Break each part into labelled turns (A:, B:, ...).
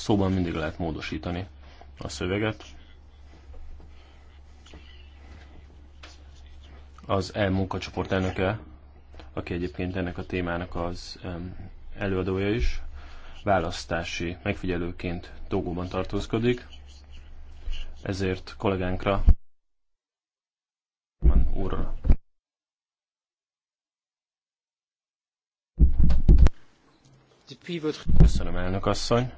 A: Szóban mindig lehet módosítani a szöveget. Az E munkacsoport elnöke, aki egyébként ennek a témának az előadója is, választási megfigyelőként Togóban tartózkodik, ezért kollégánkra, úrra. Köszönöm, elnök asszony.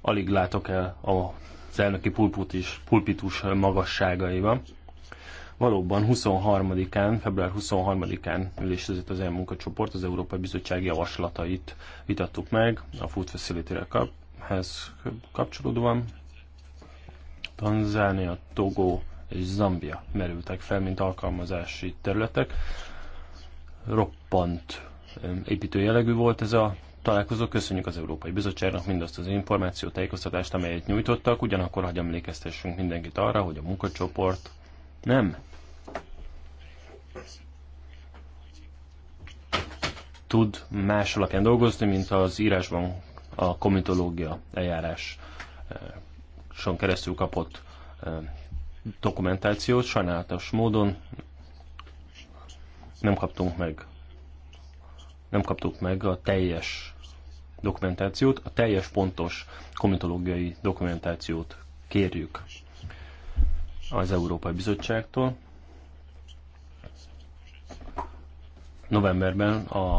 A: alig látok el a elnöki pulpitus, pulpitus magasságaiba. Valóban 23-án, február 23-án ülésezett az elmunkacsoport, az Európai Bizottság javaslatait vitattuk meg a Food Facility-re kap, kapcsolódóan. Tanzánia, Togo és Zambia merültek fel, mint alkalmazási területek. Roppant építőjelegű volt ez a találkozó. Köszönjük az Európai Bizottságnak mindazt az információ, tájékoztatást, amelyet nyújtottak. Ugyanakkor hagy emlékeztessünk mindenkit arra, hogy a munkacsoport nem tud más alapján dolgozni, mint az írásban a komitológia eljáráson keresztül kapott dokumentációt. Sajnálatos módon nem kaptunk meg nem kaptuk meg a teljes dokumentációt, a teljes pontos komitológiai dokumentációt kérjük az Európai Bizottságtól. Novemberben a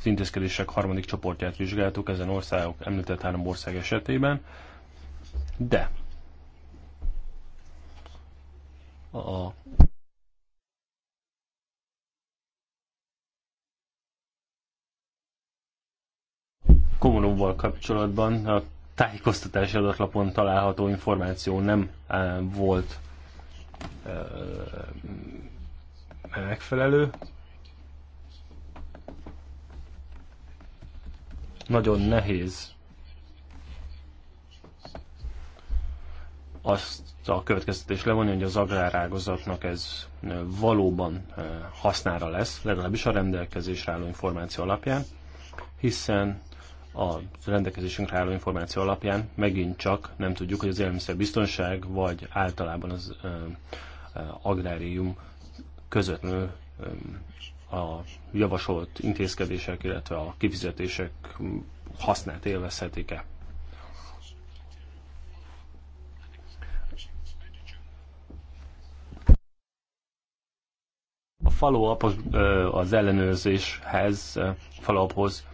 A: az intézkedések harmadik csoportját vizsgáltuk ezen országok, említett három ország esetében, de a Komonovval kapcsolatban a tájékoztatási adatlapon található információ nem eh, volt eh, megfelelő. Nagyon nehéz azt a következtetést levonni, hogy az agrárágazatnak ez eh, valóban hasznára lesz, legalábbis a rendelkezésre álló információ alapján, hiszen a rendelkezésünkre álló információ alapján megint csak nem tudjuk, hogy az élelmiszerbiztonság vagy általában az ö, ö, agrárium között nő a javasolt intézkedések, illetve a kifizetések hasznát élvezhetik-e. A follow-up az ellenőrzéshez, follow-uphoz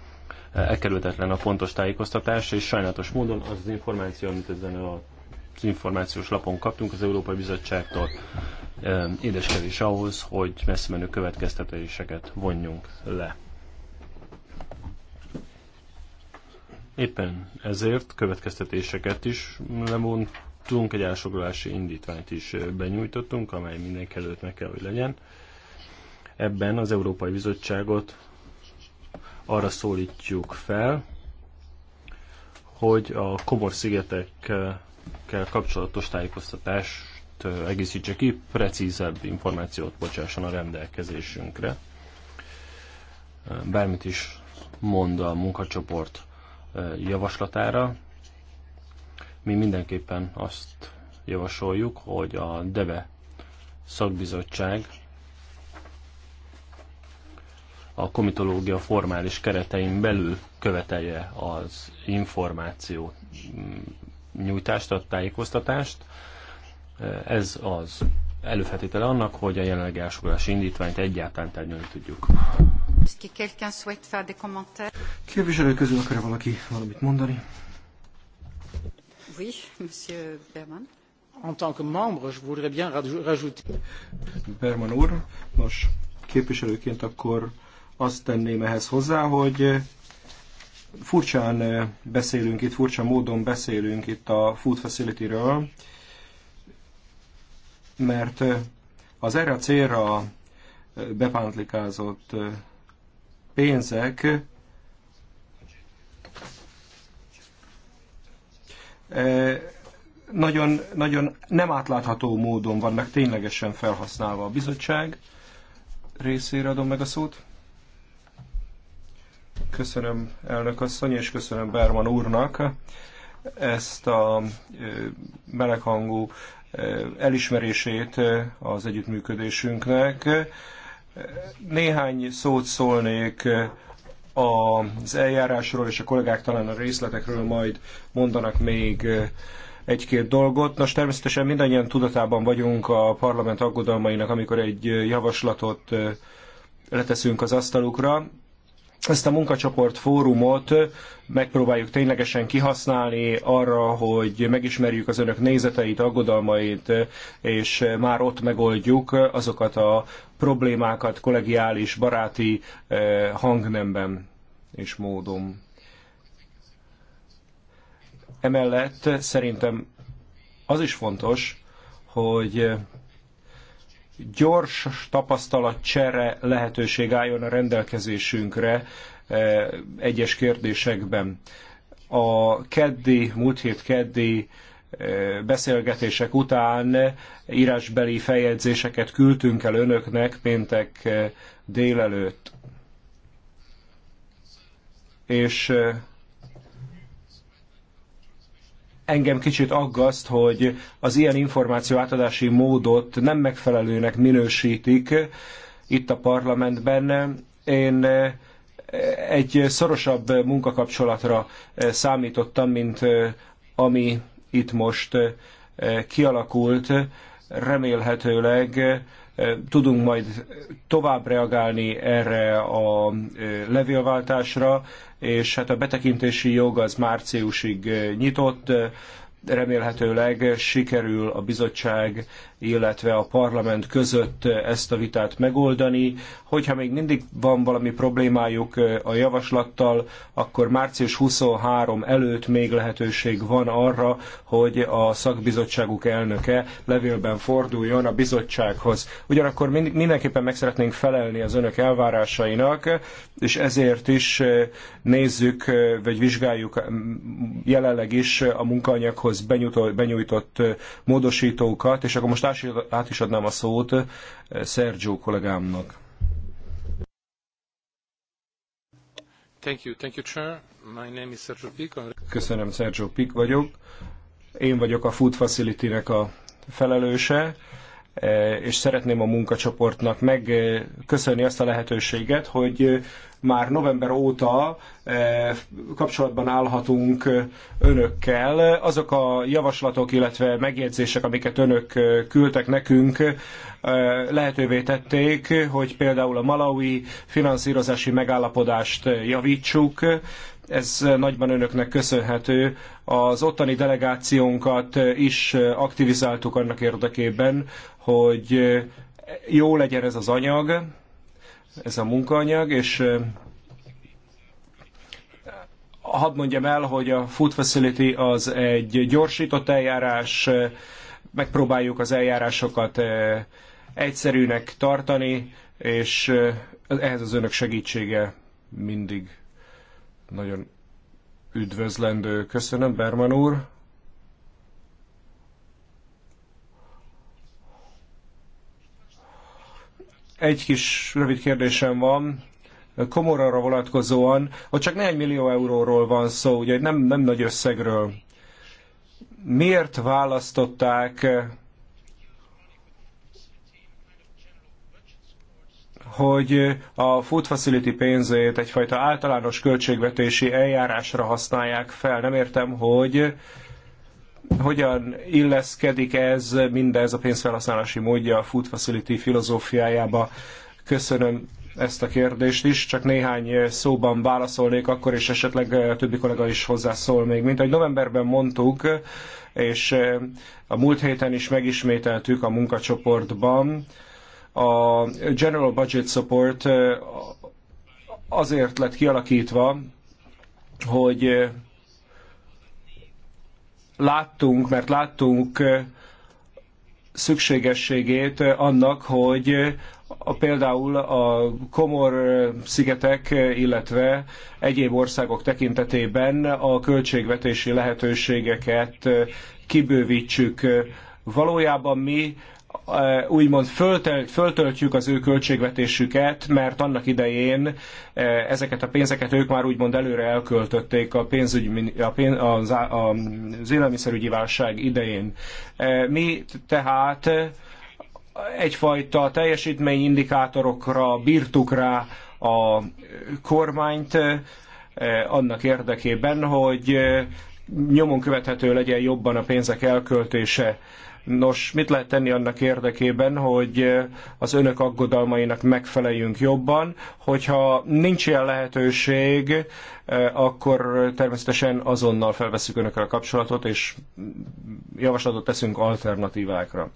A: elkerülhetetlen a pontos tájékoztatás, és sajnálatos módon az az információ, amit ezen a az információs lapon kaptunk az Európai Bizottságtól, édeskedés ahhoz, hogy messze menő következtetéseket vonjunk le. Éppen ezért következtetéseket is lemondtunk, egy elsoglalási indítványt is benyújtottunk, amely mindenki előtt meg kell, hogy legyen. Ebben az Európai Bizottságot arra szólítjuk fel, hogy a Komor-szigetekkel kapcsolatos tájékoztatást egészítse ki, precízebb információt bocsásson a rendelkezésünkre. Bármit is mond a munkacsoport javaslatára, mi mindenképpen azt javasoljuk, hogy a DEVE szakbizottság a komitológia formális keretein belül követelje az információ nyújtást, a tájékoztatást. Ez az előfetétele annak, hogy a jelenlegi elsugolási indítványt egyáltalán tárgyalni tudjuk. Képviselő közül akar -e valaki
B: valamit mondani?
C: Oui, monsieur Berman. En tant que membre, je voudrais bien rajouter.
B: Berman úr, nos, képviselőként akkor azt tenném ehhez hozzá, hogy eh, furcsán eh, beszélünk itt, furcsa módon beszélünk itt a Food Facility-ről, mert eh, az erre a célra bepántlikázott pénzek nagyon, nagyon nem átlátható módon vannak ténylegesen felhasználva a bizottság részére adom meg a szót. Köszönöm elnök asszony, és köszönöm Berman úrnak ezt a meleghangú elismerését az együttműködésünknek. Néhány szót szólnék az eljárásról, és a kollégák talán a részletekről majd mondanak még egy-két dolgot. Nos, természetesen mindannyian tudatában vagyunk a parlament aggodalmainak, amikor egy javaslatot leteszünk az asztalukra ezt a munkacsoport fórumot megpróbáljuk ténylegesen kihasználni arra, hogy megismerjük az önök nézeteit, aggodalmait, és már ott megoldjuk azokat a problémákat kollegiális, baráti eh, hangnemben és módon. Emellett szerintem az is fontos, hogy gyors tapasztalatcsere lehetőség álljon a rendelkezésünkre eh, egyes kérdésekben. A keddi, múlt hét keddi eh, beszélgetések után írásbeli feljegyzéseket küldtünk el önöknek péntek eh, délelőtt. És engem kicsit aggaszt, hogy az ilyen információ átadási módot nem megfelelőnek minősítik itt a parlamentben. Én eh, egy szorosabb munkakapcsolatra eh, számítottam, mint eh, ami itt most kialakult. Remélhetőleg tudunk majd tovább reagálni erre a e, levélváltásra, és hát a betekintési jog az márciusig e, nyitott, remélhetőleg sikerül a bizottság illetve a parlament között ezt a vitát megoldani. Hogyha még mindig van valami problémájuk a javaslattal, akkor március 23 előtt még lehetőség van arra, hogy a szakbizottságuk elnöke levélben forduljon a bizottsághoz. Ugyanakkor mindenképpen meg szeretnénk felelni az önök elvárásainak, és ezért is nézzük, vagy vizsgáljuk jelenleg is a munkaanyaghoz benyújtott módosítókat, és akkor most támogatást, át is adnám a szót eh, Sergio kollégámnak.
C: Thank you, thank you, Chair. My name is Sergio Pick.
B: Köszönöm, Sergio Pick vagyok. Én vagyok a Food Facility-nek a felelőse eh, és szeretném a munkacsoportnak megköszönni azt a lehetőséget, hogy eh, már november óta eh, kapcsolatban állhatunk eh, önökkel. Azok a javaslatok, illetve megjegyzések, amiket önök eh, küldtek nekünk, lehetővé tették, hogy például a malawi finanszírozási megállapodást javítsuk, ez nagyban önöknek köszönhető. Az ottani delegációnkat is aktivizáltuk annak érdekében, hogy jó legyen ez az anyag, ez a munkaanyag, és hadd mondjam el, hogy a Food Facility az egy gyorsított eljárás, megpróbáljuk az eljárásokat egyszerűnek tartani, és ehhez az önök segítsége mindig nagyon üdvözlendő. Köszönöm, Berman úr. Egy kis rövid kérdésem van, komorra vonatkozóan, hogy csak 4 millió euróról van szó, ugye nem, nem nagy összegről. Miért választották hogy a Food Facility pénzét egyfajta általános költségvetési eljárásra használják fel. Nem értem, hogy hogyan illeszkedik ez, mindez a pénzfelhasználási módja a Food Facility filozófiájába. Köszönöm ezt a kérdést is, csak néhány szóban válaszolnék akkor, és esetleg eh, a többi kollega is hozzászól még. Mint ahogy novemberben mondtuk, és eh, a múlt héten is megismételtük a munkacsoportban, a General Budget Support eh, azért lett kialakítva, hogy láttunk, mert láttunk szükségességét annak, hogy a, például a Komor szigetek, illetve egyéb országok tekintetében a költségvetési lehetőségeket kibővítsük. Valójában mi Eh, úgymond föltöltjük az ő költségvetésüket, mert annak idején eh, ezeket a pénzeket ők már úgymond előre elköltötték a pénzügyi, a pénz, az, az élelmiszerügyi válság idején. Eh, mi tehát egyfajta teljesítményindikátorokra bírtuk rá a kormányt annak érdekében, hogy nyomon követhető legyen jobban a pénzek elköltése. Nos, mit lehet tenni annak érdekében, hogy eh, az önök aggodalmainak megfeleljünk jobban? Hogyha nincs ilyen lehetőség, eh, akkor természetesen azonnal felveszünk önökkel a kapcsolatot, és javaslatot teszünk alternatívákra.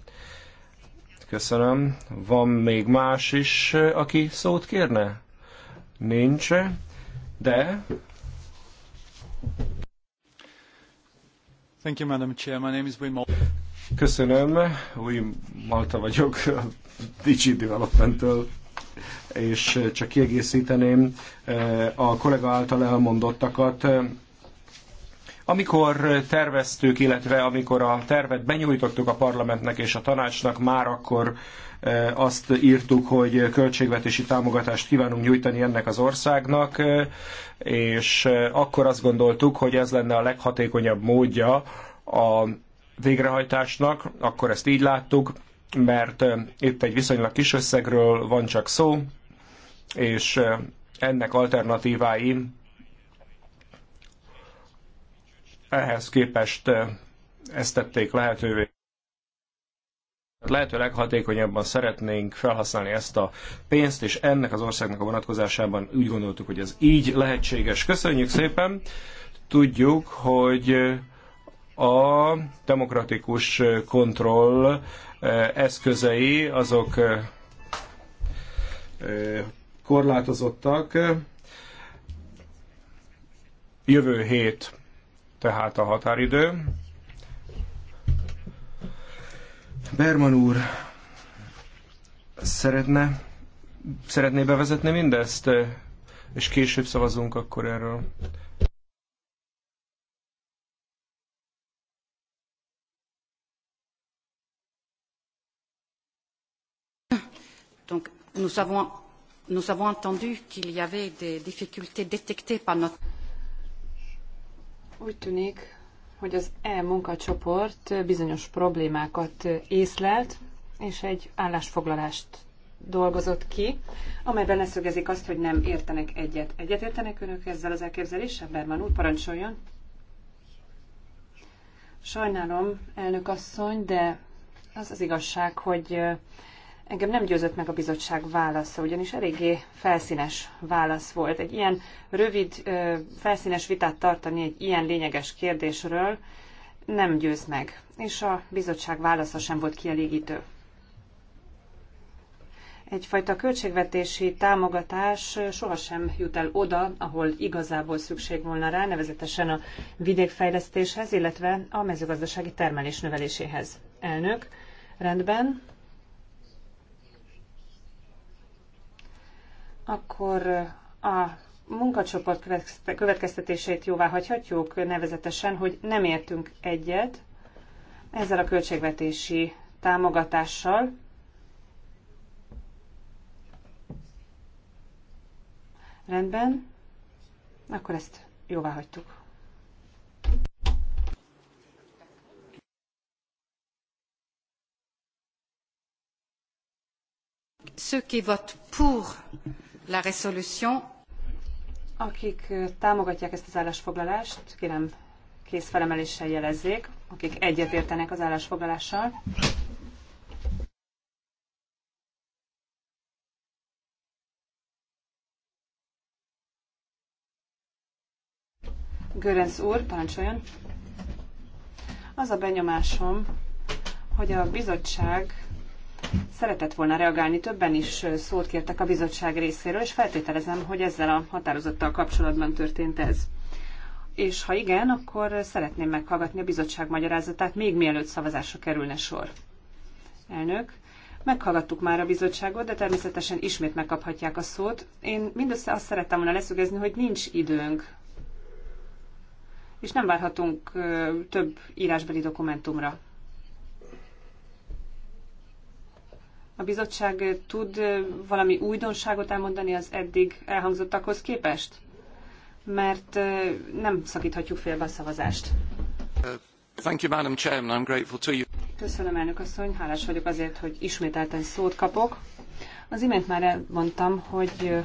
B: Köszönöm. Van még más is, eh, aki szót kérne? Nincs, de...
C: Thank you, Madam Chair. My name is Wim
B: Köszönöm, új Malta vagyok, a Digi development és eh, csak kiegészíteném eh, a kollega által elmondottakat. Amikor terveztük, illetve amikor a tervet benyújtottuk a parlamentnek és a tanácsnak, már akkor eh, azt írtuk, hogy költségvetési támogatást kívánunk nyújtani ennek az országnak, és akkor azt gondoltuk, hogy ez lenne a leghatékonyabb módja a végrehajtásnak, akkor ezt így láttuk, mert itt egy viszonylag kis összegről van csak szó, és ennek alternatívái ehhez képest ezt tették lehetővé. Lehető leghatékonyabban szeretnénk felhasználni ezt a pénzt, és ennek az országnak a vonatkozásában úgy gondoltuk, hogy ez így lehetséges. Köszönjük szépen! Tudjuk, hogy a demokratikus kontroll eh, eszközei azok eh, eh, korlátozottak. Jövő hét tehát a határidő. Berman úr szeretne, szeretné bevezetni mindezt, és később szavazunk akkor erről.
C: Donc, nous avons, nous avons entendu qu'il y avait des difficultés détectées par notre...
D: Úgy tűnik, hogy az e-munkacsoport bizonyos problémákat észlelt, és egy állásfoglalást dolgozott ki, amelyben leszögezik azt, hogy nem értenek egyet. Egyet értenek önök ezzel az elképzeléssel? Berman úr, parancsoljon! Sajnálom, elnök asszony, de az az igazság, hogy Engem nem győzött meg a bizottság válasza, ugyanis eléggé felszínes válasz volt. Egy ilyen rövid, felszínes vitát tartani egy ilyen lényeges kérdésről nem győz meg, és a bizottság válasza sem volt kielégítő. Egyfajta költségvetési támogatás sohasem jut el oda, ahol igazából szükség volna rá, nevezetesen a vidékfejlesztéshez, illetve a mezőgazdasági termelés növeléséhez. Elnök, rendben, akkor eh, a munkacsoport következtetéseit jóvá hagyhatjuk, nevezetesen, hogy nem értünk egyet ezzel a költségvetési támogatással. Rendben, akkor ezt jóvá hagytuk.
C: Ceux qui votent pour la résolution. Akik támogatják ezt az állásfoglalást, kérem
D: kész felemeléssel jelezzék, akik egyetértenek az állásfoglalással. Görenc úr, parancsoljon. Az a benyomásom, hogy a bizottság szeretett volna reagálni, többen is szót kértek a bizottság részéről, és feltételezem, hogy ezzel a határozattal kapcsolatban történt ez. És ha igen, akkor szeretném meghallgatni a bizottság magyarázatát, még mielőtt szavazásra kerülne sor. Elnök, meghallgattuk már a bizottságot, de természetesen ismét megkaphatják a szót. Én mindössze azt szerettem volna leszögezni, hogy nincs időnk, és nem várhatunk több írásbeli dokumentumra. A bizottság tud valami újdonságot elmondani az eddig elhangzottakhoz képest? Mert nem szakíthatjuk félbe a szavazást. Uh, thank you, Madam Chairman. I'm grateful to you. Köszönöm, elnök asszony. Hálás vagyok azért, hogy ismételten szót kapok. Az imént már elmondtam, hogy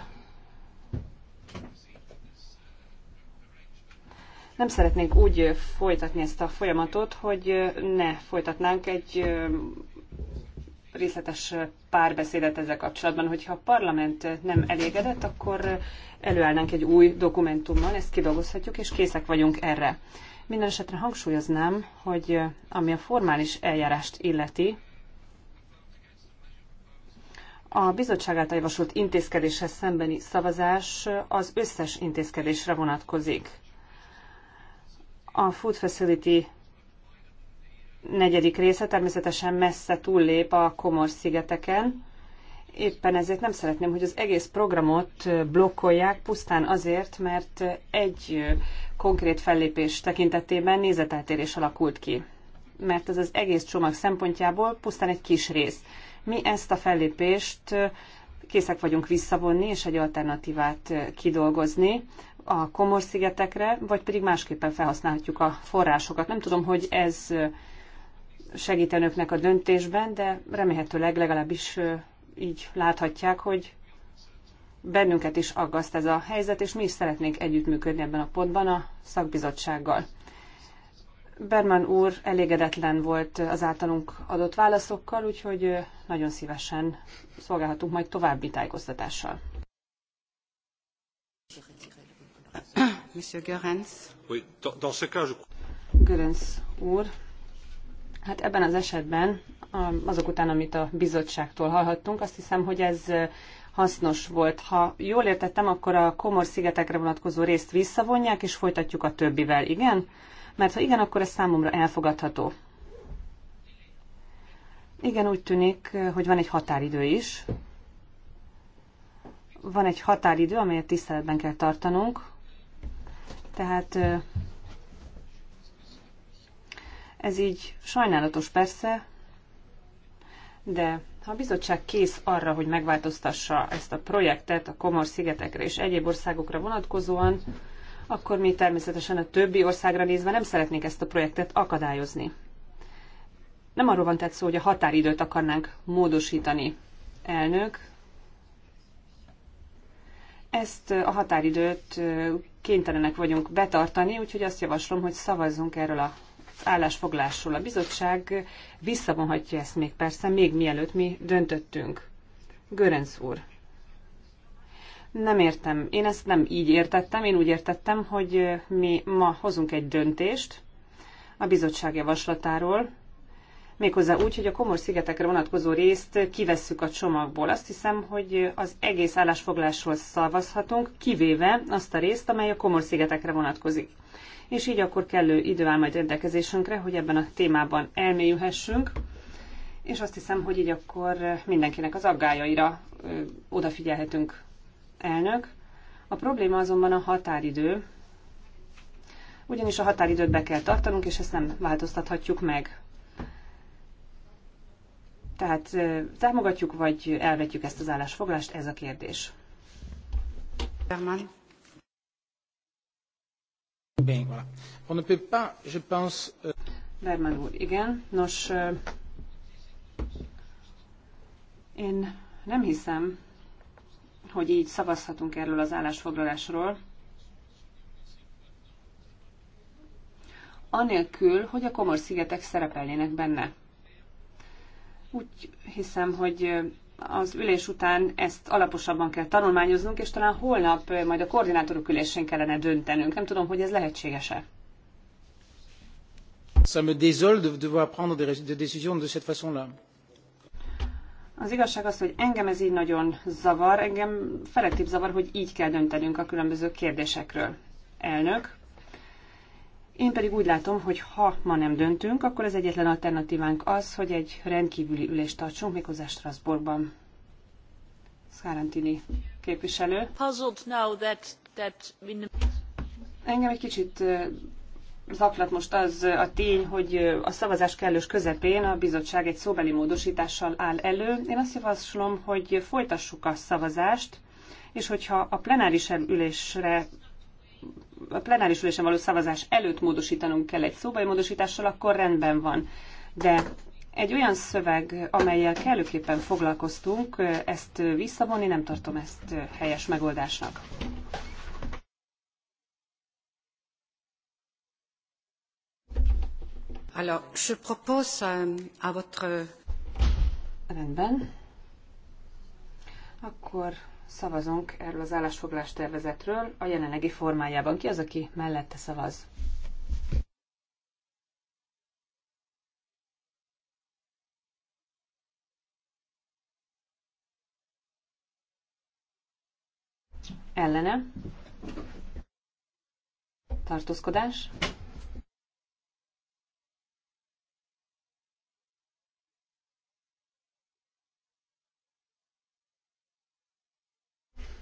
D: nem szeretnénk úgy folytatni ezt a folyamatot, hogy ne folytatnánk egy részletes párbeszédet ezzel kapcsolatban, hogyha a parlament nem elégedett, akkor előállnánk egy új dokumentummal, ezt kidolgozhatjuk, és készek vagyunk erre. Minden esetre hangsúlyoznám, hogy ami a formális eljárást illeti, a bizottság által javasolt intézkedéshez szembeni szavazás az összes intézkedésre vonatkozik. A Food Facility negyedik része természetesen messze túllép a komor szigeteken. Éppen ezért nem szeretném, hogy az egész programot blokkolják pusztán azért, mert egy konkrét fellépés tekintetében nézeteltérés alakult ki. Mert ez az egész csomag szempontjából pusztán egy kis rész. Mi ezt a fellépést készek vagyunk visszavonni és egy alternatívát kidolgozni a Komor-szigetekre, vagy pedig másképpen felhasználhatjuk a forrásokat. Nem tudom, hogy ez segít önöknek a döntésben, de remélhetőleg legalábbis így láthatják, hogy bennünket is aggaszt ez a helyzet, és mi is szeretnénk együttműködni ebben a pontban a szakbizottsággal. Berman úr elégedetlen volt az általunk adott válaszokkal, úgyhogy nagyon szívesen szolgálhatunk majd további tájékoztatással. Monsieur úr, Hát ebben az esetben, azok után, amit a bizottságtól hallhattunk, azt hiszem, hogy ez hasznos volt. Ha jól értettem, akkor a komor szigetekre vonatkozó részt visszavonják, és folytatjuk a többivel, igen? Mert ha igen, akkor ez számomra elfogadható. Igen, úgy tűnik, hogy van egy határidő is. Van egy határidő, amelyet tiszteletben kell tartanunk. Tehát ez így sajnálatos persze, de ha a bizottság kész arra, hogy megváltoztassa ezt a projektet a komor szigetekre és egyéb országokra vonatkozóan, akkor mi természetesen a többi országra nézve nem szeretnénk ezt a projektet akadályozni. Nem arról van tehát szó, hogy a határidőt akarnánk módosítani, elnök. Ezt a határidőt kénytelenek vagyunk betartani, úgyhogy azt javaslom, hogy szavazzunk erről a állásfoglásról. A bizottság visszavonhatja ezt még persze, még mielőtt mi döntöttünk. Görenc úr. Nem értem. Én ezt nem így értettem. Én úgy értettem, hogy mi ma hozunk egy döntést a bizottság javaslatáról, méghozzá úgy, hogy a komor szigetekre vonatkozó részt kivesszük a csomagból. Azt hiszem, hogy az egész állásfoglásról szavazhatunk, kivéve azt a részt, amely a komor szigetekre vonatkozik és így akkor kellő idő áll majd rendelkezésünkre, hogy ebben a témában elmélyülhessünk, és azt hiszem, hogy így akkor mindenkinek az aggájaira odafigyelhetünk elnök. A probléma azonban a határidő, ugyanis a határidőt be kell tartanunk, és ezt nem változtathatjuk meg. Tehát támogatjuk, vagy elvetjük ezt az állásfoglást, ez a kérdés. Köszönöm. Euh, Berman úr, igen. Nos, én nem hiszem, hogy így szavazhatunk erről az állásfoglalásról. Anélkül, hogy a komor szigetek szerepelnének benne. Úgy hiszem, hogy az ülés után ezt alaposabban kell tanulmányoznunk, és talán holnap majd a koordinátorok ülésén kellene döntenünk. Nem tudom, hogy ez lehetséges-e.
C: Ça me désole de devoir prendre des, décisions de cette façon-là.
D: Az igazság az, hogy engem ez így nagyon zavar, engem felettébb zavar, hogy így kell döntenünk a különböző kérdésekről. Elnök, én pedig úgy látom, hogy ha ma nem döntünk, akkor az egyetlen alternatívánk az, hogy egy rendkívüli ülést tartsunk méghozzá Strasbourgban. Szárantini képviselő. Engem egy kicsit zaklat most az a tény, hogy a szavazás kellős közepén a bizottság egy szóbeli módosítással áll elő. Én azt javaslom, hogy folytassuk a szavazást, és hogyha a plenáris ülésre a plenáris ülésen való szavazás előtt módosítanunk kell egy szóbeli módosítással, akkor rendben van. De egy olyan szöveg, amelyel kellőképpen foglalkoztunk, ezt visszavonni nem tartom ezt helyes
C: megoldásnak. Alors, je propose euh, à votre... Rendben. Akkor Szavazunk erről
D: az állásfoglalás tervezetről a jelenlegi formájában. Ki az, aki mellette szavaz? Ellene. Tartózkodás.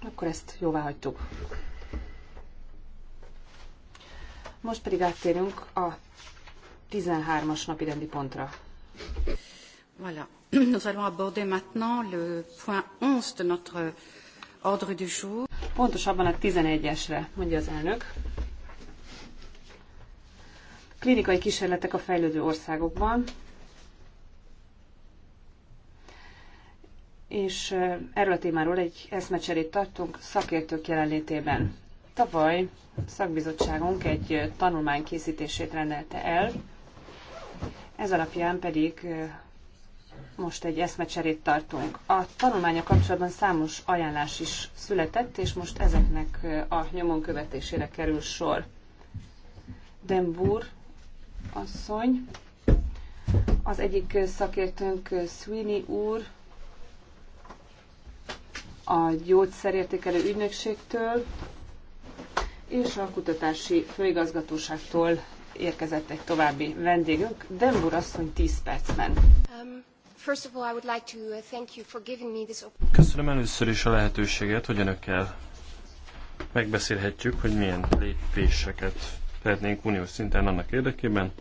D: Akkor ezt jóvá hagytuk. Most pedig áttérünk
C: a 13-as napi rendi pontra. Voilà. Nous allons aborder maintenant le point 11 de notre ordre du jour. Pontosabban a 11-esre, mondja az elnök.
D: Klinikai kísérletek a fejlődő országokban, és erről a témáról egy eszmecserét tartunk szakértők jelenlétében. Tavaly szakbizottságunk egy tanulmány készítését rendelte el, ez alapján pedig most egy eszmecserét tartunk. A tanulmánya kapcsolatban számos ajánlás is született, és most ezeknek a nyomon követésére kerül sor. Dembur asszony, az egyik szakértőnk Sweeney úr, a gyógyszerértékelő ügynökségtől és a kutatási főigazgatóságtól érkezett egy további vendégünk, Dembur asszony 10 percben.
C: Um. Uh,
A: Köszönöm először is a lehetőséget, hogy önökkel megbeszélhetjük, hogy milyen lépéseket tehetnénk uniós szinten annak érdekében,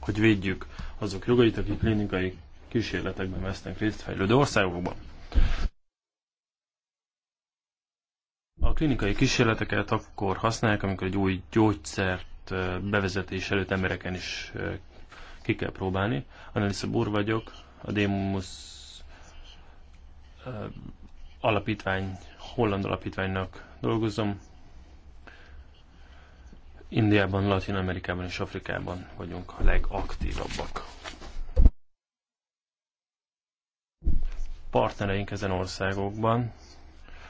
A: hogy védjük azok jogait, akik klinikai kísérletekben vesznek részt fejlődő országokban. A klinikai kísérleteket akkor használják, amikor egy új gyógyszert bevezetés előtt embereken is ki kell próbálni. Annalisa Bur vagyok, a Demus alapítvány, holland alapítványnak dolgozom. Indiában, Latin Amerikában és Afrikában vagyunk a legaktívabbak. Partnereink ezen országokban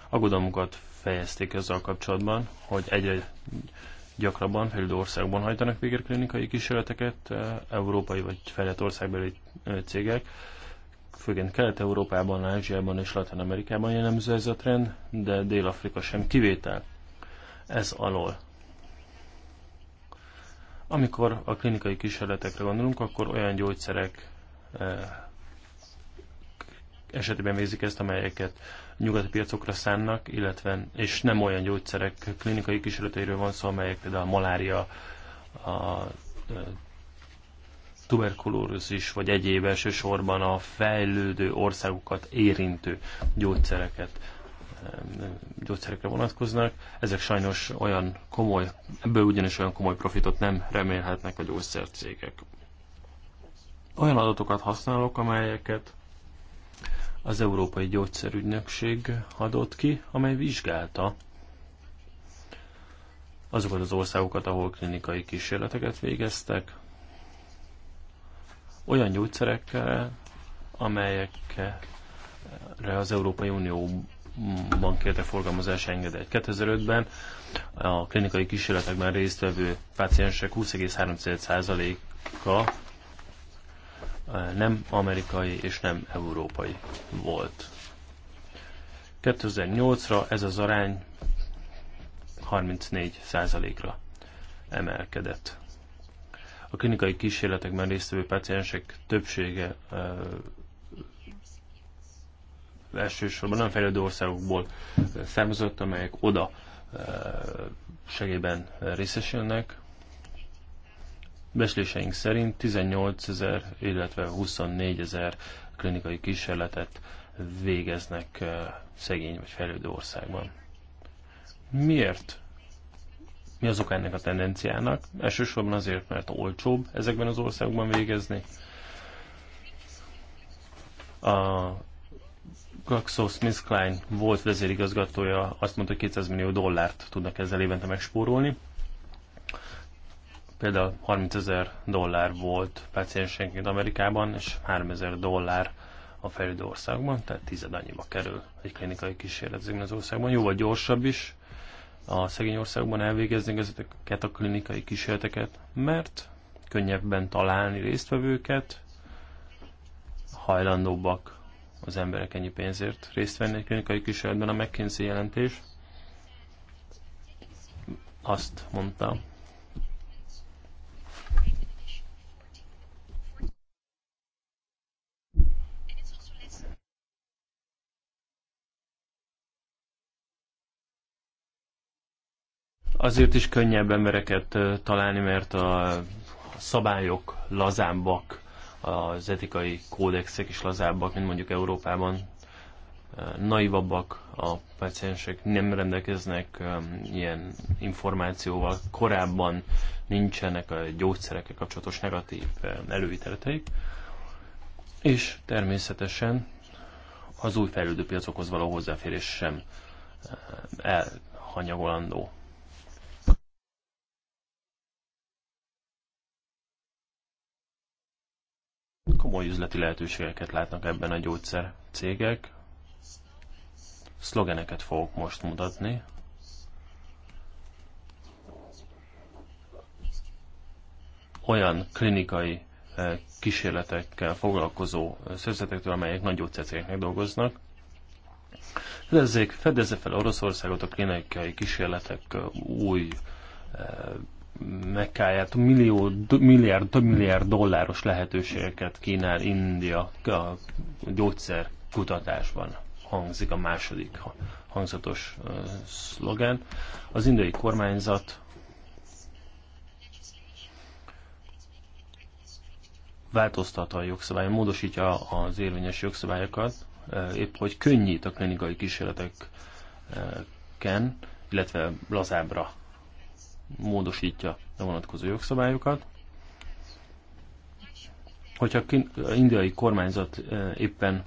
A: aggodalmukat fejezték ezzel kapcsolatban, hogy egyre gyakrabban fejlődő országban hajtanak végre klinikai kísérleteket, eh, európai vagy fejlett országbeli eh, cégek, főként Kelet-Európában, Ázsiában és Latin-Amerikában jellemző ez a trend, de Dél-Afrika sem kivétel. Ez alól. Amikor a klinikai kísérletekre gondolunk, akkor olyan gyógyszerek eh, esetében végzik ezt, amelyeket nyugati piacokra szánnak, illetve, és nem olyan gyógyszerek klinikai kísérleteiről van szó, amelyek például a malária, a, tuberkulózis vagy egyéb elsősorban a fejlődő országokat érintő gyógyszereket gyógyszerekre vonatkoznak. Ezek sajnos olyan komoly, ebből ugyanis olyan komoly profitot nem remélhetnek a gyógyszercégek. Olyan adatokat használok, amelyeket az Európai Gyógyszerügynökség adott ki, amely vizsgálta azokat az országokat, ahol klinikai kísérleteket végeztek, olyan gyógyszerekkel, amelyekre az Európai Unióban kérte forgalmazás engedélyt. 2005-ben a klinikai kísérletekben résztvevő páciensek 20,3%-a nem amerikai és nem európai volt. 2008-ra ez az arány 34%-ra emelkedett. A klinikai kísérletekben résztvevő paciensek többsége ö, elsősorban nem fejlődő országokból származott, amelyek oda ö, segében részesülnek beszéléseink szerint 18 ezer, illetve 24 ezer klinikai kísérletet végeznek szegény vagy fejlődő országban. Miért? Mi az oka ennek a tendenciának? Elsősorban azért, mert olcsóbb ezekben az országokban végezni. A GlaxoSmithKline volt vezérigazgatója azt mondta, hogy 200 millió dollárt tudnak ezzel évente megspórolni. Például 30 ezer dollár volt paciensenként Amerikában, és 3 ezer dollár a fejlődő országban, tehát tized annyiba kerül egy klinikai kísérlet ezekben az országban. Jóval gyorsabb is a szegény országban elvégezni ezeket a klinikai kísérleteket, mert könnyebben találni résztvevőket, hajlandóbbak az emberek ennyi pénzért részt venni egy klinikai kísérletben. A McKinsey jelentés azt mondta, Azért is könnyebb embereket találni, mert a szabályok lazábbak, az etikai kódexek is lazábbak, mint mondjuk Európában. Naivabbak a paciensek, nem rendelkeznek ilyen információval, korábban nincsenek a gyógyszerekkel kapcsolatos negatív előítéleteik, és természetesen az új fejlődő piacokhoz való hozzáférés sem elhanyagolandó. Komoly üzleti lehetőségeket látnak ebben a gyógyszer cégek. Szlogeneket fogok most mutatni. Olyan klinikai eh, kísérletekkel foglalkozó eh, szerzetektől, amelyek nagy gyógyszercégeknek dolgoznak. Fedezzék, fedezze fel Oroszországot a klinikai kísérletek eh, új mekkáját, millió, milliárd, több milliárd dolláros lehetőségeket kínál India a gyógyszerkutatásban, hangzik a második hangzatos szlogán. Az indiai kormányzat változtat a jogszabályon, módosítja az érvényes jogszabályokat, épp hogy könnyít a klinikai kísérleteken, illetve lazábbra módosítja a vonatkozó jogszabályokat. Hogyha a indiai kormányzat e, éppen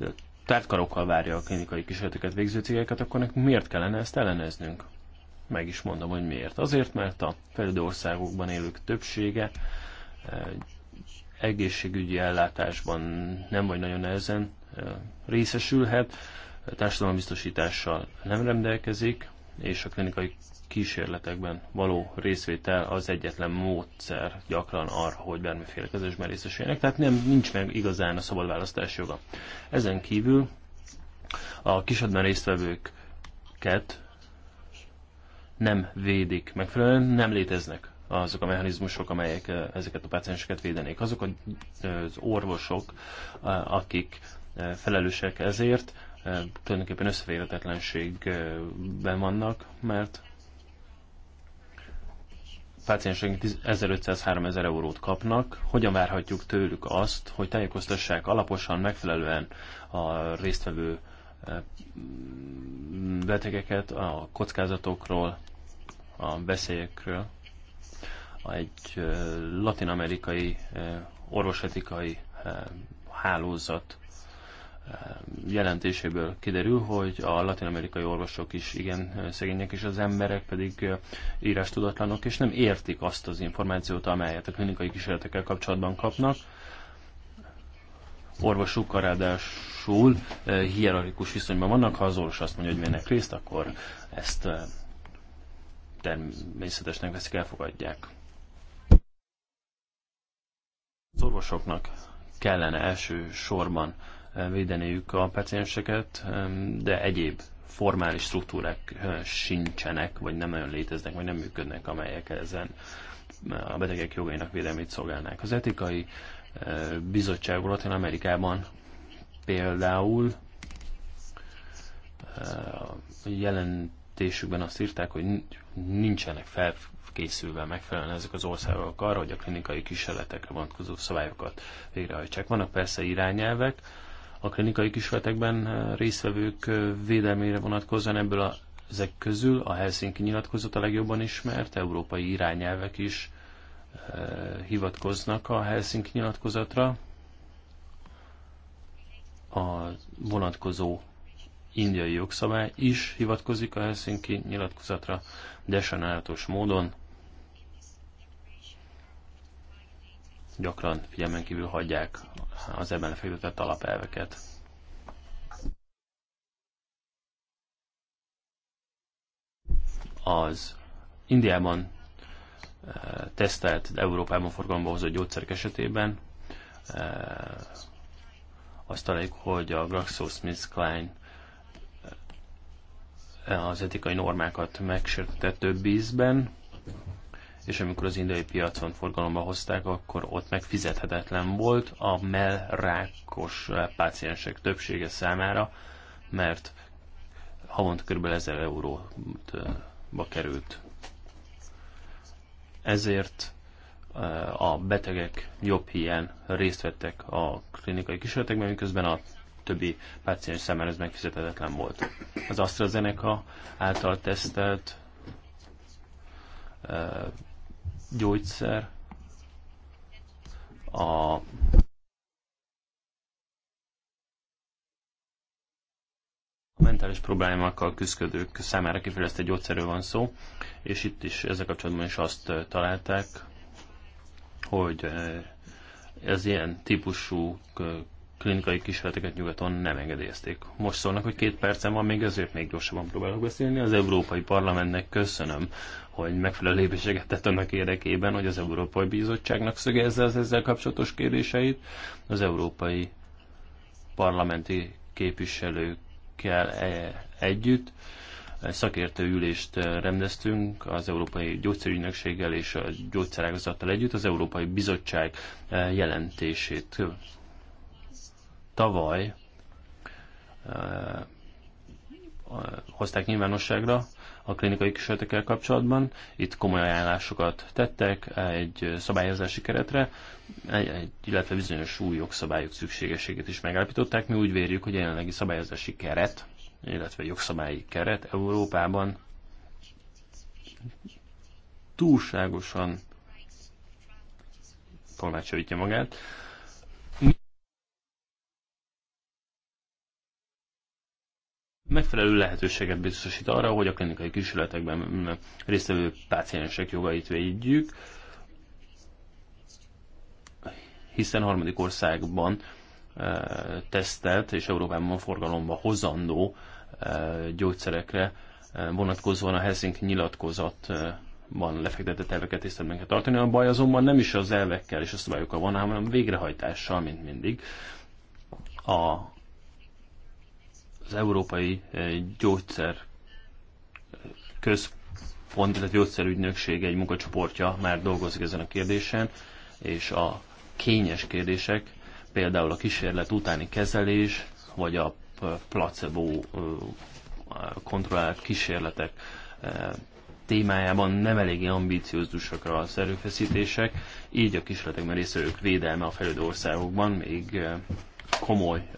A: e, tártkarokkal várja a klinikai kísérleteket végző cégeket, akkor nekünk miért kellene ezt elleneznünk? Meg is mondom, hogy miért. Azért, mert a fejlődő országokban élők többsége e, egészségügyi ellátásban nem vagy nagyon ezen részesülhet, társadalombiztosítással nem rendelkezik, és a klinikai kísérletekben való részvétel az egyetlen módszer gyakran arra, hogy bármiféle közösben részesüljenek, tehát nem, nincs meg igazán a szabad választás joga. Ezen kívül a kisadban résztvevőket nem védik megfelelően, nem léteznek azok a mechanizmusok, amelyek ezeket a pácienseket védenék. Azok az orvosok, akik felelősek ezért, tulajdonképpen összeférhetetlenségben vannak, mert pácienseink 1500-3000 eurót kapnak. Hogyan várhatjuk tőlük azt, hogy tájékoztassák alaposan, megfelelően a résztvevő eh, mm, betegeket a kockázatokról, a veszélyekről? Egy eh, latin-amerikai eh, orvosetikai hálózat jelentéséből kiderül, hogy a latin-amerikai orvosok is igen szegények, és az emberek pedig írás tudatlanok, és nem értik azt az információt, amelyet a klinikai kísérletekkel kapcsolatban kapnak. Orvosukkal ráadásul hierarchikus viszonyban vannak, ha az orvos azt mondja, hogy mennek részt, akkor ezt természetesnek veszik, elfogadják. Az orvosoknak kellene elsősorban védeniük a pacienseket, de egyéb formális struktúrák eh, sincsenek, vagy nem nagyon léteznek, vagy nem működnek, amelyek ezen eh, a betegek jogainak védelmét szolgálnák. Az etikai eh, bizottság Latin Amerikában például jelentésükben azt írták, hogy nincsenek felkészülve megfelelően ezek az országok arra, hogy a klinikai kísérletekre vonatkozó szabályokat végrehajtsák. Vannak persze irányelvek, a klinikai kísérletekben eh, résztvevők eh, védelmére vonatkozóan ebből a, ezek közül a Helsinki nyilatkozat a legjobban ismert, európai irányelvek is e, hivatkoznak a Helsinki nyilatkozatra. A vonatkozó indiai jogszabály is hivatkozik a Helsinki nyilatkozatra, de sajnálatos módon gyakran figyelmen kívül hagyják az ebben lefektetett alapelveket. Az Indiában eh, tesztelt, Európában forgalomba hozott gyógyszerek esetében eh, azt találjuk, hogy a GlaxoSmithKline eh, az etikai normákat megsértette több ízben, és amikor az indiai piacon forgalomba hozták, akkor ott megfizethetetlen volt a melrákos páciensek többsége számára, mert havonta kb. 1000 euróba került. Ezért a betegek jobb hiány részt vettek a klinikai kísérletekben, miközben a többi páciens számára ez megfizethetetlen volt. Az AstraZeneca által tesztelt gyógyszer, a a mentális problémákkal küzdők számára egy gyógyszerről van szó, és itt is ezzel kapcsolatban is azt találták, hogy ez ilyen típusú klinikai kísérleteket nyugaton nem engedélyezték. Most szólnak, hogy két percem van még, ezért még gyorsabban próbálok beszélni. Az Európai Parlamentnek köszönöm hogy megfelelő lépéseket tett annak érdekében, hogy az Európai Bizottságnak szögezze az ezzel kapcsolatos kérdéseit. Az európai parlamenti képviselőkkel e, együtt szakértő ülést e, rendeztünk az Európai Gyógyszerügynökséggel és a gyógyszerágazattal együtt az Európai Bizottság e, jelentését. Tavaly hozták nyilvánosságra, a klinikai kísérletekkel kapcsolatban. Itt komoly ajánlásokat tettek egy szabályozási keretre, egy, illetve bizonyos új jogszabályok szükségességét is megállapították. Mi úgy vérjük, hogy a jelenlegi szabályozási keret, illetve jogszabályi keret Európában túlságosan tolmácsolítja magát, megfelelő lehetőséget biztosít arra, hogy a klinikai kísérletekben résztvevő páciensek jogait védjük, hiszen harmadik országban eh, tesztelt és Európában forgalomba hozandó eh, gyógyszerekre eh, vonatkozóan a Helsinki nyilatkozatban lefektetett elveket tiszteletben kell tartani. A baj azonban nem is az elvekkel és a szabályokkal van, hanem a végrehajtással, mint mindig. A az Európai eh, Gyógyszer eh, Központ, illetve Gyógyszerügynökség egy munkacsoportja már dolgozik ezen a kérdésen, és a kényes kérdések, például a kísérlet utáni kezelés, vagy a placebo eh, kontrollált kísérletek témájában nem eléggé ambíciózusak a szerőfeszítések, így a kísérletekben részvevők védelme a fejlődő országokban még komoly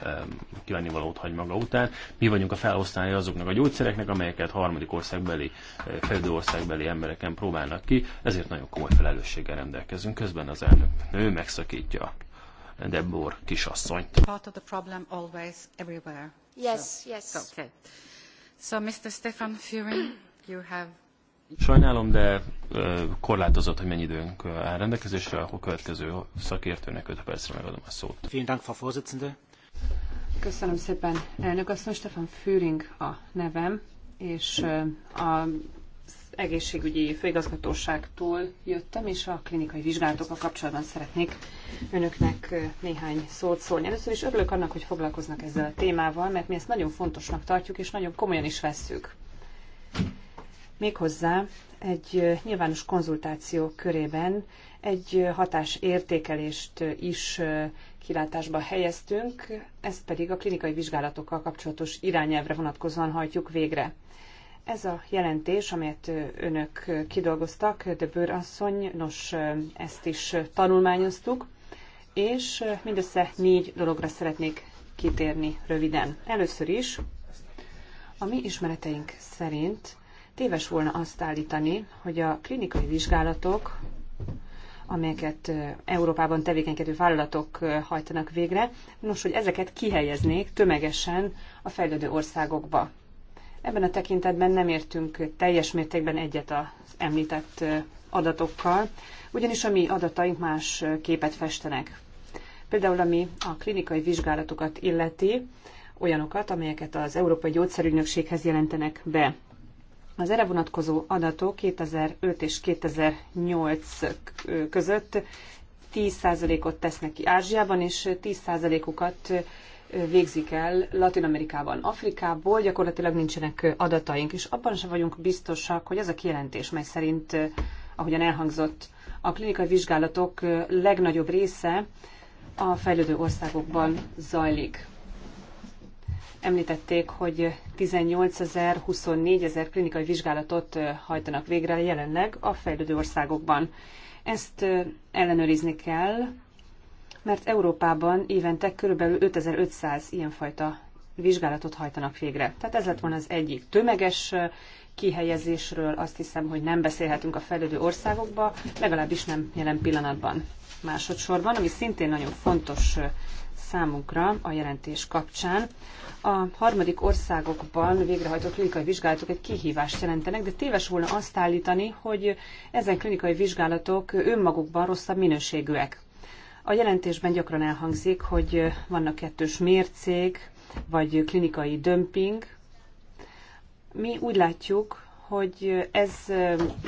A: kívánivalót hagy maga után. Mi vagyunk a felhasználója azoknak a gyógyszereknek, amelyeket harmadik országbeli, eh, fejlődő országbeli embereken próbálnak ki, ezért nagyon komoly felelősséggel rendelkezünk. Közben az elnök nő megszakítja Debor kisasszonyt.
C: Part of the problem always everywhere. Yes, so, yes. Okay. So Mr. Stefan Fury, you have
A: Sajnálom, de korlátozott, hogy mennyi időnk áll rendelkezésre, akkor a következő szakértőnek 5 percre megadom a szót.
D: Köszönöm szépen, elnök asszony. Stefan Füring a nevem, és a egészségügyi főigazgatóságtól jöttem, és a klinikai vizsgálatokkal kapcsolatban szeretnék önöknek néhány szót szólni. Először is örülök annak, hogy foglalkoznak ezzel a témával, mert mi ezt nagyon fontosnak tartjuk, és nagyon komolyan is vesszük méghozzá egy nyilvános konzultáció körében egy hatásértékelést is kilátásba helyeztünk, ezt pedig a klinikai vizsgálatokkal kapcsolatos irányelvre vonatkozóan hajtjuk végre. Ez a jelentés, amelyet önök kidolgoztak, de bőrasszony, nos, ezt is tanulmányoztuk, és mindössze négy dologra szeretnék kitérni röviden. Először is, a mi ismereteink szerint Téves volna azt állítani, hogy a klinikai vizsgálatok, amelyeket Európában tevékenykedő vállalatok hajtanak végre, nos, hogy ezeket kihelyeznék tömegesen a fejlődő országokba. Ebben a tekintetben nem értünk teljes mértékben egyet az említett adatokkal, ugyanis a mi adataink más képet festenek. Például ami a klinikai vizsgálatokat illeti, olyanokat, amelyeket az Európai Gyógyszerügynökséghez jelentenek be. Az erre vonatkozó adatok 2005 és 2008 között 10%-ot tesznek ki Ázsiában, és 10%-ukat végzik el Latin Amerikában, Afrikából, gyakorlatilag nincsenek adataink, és abban sem vagyunk biztosak, hogy az a kijelentés, mely szerint, ahogyan elhangzott, a klinikai vizsgálatok legnagyobb része a fejlődő országokban zajlik. Említették, hogy 18 ezer, 24 ezer klinikai vizsgálatot hajtanak végre jelenleg a fejlődő országokban. Ezt ellenőrizni kell, mert Európában évente kb. 5500 ilyenfajta vizsgálatot hajtanak végre. Tehát ez lett volna az egyik. Tömeges kihelyezésről azt hiszem, hogy nem beszélhetünk a fejlődő országokba, legalábbis nem jelen pillanatban. Másodszorban, ami szintén nagyon fontos számunkra a jelentés kapcsán. A harmadik országokban végrehajtott klinikai vizsgálatok egy kihívást jelentenek, de téves volna azt állítani, hogy ezen klinikai vizsgálatok önmagukban rosszabb minőségűek. A jelentésben gyakran elhangzik, hogy vannak kettős mércék, vagy klinikai dömping. Mi úgy látjuk, hogy ez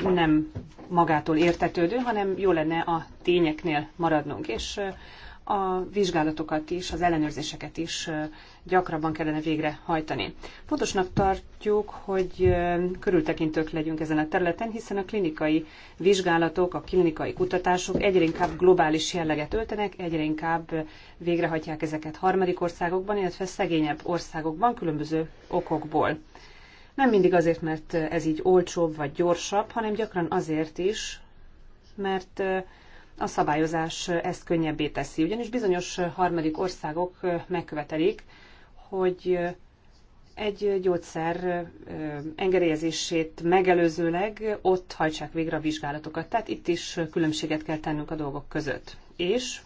D: nem magától értetődő, hanem jó lenne a tényeknél maradnunk. És a vizsgálatokat is, az ellenőrzéseket is gyakrabban kellene végre hajtani. Fontosnak tartjuk, hogy körültekintők legyünk ezen a területen, hiszen a klinikai vizsgálatok, a klinikai kutatások egyre inkább globális jelleget öltenek, egyre inkább végrehajtják ezeket harmadik országokban, illetve szegényebb országokban különböző okokból. Nem mindig azért, mert ez így olcsóbb vagy gyorsabb, hanem gyakran azért is, mert a szabályozás ezt könnyebbé teszi. Ugyanis bizonyos harmadik országok megkövetelik, hogy egy gyógyszer engedélyezését megelőzőleg ott hajtsák végre a vizsgálatokat. Tehát itt is különbséget kell tennünk a dolgok között. És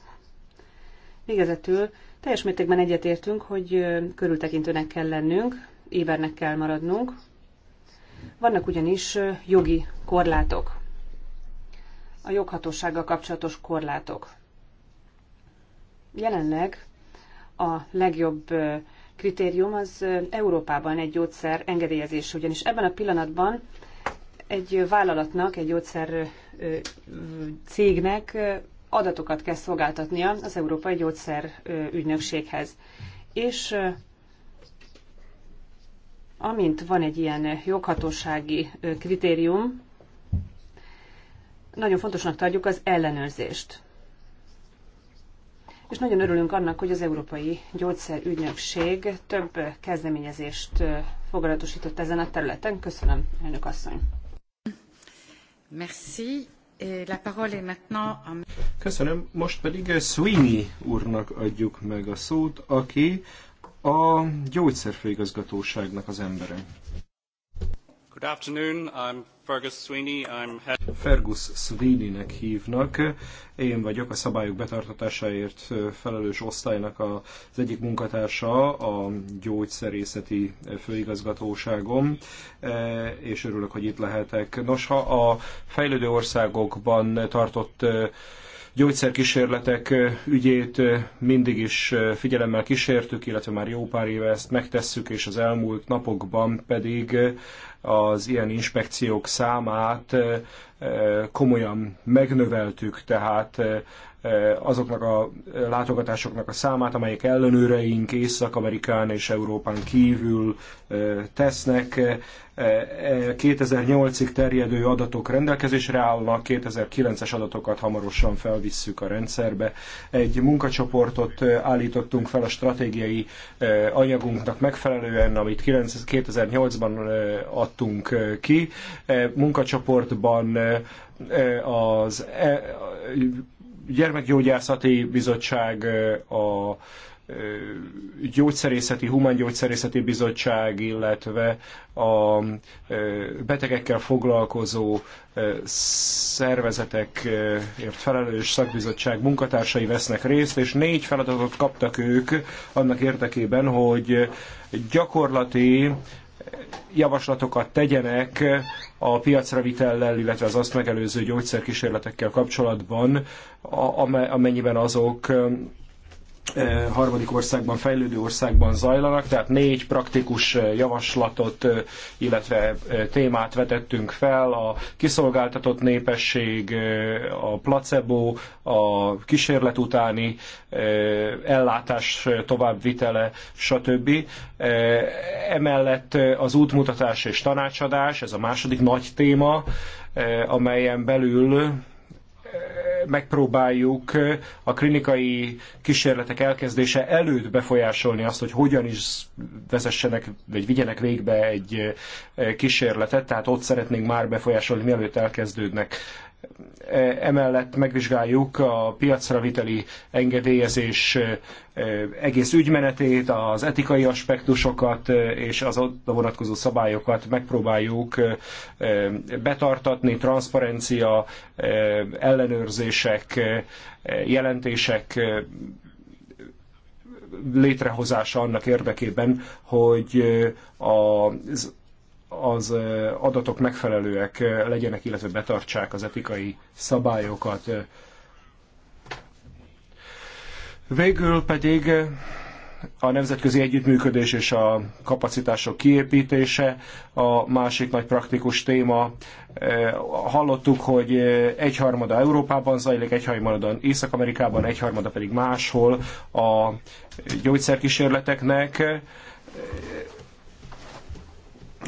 D: végezetül teljes mértékben egyetértünk, hogy körültekintőnek kell lennünk, ébernek kell maradnunk. Vannak ugyanis jogi korlátok a joghatósággal kapcsolatos korlátok. Jelenleg a legjobb kritérium az Európában egy gyógyszer engedélyezés, ugyanis ebben a pillanatban egy vállalatnak, egy gyógyszer cégnek adatokat kell szolgáltatnia az Európai Gyógyszer Ügynökséghez. És amint van egy ilyen joghatósági kritérium, nagyon fontosnak tartjuk az ellenőrzést. És nagyon örülünk annak, hogy az Európai Gyógyszerügynökség több kezdeményezést fogalatosított ezen a területen.
C: Köszönöm, elnök asszony. Merci. La parole est maintenant à...
B: Köszönöm. Most pedig Sweeney úrnak adjuk meg a szót, aki a gyógyszerfőigazgatóságnak az embere. Good afternoon, I'm Fergus Sweeney, I'm head... Fergus hívnak. Én vagyok a szabályok betartatásáért felelős osztálynak az egyik munkatársa, a gyógyszerészeti főigazgatóságom, és örülök, hogy itt lehetek. Nos, ha a fejlődő országokban tartott gyógyszerkísérletek ügyét mindig is figyelemmel kísértük, illetve már jó pár éve ezt megtesszük, és az elmúlt napokban pedig az ilyen inspekciók számát komolyan megnöveltük, tehát azoknak a látogatásoknak a számát, amelyek ellenőreink Észak-Amerikán és Európán kívül tesznek. 2008-ig e, terjedő adatok rendelkezésre állnak, 2009-es adatokat hamarosan felvisszük a rendszerbe. Egy munkacsoportot állítottunk fel a stratégiai anyagunknak megfelelően, amit 2008-ban adtunk ki. Munkacsoportban Eh, az eh, Gyermekgyógyászati Bizottság, eh, a Gyógyszerészeti, Humángyógyszerészeti Bizottság, illetve a betegekkel foglalkozó szervezetekért felelős szakbizottság munkatársai vesznek részt, és négy feladatot kaptak ők annak érdekében, hogy gyakorlati javaslatokat tegyenek a piacra vitellel, illetve az azt megelőző gyógyszerkísérletekkel kapcsolatban, amennyiben azok harmadik országban, fejlődő országban zajlanak, tehát négy praktikus javaslatot, illetve témát vetettünk fel, a kiszolgáltatott népesség, a placebo, a kísérlet utáni ellátás továbbvitele, stb. Emellett az útmutatás és tanácsadás, ez a második nagy téma, amelyen belül megpróbáljuk eh, a klinikai kísérletek elkezdése előtt befolyásolni azt, hogy hogyan is vezessenek, vagy vigyenek végbe egy eh, eh, kísérletet, tehát ott szeretnénk már befolyásolni, mielőtt elkezdődnek emellett megvizsgáljuk a piacra viteli engedélyezés egész ügymenetét, az etikai aspektusokat és az oda vonatkozó szabályokat megpróbáljuk betartatni, transzparencia, ellenőrzések, jelentések létrehozása annak érdekében, hogy az az adatok megfelelőek legyenek, illetve betartsák az etikai szabályokat. Végül pedig a nemzetközi együttműködés és a kapacitások kiépítése a másik nagy praktikus téma. Hallottuk, hogy egyharmada Európában zajlik, egyharmada Észak-Amerikában, egyharmada pedig máshol a gyógyszerkísérleteknek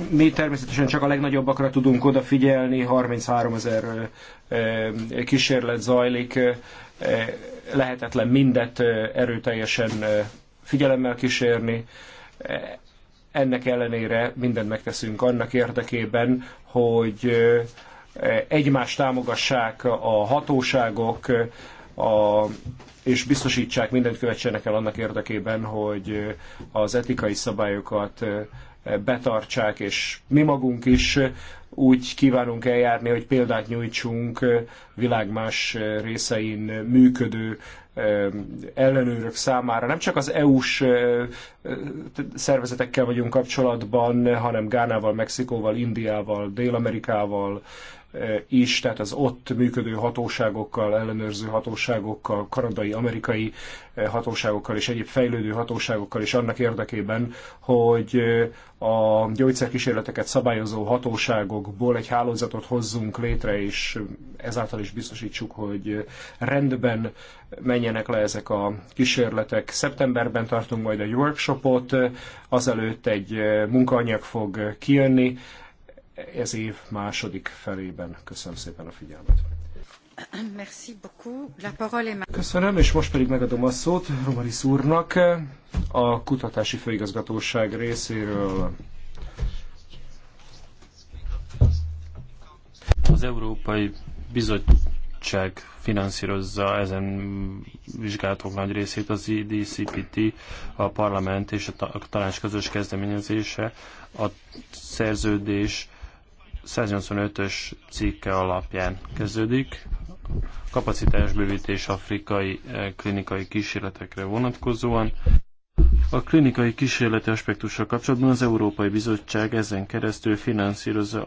B: mi természetesen csak a legnagyobbakra tudunk odafigyelni, 33 ezer kísérlet zajlik, lehetetlen mindet erőteljesen figyelemmel kísérni. Ennek ellenére mindent megteszünk annak érdekében, hogy egymást támogassák a hatóságok, a, és biztosítsák, mindent követsenek el annak érdekében, hogy az etikai szabályokat betartsák, és mi magunk is úgy kívánunk eljárni, hogy példát nyújtsunk világ más részein működő ellenőrök számára. Nem csak az EU-s szervezetekkel vagyunk kapcsolatban, hanem Gánával, Mexikóval, Indiával, Dél-Amerikával, is, tehát az ott működő hatóságokkal, ellenőrző hatóságokkal, kanadai, amerikai eh, hatóságokkal és egyéb fejlődő hatóságokkal is annak érdekében, hogy eh, a gyógyszerkísérleteket szabályozó hatóságokból egy hálózatot hozzunk létre, és ezáltal is biztosítsuk, hogy rendben menjenek le ezek a kísérletek. Szeptemberben tartunk majd egy workshopot, azelőtt egy eh, munkaanyag fog kijönni, ez év második felében. Köszönöm szépen a figyelmet. Köszönöm, és most pedig megadom a szót Romaris úrnak a Kutatási Főigazgatóság részéről.
A: Az Európai Bizottság finanszírozza ezen vizsgálatok nagy részét az IDCPT, e a parlament és a tanács közös kezdeményezése, a szerződés 185-ös cikke alapján kezdődik. Kapacitásbővítés afrikai eh, klinikai kísérletekre vonatkozóan. A klinikai kísérleti aspektussal kapcsolatban az Európai Bizottság ezen keresztül finanszírozza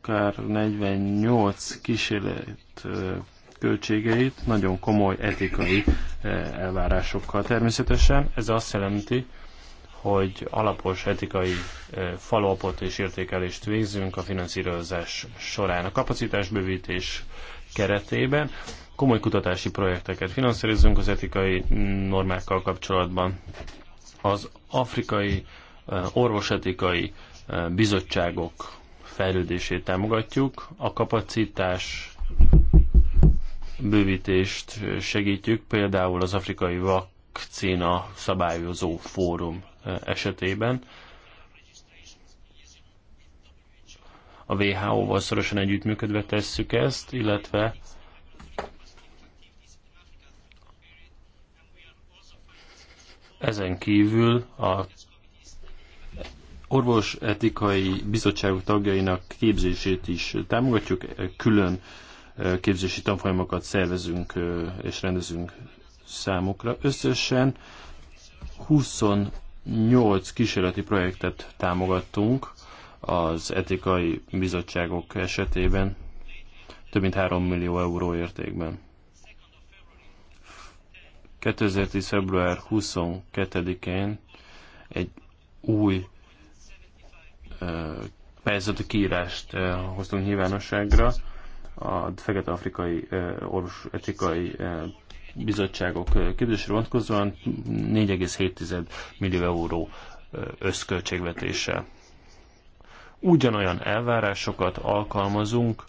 A: akár 48 kísérlet eh, költségeit, nagyon komoly etikai eh, elvárásokkal természetesen. Ez azt jelenti, hogy alapos etikai falopot és értékelést végzünk a finanszírozás során. A kapacitásbővítés keretében komoly kutatási projekteket finanszírozunk az etikai mm, normákkal kapcsolatban. Az afrikai orvosetikai bizottságok fejlődését támogatjuk, a kapacitás bővítést segítjük, például az afrikai vakcina szabályozó fórum esetében. A WHO-val szorosan együttműködve tesszük ezt, illetve ezen kívül a orvos etikai bizottságok tagjainak képzését is támogatjuk, külön képzési tanfolyamokat szervezünk és rendezünk számukra. Összesen 20 Nyolc kísérleti projektet támogattunk az etikai bizottságok esetében, több mint 3 millió euró értékben. 2010. február 22-én egy új pályázati kiírást hoztunk nyilvánosságra a fekete-afrikai orvosetikai bizottságok képzésre vonatkozóan 4,7 millió euró összköltségvetéssel. Ugyanolyan elvárásokat alkalmazunk,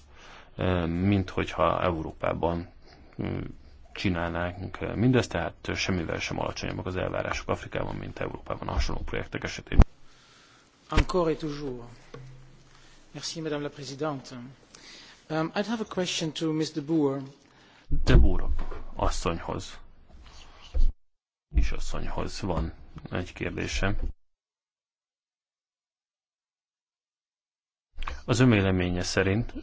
A: mint hogyha Európában csinálnánk mindezt, tehát semmivel sem alacsonyabbak az elvárások Afrikában, mint Európában a hasonló projektek esetében.
C: Encore et toujours. Merci, Madame la Présidente. Um, I'd have a question to Mr. Boer.
A: De Búrok asszonyhoz, is asszonyhoz van egy kérdésem. Az öméleménye szerint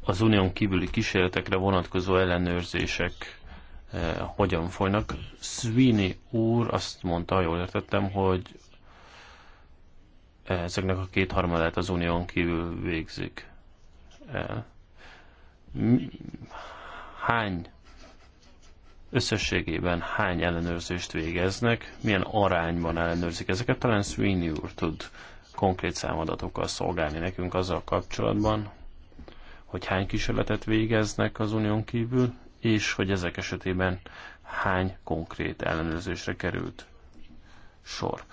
A: az unión kívüli kísérletekre vonatkozó ellenőrzések eh, hogyan folynak. Sweeney úr azt mondta, jól értettem, hogy ezeknek a kétharmadát az unión kívül végzik el. Hány összességében hány ellenőrzést végeznek, milyen arányban ellenőrzik ezeket. Talán Sweeney úr tud konkrét számadatokkal szolgálni nekünk azzal kapcsolatban, hogy hány kísérletet végeznek az unión kívül, és hogy ezek esetében hány konkrét ellenőrzésre került sor.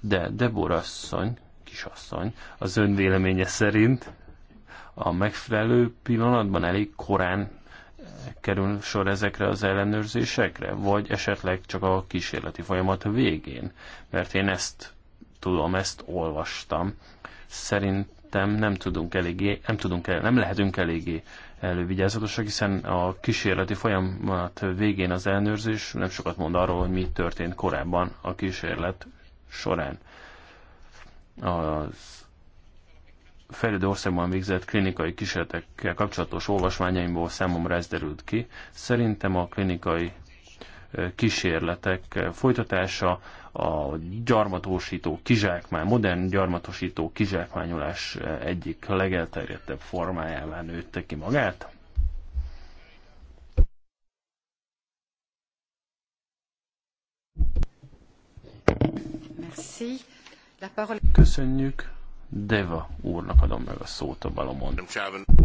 A: De Deborah asszony kisasszony, az ön véleménye szerint a megfelelő pillanatban elég korán eh, kerül sor ezekre az ellenőrzésekre, vagy esetleg csak a kísérleti folyamat végén? Mert én ezt tudom, ezt olvastam. Szerintem nem tudunk eléggé, nem, tudunk el, nem lehetünk eléggé elővigyázatosak, hiszen a kísérleti folyamat végén az ellenőrzés nem sokat mond arról, hogy mi történt korábban a kísérlet során az fejlődő országban végzett klinikai kísérletekkel kapcsolatos olvasmányaimból számomra ez derült ki. Szerintem a klinikai kísérletek folytatása, a gyarmatosító kizsákmány, modern gyarmatosító kizsákmányolás egyik legelterjedtebb formájává nőtte ki magát. Merci. Köszönjük. Deva úrnak adom meg a szót a balomon.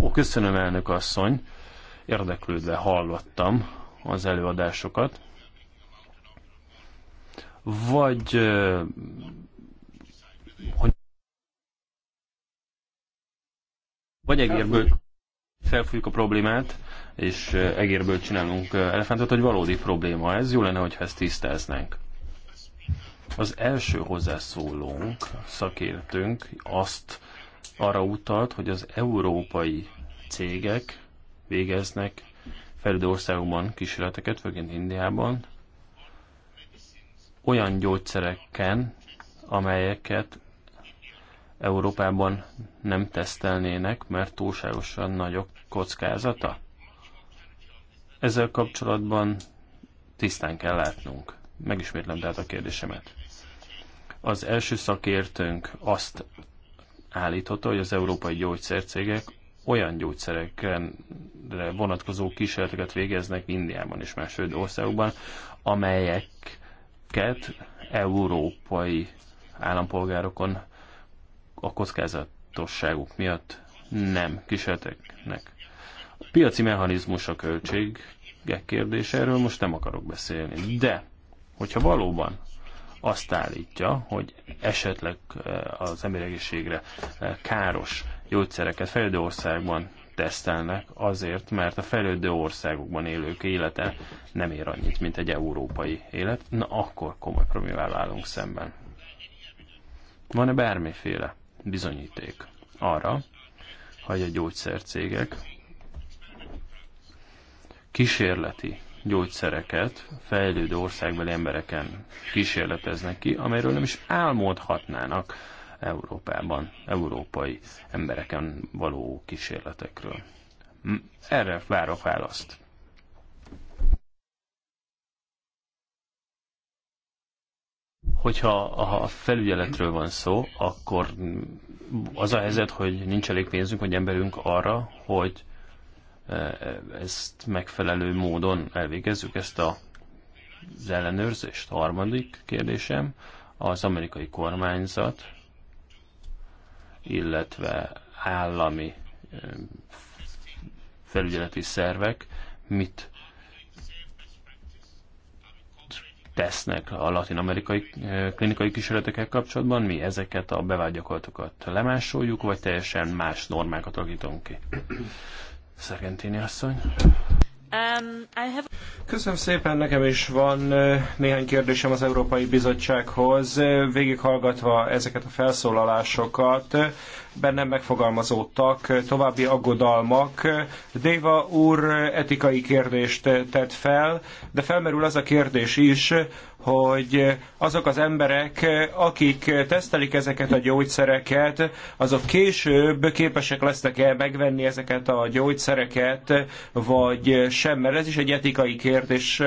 A: Ó, köszönöm elnök asszony. Érdeklődve hallottam az előadásokat. Vagy hogy vagy egérből felfújjuk a problémát, és egérből csinálunk elefántot, hogy valódi probléma ez. Jó lenne, hogyha ezt tisztáznánk. Az első hozzászólónk, szakértőnk azt arra utalt, hogy az európai cégek végeznek fejlődő országokban kísérleteket, főként Indiában, olyan gyógyszereken, amelyeket Európában nem tesztelnének, mert túlságosan nagy kockázata? Ezzel kapcsolatban tisztán kell látnunk. Megismétlem tehát a kérdésemet. Az első szakértőnk azt állította, hogy az európai gyógyszercégek olyan gyógyszerekre vonatkozó kísérleteket végeznek Indiában és más országokban, amelyeket európai állampolgárokon a kockázatosságuk miatt nem kísérleteknek. A piaci mechanizmus a költség? kérdése, erről most nem akarok beszélni. De, hogyha valóban azt állítja, hogy esetleg eh, az emberegészségre eh, káros gyógyszereket fejlődő országban tesztelnek azért, mert a fejlődő országokban élők élete nem ér annyit, mint egy európai élet, na akkor komoly problémával állunk szemben. Van-e bármiféle bizonyíték arra, hogy a gyógyszercégek kísérleti gyógyszereket fejlődő országbeli embereken kísérleteznek ki, amelyről nem is álmodhatnának Európában, európai embereken való kísérletekről. Erre várok választ. hogyha a felügyeletről van szó, akkor az a helyzet, hogy nincs elég pénzünk, vagy emberünk arra, hogy Eh, ezt megfelelő módon elvégezzük, ezt a, az ellenőrzést. A harmadik kérdésem, az amerikai kormányzat, illetve állami eh, felügyeleti szervek mit tesznek a latin-amerikai eh, klinikai kísérletekkel kapcsolatban, mi ezeket a bevált gyakorlatokat lemásoljuk, vagy teljesen más normákat alakítunk ki. Szegentini asszony. Um, Köszönöm szépen, nekem is van néhány
B: kérdésem az Európai Bizottsághoz. Végighallgatva ezeket a felszólalásokat, bennem megfogalmazódtak további aggodalmak. Déva úr etikai kérdést tett fel, de felmerül az a kérdés is, hogy azok az emberek, akik tesztelik ezeket a gyógyszereket, azok később képesek lesznek-e megvenni ezeket a gyógyszereket, vagy sem, mert ez is egy etikai kérdés.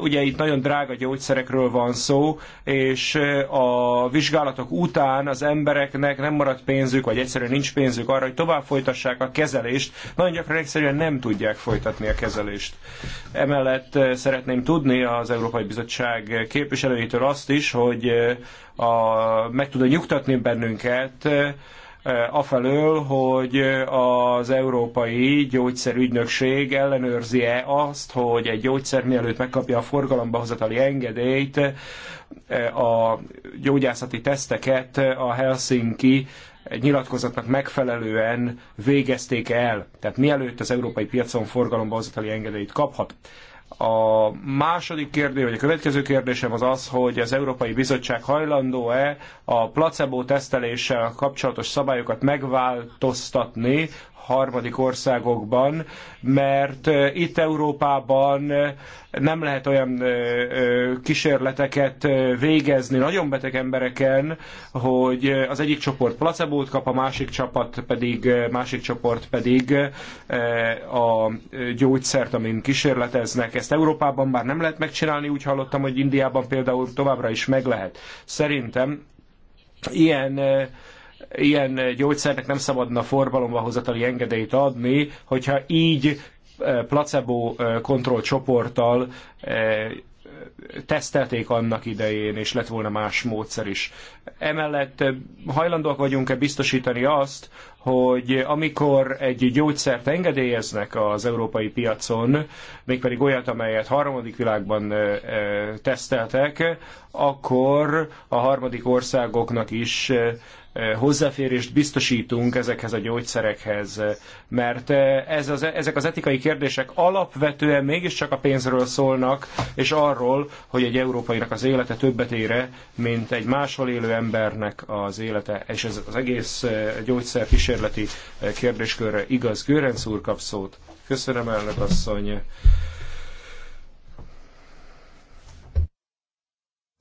B: Ugye itt nagyon drága gyógyszerekről van szó, és a vizsgálatok után az embereknek nem marad pénzük, vagy egyszerűen nincs pénzük arra, hogy tovább folytassák a kezelést. Nagyon gyakran egyszerűen nem tudják folytatni a kezelést. Emellett szeretném tudni az Európai Bizottság bizottság képviselőitől azt is, hogy eh, a, meg tudja nyugtatni bennünket eh, afelől, hogy az Európai Gyógyszerügynökség ellenőrzi-e azt, hogy egy gyógyszer mielőtt megkapja a forgalomba hozatali engedélyt, eh, a gyógyászati teszteket a Helsinki nyilatkozatnak megfelelően végezték el, tehát mielőtt az európai piacon forgalomba hozatali engedélyt kaphat. A második kérdés, vagy a következő kérdésem az az, hogy az Európai Bizottság hajlandó-e a placebo teszteléssel kapcsolatos szabályokat megváltoztatni harmadik országokban, mert eh, itt Európában eh, nem lehet olyan eh, kísérleteket végezni nagyon beteg embereken, hogy az egyik csoport placebót kap, a másik csapat pedig, másik csoport pedig a gyógyszert, amin kísérleteznek. Ezt Európában már nem lehet megcsinálni, úgy hallottam, hogy Indiában például továbbra is meg lehet. Szerintem ilyen ilyen gyógyszernek nem szabadna forgalomba hozatali engedélyt adni, hogyha így eh, placebo kontrollcsoporttal eh, eh, tesztelték annak idején, és lett volna más módszer is. Emellett hajlandóak vagyunk-e biztosítani azt, hogy amikor egy gyógyszert engedélyeznek az európai piacon, mégpedig olyat, amelyet harmadik világban teszteltek, akkor a harmadik országoknak is hozzáférést biztosítunk ezekhez a gyógyszerekhez, mert ez az, ezek az etikai kérdések alapvetően mégiscsak a pénzről szólnak, és arról, hogy egy európainak az élete többet ére, mint egy máshol élő embernek az élete, és ez az egész gyógyszer kísérleti kérdéskörre igaz. Görenc úr kap szót. Köszönöm, elnök asszony.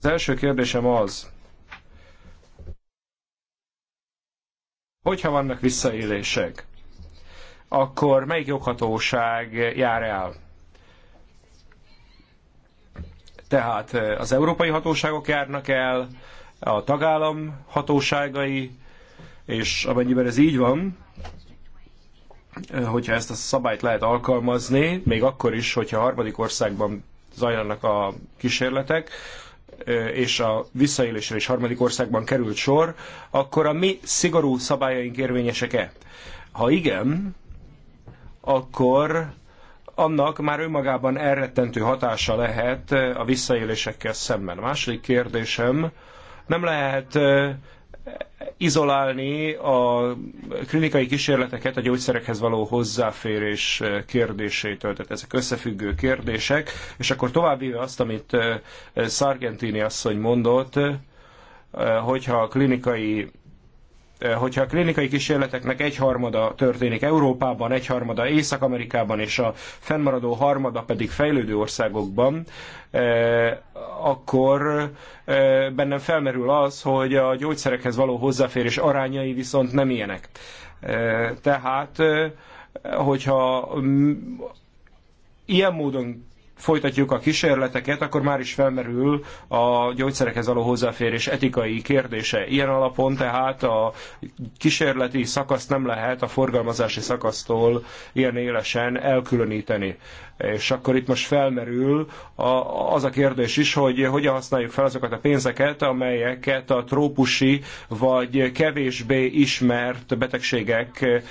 B: Az első kérdésem az, Hogyha vannak visszaélések, akkor melyik joghatóság jár el? Tehát eh, az európai hatóságok járnak el, a tagállam hatóságai, és amennyiben ez így van, eh, hogyha ezt a szabályt lehet alkalmazni, még akkor is, hogyha harmadik országban zajlanak a kísérletek, és a visszaélésre is harmadik országban került sor, akkor a mi szigorú szabályaink érvényesek-e? Ha igen, akkor annak már önmagában elrettentő hatása lehet a visszaélésekkel szemben. A második kérdésem, nem lehet izolálni a klinikai kísérleteket a gyógyszerekhez való hozzáférés kérdésétől, tehát ezek összefüggő kérdések, és akkor továbbvéve azt, amit eh, Sargentini asszony mondott, eh, hogyha a klinikai Hogyha a klinikai kísérleteknek egyharmada történik Európában, egyharmada Észak-Amerikában, és a fennmaradó harmada pedig fejlődő országokban, e, akkor e, bennem felmerül az, hogy a gyógyszerekhez való hozzáférés arányai viszont nem ilyenek. E, tehát, hogyha ilyen módon folytatjuk a kísérleteket, akkor már is felmerül a gyógyszerekhez való hozzáférés etikai kérdése. Ilyen alapon tehát a kísérleti szakaszt nem lehet a forgalmazási szakasztól ilyen élesen elkülöníteni. És akkor itt most felmerül az a kérdés is, hogy hogyan használjuk fel azokat a pénzeket, amelyeket a trópusi vagy kevésbé ismert betegségek eh,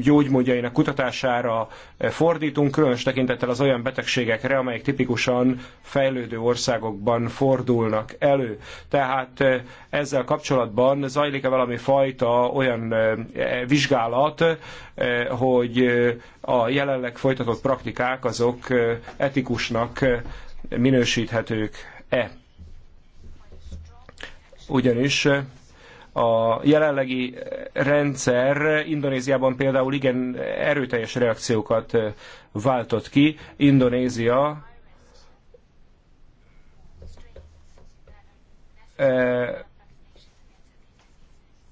B: gyógymódjainak kutatására fordítunk, különös tekintettel az olyan betegségek, betegségekre, amelyek tipikusan fejlődő országokban fordulnak elő. Tehát ezzel kapcsolatban zajlik-e valami fajta olyan vizsgálat, hogy a jelenleg folytatott praktikák azok etikusnak minősíthetők-e? Ugyanis a jelenlegi rendszer Indonéziában például igen erőteljes reakciókat váltott ki. Indonézia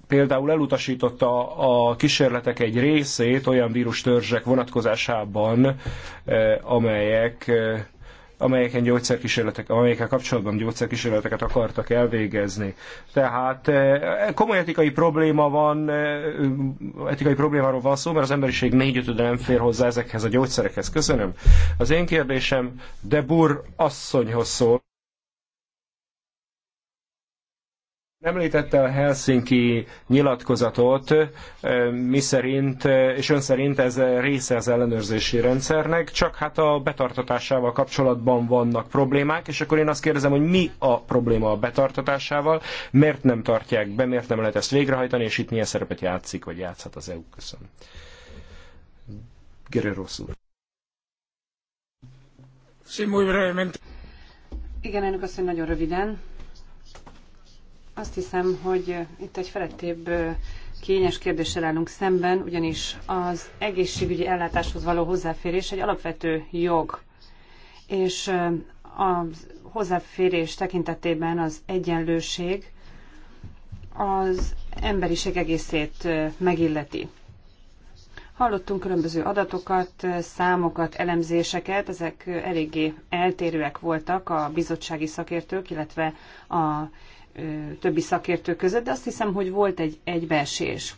B: például elutasította a kísérletek egy részét olyan vírustörzsek vonatkozásában, amelyek amelyeken gyógyszerkísérletek, amelyekkel kapcsolatban gyógyszerkísérleteket akartak elvégezni. Tehát eh, komoly etikai probléma van, eh, etikai problémáról van szó, mert az emberiség ötöde nem fér hozzá ezekhez a gyógyszerekhez. Köszönöm. Az én kérdésem De Bur asszonyhoz szól. Említette a Helsinki nyilatkozatot, miszerint, és ön szerint ez része az ellenőrzési rendszernek, csak hát a betartatásával kapcsolatban vannak problémák, és akkor én azt kérdezem, hogy mi a probléma a betartatásával, miért nem tartják be, miért nem lehet ezt végrehajtani, és itt milyen szerepet játszik, vagy játszhat az EU. Köszönöm. Guerrero
D: úr.
C: muy brevemente. Igen, elnök
D: azt nagyon röviden azt hiszem, hogy itt egy felettébb kényes kérdéssel állunk szemben, ugyanis az egészségügyi ellátáshoz való hozzáférés egy alapvető jog, és a hozzáférés tekintetében az egyenlőség az emberiség egészét megilleti. Hallottunk különböző adatokat, számokat, elemzéseket, ezek eléggé eltérőek voltak a bizottsági szakértők, illetve a többi szakértő között, de azt hiszem, hogy volt egy egybeesés,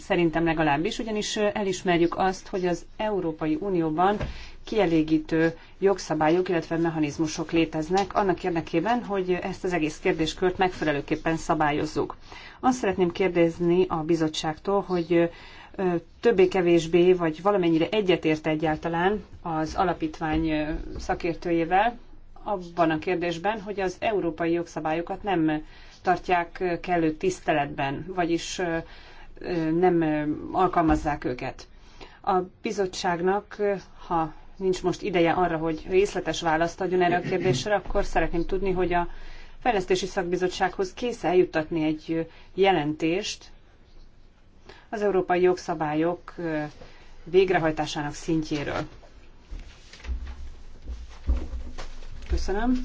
D: szerintem legalábbis, ugyanis elismerjük azt, hogy az Európai Unióban kielégítő jogszabályok, illetve mechanizmusok léteznek annak érdekében, hogy ezt az egész kérdéskört megfelelőképpen szabályozzuk. Azt szeretném kérdezni a bizottságtól, hogy többé-kevésbé, vagy valamennyire egyetért egyáltalán az alapítvány szakértőjével, abban a kérdésben, hogy az európai jogszabályokat nem tartják kellő tiszteletben, vagyis nem alkalmazzák őket. A bizottságnak, ha nincs most ideje arra, hogy részletes választ adjon erre a kérdésre, akkor szeretném tudni, hogy a Fejlesztési Szakbizottsághoz kész eljuttatni egy jelentést az európai jogszabályok végrehajtásának szintjéről. Köszönöm.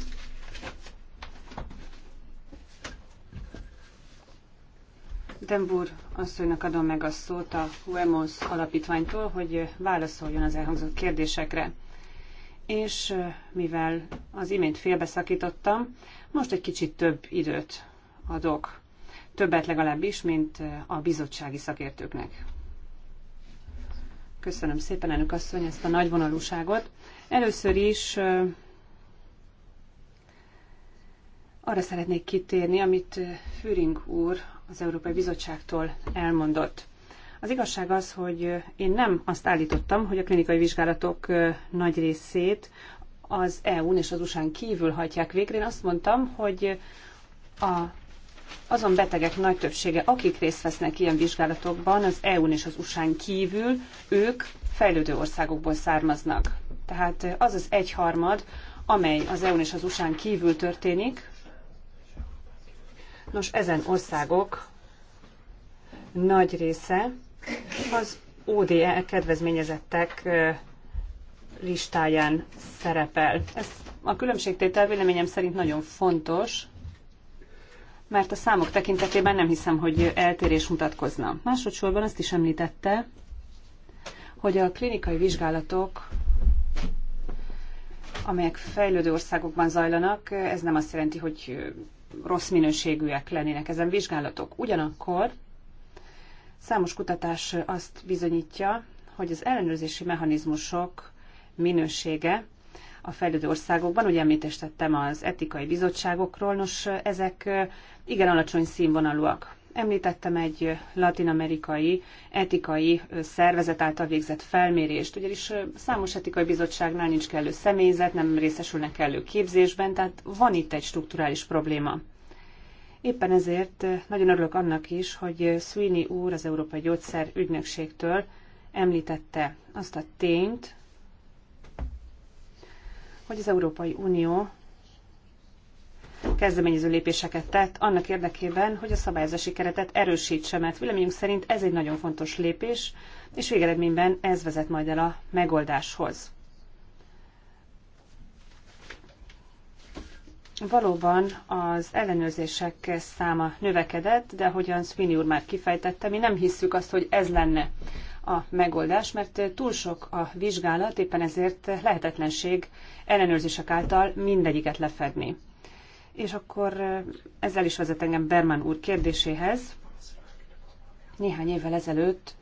D: Denbur asszonynak adom meg a szót a UEMOS alapítványtól, hogy válaszoljon az elhangzott kérdésekre. És mivel az imént félbeszakítottam, most egy kicsit több időt adok. Többet legalábbis, mint a bizottsági szakértőknek. Köszönöm szépen, elnök asszony, ezt a nagyvonalúságot. Először is arra szeretnék kitérni, amit Füring úr az Európai Bizottságtól elmondott. Az igazság az, hogy én nem azt állítottam, hogy a klinikai vizsgálatok nagy részét az EU-n és az USA-n kívül hajtják végre. Én azt mondtam, hogy a, azon betegek nagy többsége, akik részt vesznek ilyen vizsgálatokban az EU-n és az USA-n kívül, ők fejlődő országokból származnak. Tehát az az egyharmad, amely az EU-n és az USA-n kívül történik, Nos, ezen országok nagy része az ODE kedvezményezettek listáján szerepel. Ez a különbségtétel véleményem szerint nagyon fontos, mert a számok tekintetében nem hiszem, hogy eltérés mutatkozna. Másodszorban azt is említette, hogy a klinikai vizsgálatok, amelyek fejlődő országokban zajlanak, ez nem azt jelenti, hogy rossz minőségűek lennének ezen vizsgálatok. Ugyanakkor számos kutatás azt bizonyítja, hogy az ellenőrzési mechanizmusok minősége a fejlődő országokban, ugye említést tettem az etikai bizottságokról, nos, ezek igen alacsony színvonalúak. Említettem egy latinamerikai etikai szervezet által végzett felmérést, ugyanis számos etikai bizottságnál nincs kellő személyzet, nem részesülnek kellő képzésben, tehát van itt egy strukturális probléma. Éppen ezért nagyon örülök annak is, hogy Sweeney úr az Európai Gyógyszer Ügynökségtől említette azt a tényt, hogy az Európai Unió kezdeményező lépéseket tett annak érdekében, hogy a szabályozási keretet erősítse, mert véleményünk szerint ez egy nagyon fontos lépés, és végeredményben ez vezet majd el a megoldáshoz. Valóban az ellenőrzések száma növekedett, de ahogyan Sweeney úr már kifejtette, mi nem hisszük azt, hogy ez lenne a megoldás, mert túl sok a vizsgálat, éppen ezért lehetetlenség ellenőrzések által mindegyiket lefedni. És akkor eh, ezzel is vezet engem Berman úr kérdéséhez. Néhány évvel ezelőtt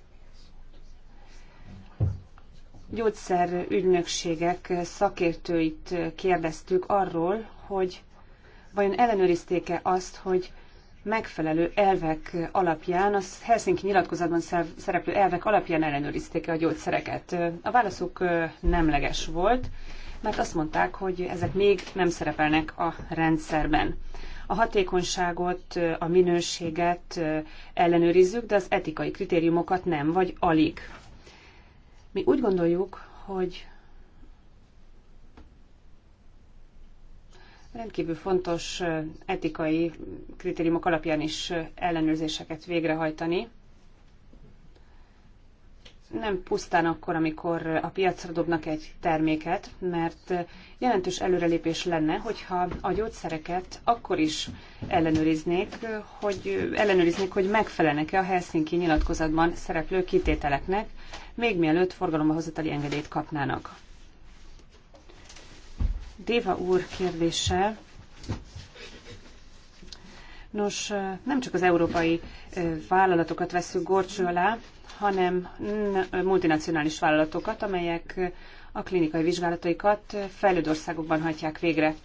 D: gyógyszerügynökségek szakértőit kérdeztük arról, hogy vajon ellenőrizték-e azt, hogy megfelelő elvek alapján, a Helsinki nyilatkozatban szereplő elvek alapján ellenőrizték-e a gyógyszereket. A válaszuk eh, nemleges volt, mert azt mondták, hogy ezek még nem szerepelnek a rendszerben. A hatékonyságot, a minőséget ellenőrizzük, de az etikai kritériumokat nem, vagy alig. Mi úgy gondoljuk, hogy rendkívül fontos etikai kritériumok alapján is ellenőrzéseket végrehajtani, nem pusztán akkor, amikor a piacra dobnak egy terméket, mert jelentős előrelépés lenne, hogyha a gyógyszereket akkor is ellenőriznék, hogy ellenőriznék, hogy megfelelnek-e a Helsinki nyilatkozatban szereplő kitételeknek, még mielőtt forgalomba hozatali engedélyt kapnának. Déva úr kérdése Nos, nem csak az európai vállalatokat veszünk gorcső alá, hanem multinacionális vállalatokat, amelyek a klinikai vizsgálataikat fejlődő országokban hajtják végre.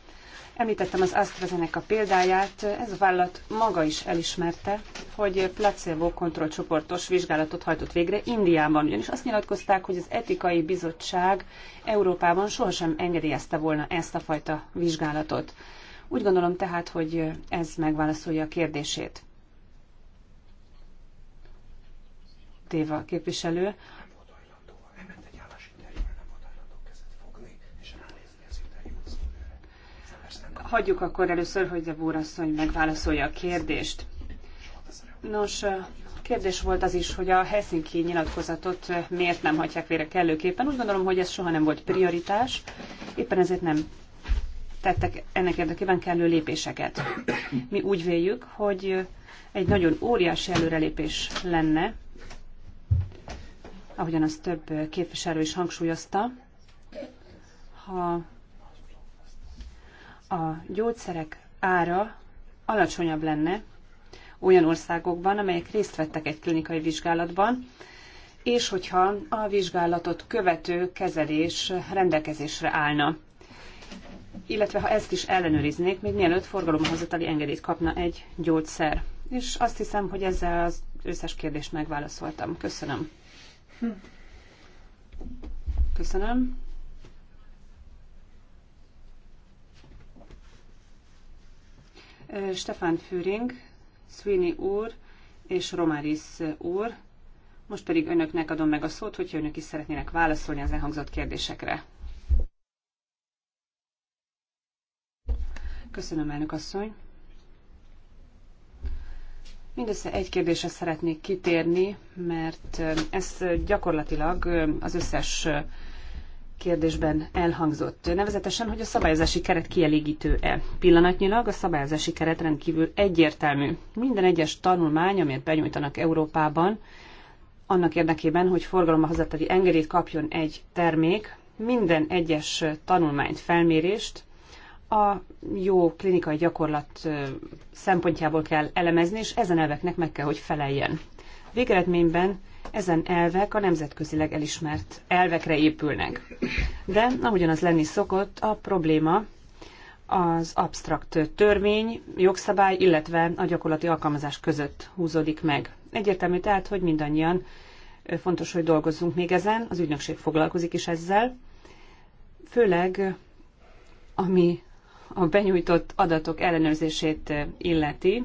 D: Említettem az AstraZeneca példáját, ez a vállalat maga is elismerte, hogy placebo kontrollcsoportos vizsgálatot hajtott végre Indiában, ugyanis azt nyilatkozták, hogy az etikai bizottság Európában sohasem engedélyezte volna ezt a fajta vizsgálatot. Úgy gondolom tehát, hogy ez megválaszolja a kérdését. Téva képviselő. Hagyjuk akkor először, hogy a búrasszony megválaszolja a kérdést. Nos, kérdés volt az is, hogy a Helsinki nyilatkozatot miért nem hagyják vére kellőképpen. Úgy gondolom, hogy ez soha nem volt prioritás, éppen ezért nem tettek ennek érdekében kellő lépéseket. Mi úgy véljük, hogy egy nagyon óriási előrelépés lenne, ahogyan az több képviselő is hangsúlyozta, ha a gyógyszerek ára alacsonyabb lenne olyan országokban, amelyek részt vettek egy klinikai vizsgálatban, és hogyha a vizsgálatot követő kezelés rendelkezésre állna. Illetve ha ezt is ellenőriznék, még mielőtt forgalomba hozatali engedélyt kapna egy gyógyszer. És azt hiszem, hogy ezzel az összes kérdést megválaszoltam. Köszönöm. Köszönöm. Stefan Füring, Sweeney úr és Romaris úr. Most pedig önöknek adom meg a szót, hogyha önök is szeretnének válaszolni az elhangzott kérdésekre. Köszönöm, elnök asszony. Mindössze egy kérdésre szeretnék kitérni, mert ez gyakorlatilag az összes kérdésben elhangzott. Nevezetesen, hogy a szabályozási keret kielégítő-e. Pillanatnyilag a szabályozási keret rendkívül egyértelmű. Minden egyes tanulmány, amit benyújtanak Európában, annak érdekében, hogy forgalomba hozatali engedélyt kapjon egy termék, minden egyes tanulmányt, felmérést a jó klinikai gyakorlat szempontjából kell elemezni, és ezen elveknek meg kell, hogy feleljen. Végeredményben ezen elvek a nemzetközileg elismert elvekre épülnek. De ahogyan az lenni szokott, a probléma az absztrakt törvény, jogszabály, illetve a gyakorlati alkalmazás között húzódik meg. Egyértelmű tehát, hogy mindannyian fontos, hogy dolgozzunk még ezen, az ügynökség foglalkozik is ezzel, főleg ami a benyújtott adatok ellenőrzését eh, illeti,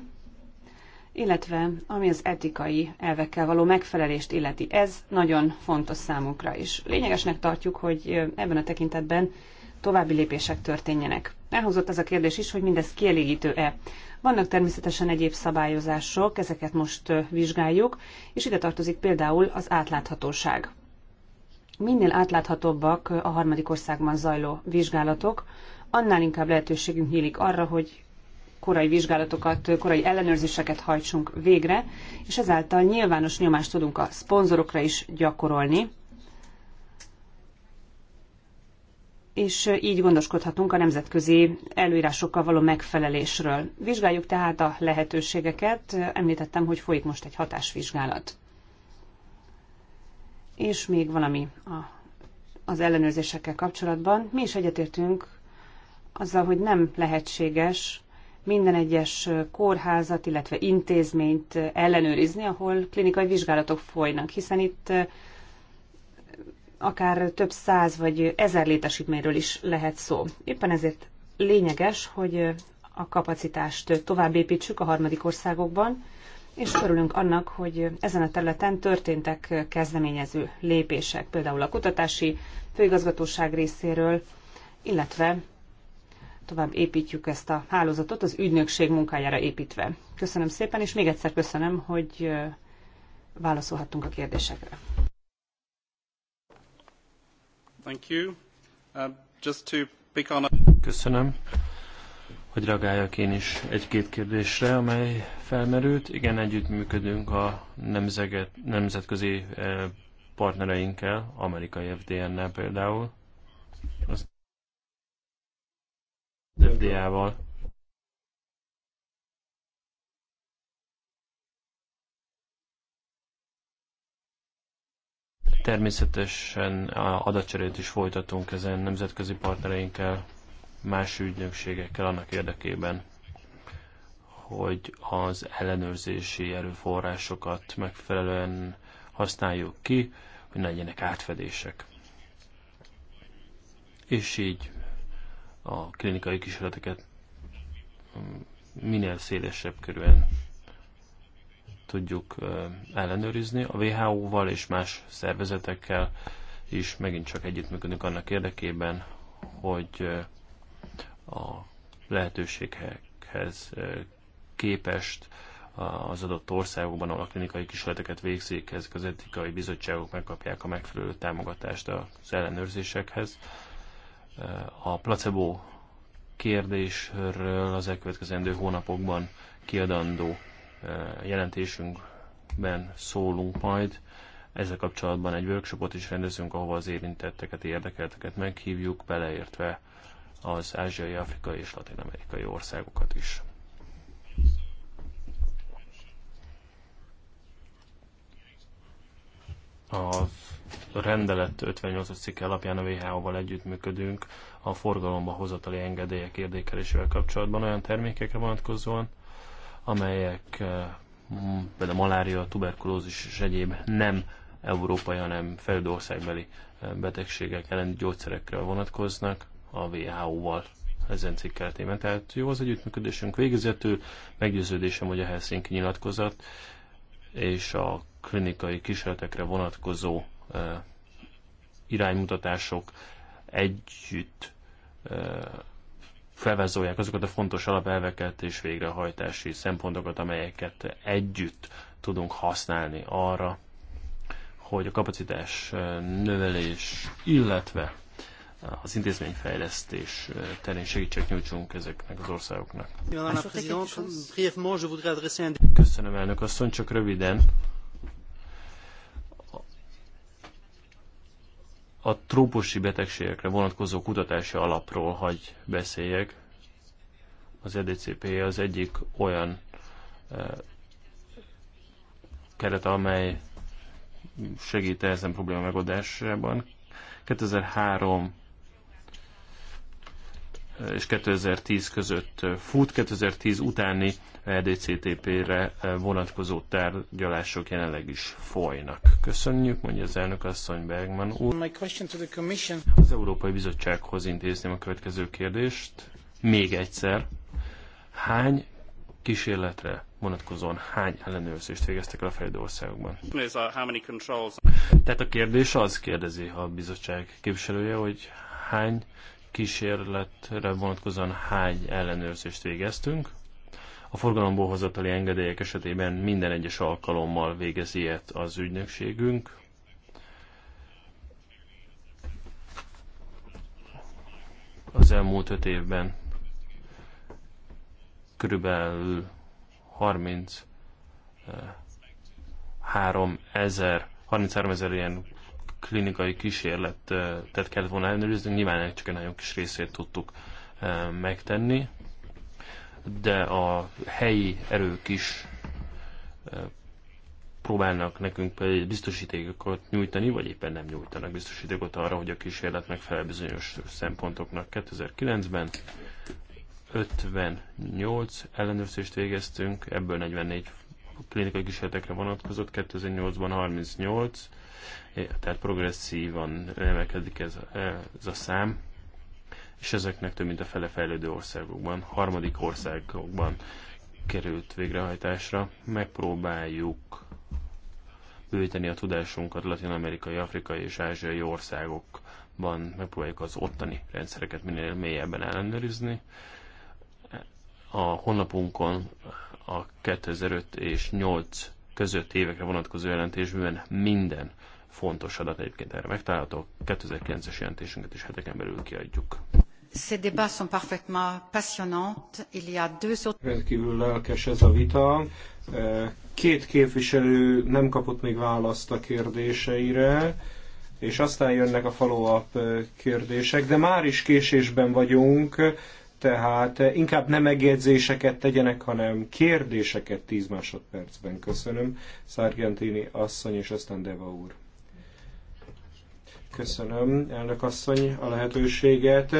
D: illetve ami az etikai elvekkel való megfelelést illeti. Ez nagyon fontos számunkra is. Lényegesnek tartjuk, hogy eh, ebben a tekintetben további lépések történjenek. Elhozott az a kérdés is, hogy mindez kielégítő-e. Vannak természetesen egyéb szabályozások, ezeket most eh, vizsgáljuk, és ide tartozik például az átláthatóság. Minél átláthatóbbak a harmadik országban zajló vizsgálatok, annál inkább lehetőségünk nyílik arra, hogy korai vizsgálatokat, korai ellenőrzéseket hajtsunk végre, és ezáltal nyilvános nyomást tudunk a szponzorokra is gyakorolni, és így gondoskodhatunk a nemzetközi előírásokkal való megfelelésről. Vizsgáljuk tehát a lehetőségeket. Említettem, hogy folyik most egy hatásvizsgálat. És még valami a, az ellenőrzésekkel kapcsolatban. Mi is egyetértünk azzal, hogy nem lehetséges minden egyes kórházat, illetve intézményt ellenőrizni, ahol klinikai vizsgálatok folynak, hiszen itt eh, akár több száz vagy ezer létesítményről is lehet szó. Éppen ezért lényeges, hogy eh, a kapacitást tovább építsük a harmadik országokban, és örülünk annak, hogy ezen a területen történtek kezdeményező lépések, például a kutatási főigazgatóság részéről, illetve tovább építjük ezt a hálózatot az ügynökség munkájára építve. Köszönöm szépen, és még egyszer köszönöm, hogy válaszolhattunk a kérdésekre. Thank
A: you. Uh, just to pick on a... Köszönöm, hogy reagáljak én is egy-két kérdésre, amely felmerült. Igen, együttműködünk a nemzeget, nemzetközi eh, partnereinkkel, amerikai FDN-nel például. Az az FDA-val. Természetesen adatcserét is folytatunk ezen nemzetközi partnereinkkel, más ügynökségekkel annak érdekében, hogy az ellenőrzési erőforrásokat megfelelően használjuk ki, hogy ne legyenek átfedések. És így a klinikai kísérleteket minél szélesebb körülön tudjuk ellenőrizni. A WHO-val és más szervezetekkel is megint csak együttműködünk annak érdekében, hogy a lehetőségekhez képest az adott országokban, ahol a klinikai kísérleteket végzik, ezek az etikai bizottságok megkapják a megfelelő támogatást az ellenőrzésekhez a placebo kérdésről az elkövetkezendő hónapokban kiadandó e, jelentésünkben szólunk majd. Ezzel kapcsolatban egy workshopot is rendezünk, ahova az érintetteket, érdekelteket meghívjuk, beleértve az ázsiai, afrikai és latin-amerikai országokat is. A rendelet 58 cikke alapján a WHO-val együttműködünk a forgalomba hozatali engedélyek érdékelésével kapcsolatban olyan termékekre vonatkozóan, amelyek eh, például malária, tuberkulózis és egyéb nem európai, hanem fejlődő országbeli eh, betegségek ellen gyógyszerekre vonatkoznak a WHO-val ezen cikk keretében. Tehát jó az együttműködésünk végezetül, meggyőződésem, hogy a Helsinki nyilatkozat és a klinikai kísérletekre vonatkozó iránymutatások együtt felvezolják azokat a fontos alapelveket és végrehajtási szempontokat, amelyeket együtt tudunk használni arra, hogy a kapacitás növelés, illetve az intézményfejlesztés terén segítséget nyújtsunk ezeknek az országoknak. Köszönöm elnök asszony, csak röviden a trópusi betegségekre vonatkozó kutatási alapról hagy beszéljek. Az EDCP az egyik olyan e, keret, amely segít ezen probléma megoldásában. 2003 e, és 2010 között fut, 2010 utáni E DCTP-re e, vonatkozó tárgyalások jelenleg is folynak. Köszönjük, mondja az elnök asszony Bergman úr. Az Európai Bizottsághoz intézném a következő kérdést. Még egyszer. Hány kísérletre vonatkozóan hány ellenőrzést végeztek el a fejlődő országokban?
B: Uh,
A: Tehát a kérdés az kérdezi a bizottság képviselője, hogy hány kísérletre vonatkozóan hány ellenőrzést végeztünk, a forgalomból hozatali engedélyek esetében minden egyes alkalommal végez ilyet az ügynökségünk. Az elmúlt öt évben körülbelül 30 3 eh, ezer, 33 ezer ilyen klinikai kísérletet eh, kellett volna ellenőriznünk, nyilván csak egy nagyon kis részét tudtuk eh, megtenni de a helyi erők is próbálnak nekünk biztosítékokat nyújtani, vagy éppen nem nyújtanak biztosítékot arra, hogy a kísérlet megfelel bizonyos szempontoknak. 2009-ben 58 ellenőrzést végeztünk, ebből 44 klinikai kísérletekre vonatkozott, 2008-ban 38, tehát progresszívan emelkedik ez, ez a szám és ezeknek több mint a fele fejlődő országokban, harmadik országokban került végrehajtásra. Megpróbáljuk bővíteni a tudásunkat latin-amerikai, afrikai és ázsiai országokban, megpróbáljuk az ottani rendszereket minél mélyebben ellenőrizni. A honlapunkon a 2005 és 8 között évekre vonatkozó jelentésben minden fontos adat egyébként erre megtalálható. 2009-es jelentésünket is heteken belül kiadjuk.
C: Ces débats sont parfaitement passionnants. Il y a deux autres...
B: Rendkívül lelkes ez a vita. Eh, két képviselő nem kapott még választ a kérdéseire, és aztán jönnek a follow-up eh, kérdések, de már is késésben vagyunk, tehát eh, inkább nem megjegyzéseket tegyenek, hanem kérdéseket 10 másodpercben. Köszönöm. Szargentini asszony és aztán Deva úr. Köszönöm, elnök asszony, a lehetőséget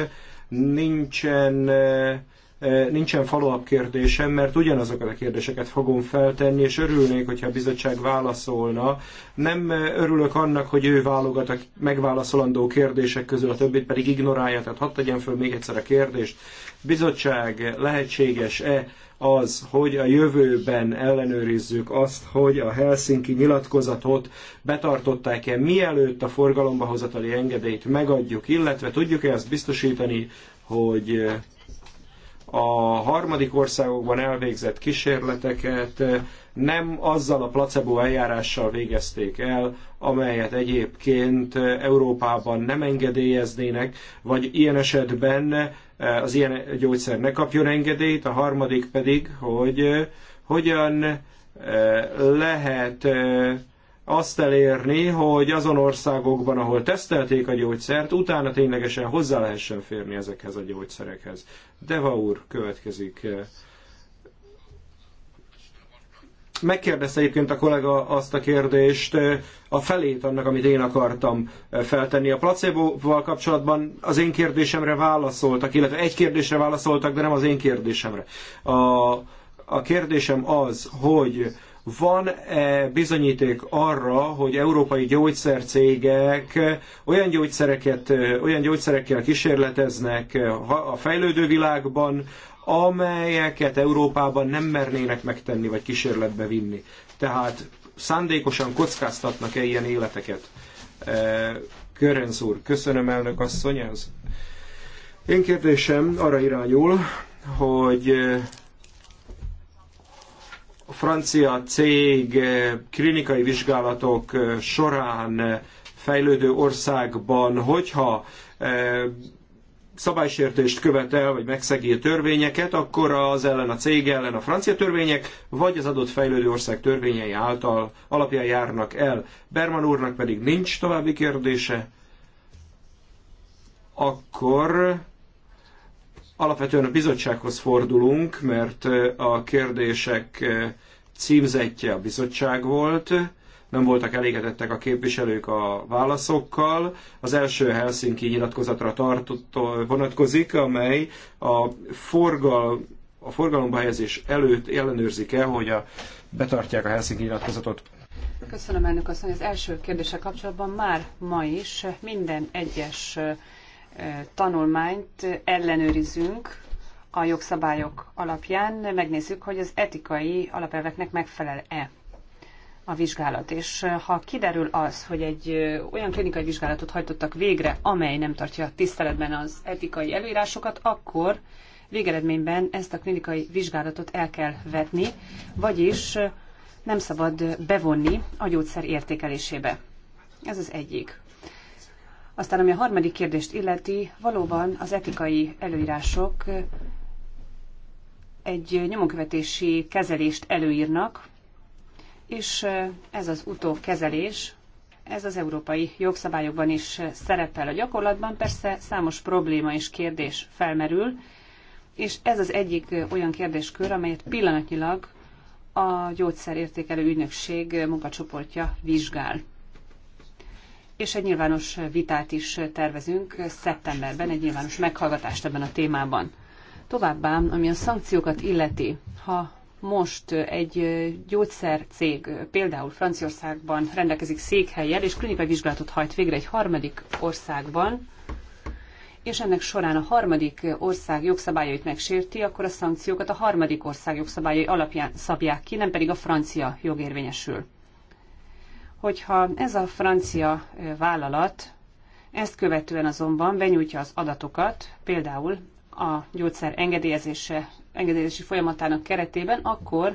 B: nincsen eh, eh, nincsen follow-up kérdésem, mert ugyanazokat a kérdéseket fogom feltenni, és örülnék, hogyha a bizottság válaszolna. Nem eh, örülök annak, hogy ő válogat a megválaszolandó kérdések közül, a többit pedig ignorálja, tehát hadd tegyen föl még egyszer a kérdést. Bizottság lehetséges-e az, hogy a jövőben ellenőrizzük azt, hogy a Helsinki nyilatkozatot betartották-e, mielőtt a forgalomba hozatali engedélyt megadjuk, illetve tudjuk-e ezt biztosítani, hogy a harmadik országokban elvégzett kísérleteket nem azzal a placebo eljárással végezték el, amelyet egyébként Európában nem engedélyeznének, vagy ilyen esetben az ilyen gyógyszer ne kapjon engedélyt, a harmadik pedig, hogy hogyan lehet azt elérni, hogy azon országokban, ahol tesztelték a gyógyszert, utána ténylegesen hozzá lehessen férni ezekhez a gyógyszerekhez. Deva úr, következik Megkérdezte egyébként a kollega azt a kérdést, a felét annak, amit én akartam feltenni. A placebo-val kapcsolatban az én kérdésemre válaszoltak, illetve egy kérdésre válaszoltak, de nem az én kérdésemre. A, a kérdésem az, hogy van-e bizonyíték arra, hogy európai gyógyszercégek olyan gyógyszereket, olyan gyógyszerekkel kísérleteznek a fejlődő világban, amelyeket Európában nem mernének megtenni vagy kísérletbe vinni. Tehát szándékosan kockáztatnak-e ilyen életeket? E, Körenc úr, köszönöm elnök asszony ez. Én kérdésem arra irányul, hogy e, a francia cég e, klinikai vizsgálatok során fejlődő országban, hogyha szabálysértést követel, vagy megszegi a törvényeket, akkor az ellen a cég ellen a francia törvények, vagy az adott fejlődő ország törvényei által alapján járnak el. Berman úrnak pedig nincs további kérdése. Akkor alapvetően a bizottsághoz fordulunk, mert a kérdések címzetje a bizottság volt nem voltak elégedettek a képviselők a válaszokkal. Az első Helsinki nyilatkozatra tartott, vonatkozik, amely a, forgal, a forgalomba helyezés előtt ellenőrzik el, hogy a, betartják a Helsinki nyilatkozatot.
D: Köszönöm, elnök asszony. Az első kérdése kapcsolatban már ma is minden egyes tanulmányt ellenőrizünk a jogszabályok alapján, megnézzük, hogy az etikai alapelveknek megfelel-e a vizsgálat, és ha kiderül az, hogy egy olyan klinikai vizsgálatot hajtottak végre, amely nem tartja tiszteletben az etikai előírásokat, akkor végeredményben ezt a klinikai vizsgálatot el kell vetni, vagyis nem szabad bevonni a gyógyszer értékelésébe. Ez az egyik. Aztán, ami a harmadik kérdést illeti, valóban az etikai előírások egy nyomonkövetési kezelést előírnak, és ez az utókezelés, ez az európai jogszabályokban is szerepel a gyakorlatban, persze számos probléma és kérdés felmerül, és ez az egyik olyan kérdéskör, amelyet pillanatnyilag a gyógyszerértékelő ügynökség munkacsoportja vizsgál. És egy nyilvános vitát is tervezünk szeptemberben, egy nyilvános meghallgatást ebben a témában. Továbbá, ami a szankciókat illeti, ha most egy gyógyszercég például Franciaországban rendelkezik székhelyjel, és klinikai vizsgálatot hajt végre egy harmadik országban, és ennek során a harmadik ország jogszabályait megsérti, akkor a szankciókat a harmadik ország jogszabályai alapján szabják ki, nem pedig a francia jogérvényesül. Hogyha ez a francia vállalat ezt követően azonban benyújtja az adatokat, például a gyógyszer engedélyezése engedélyezési folyamatának keretében, akkor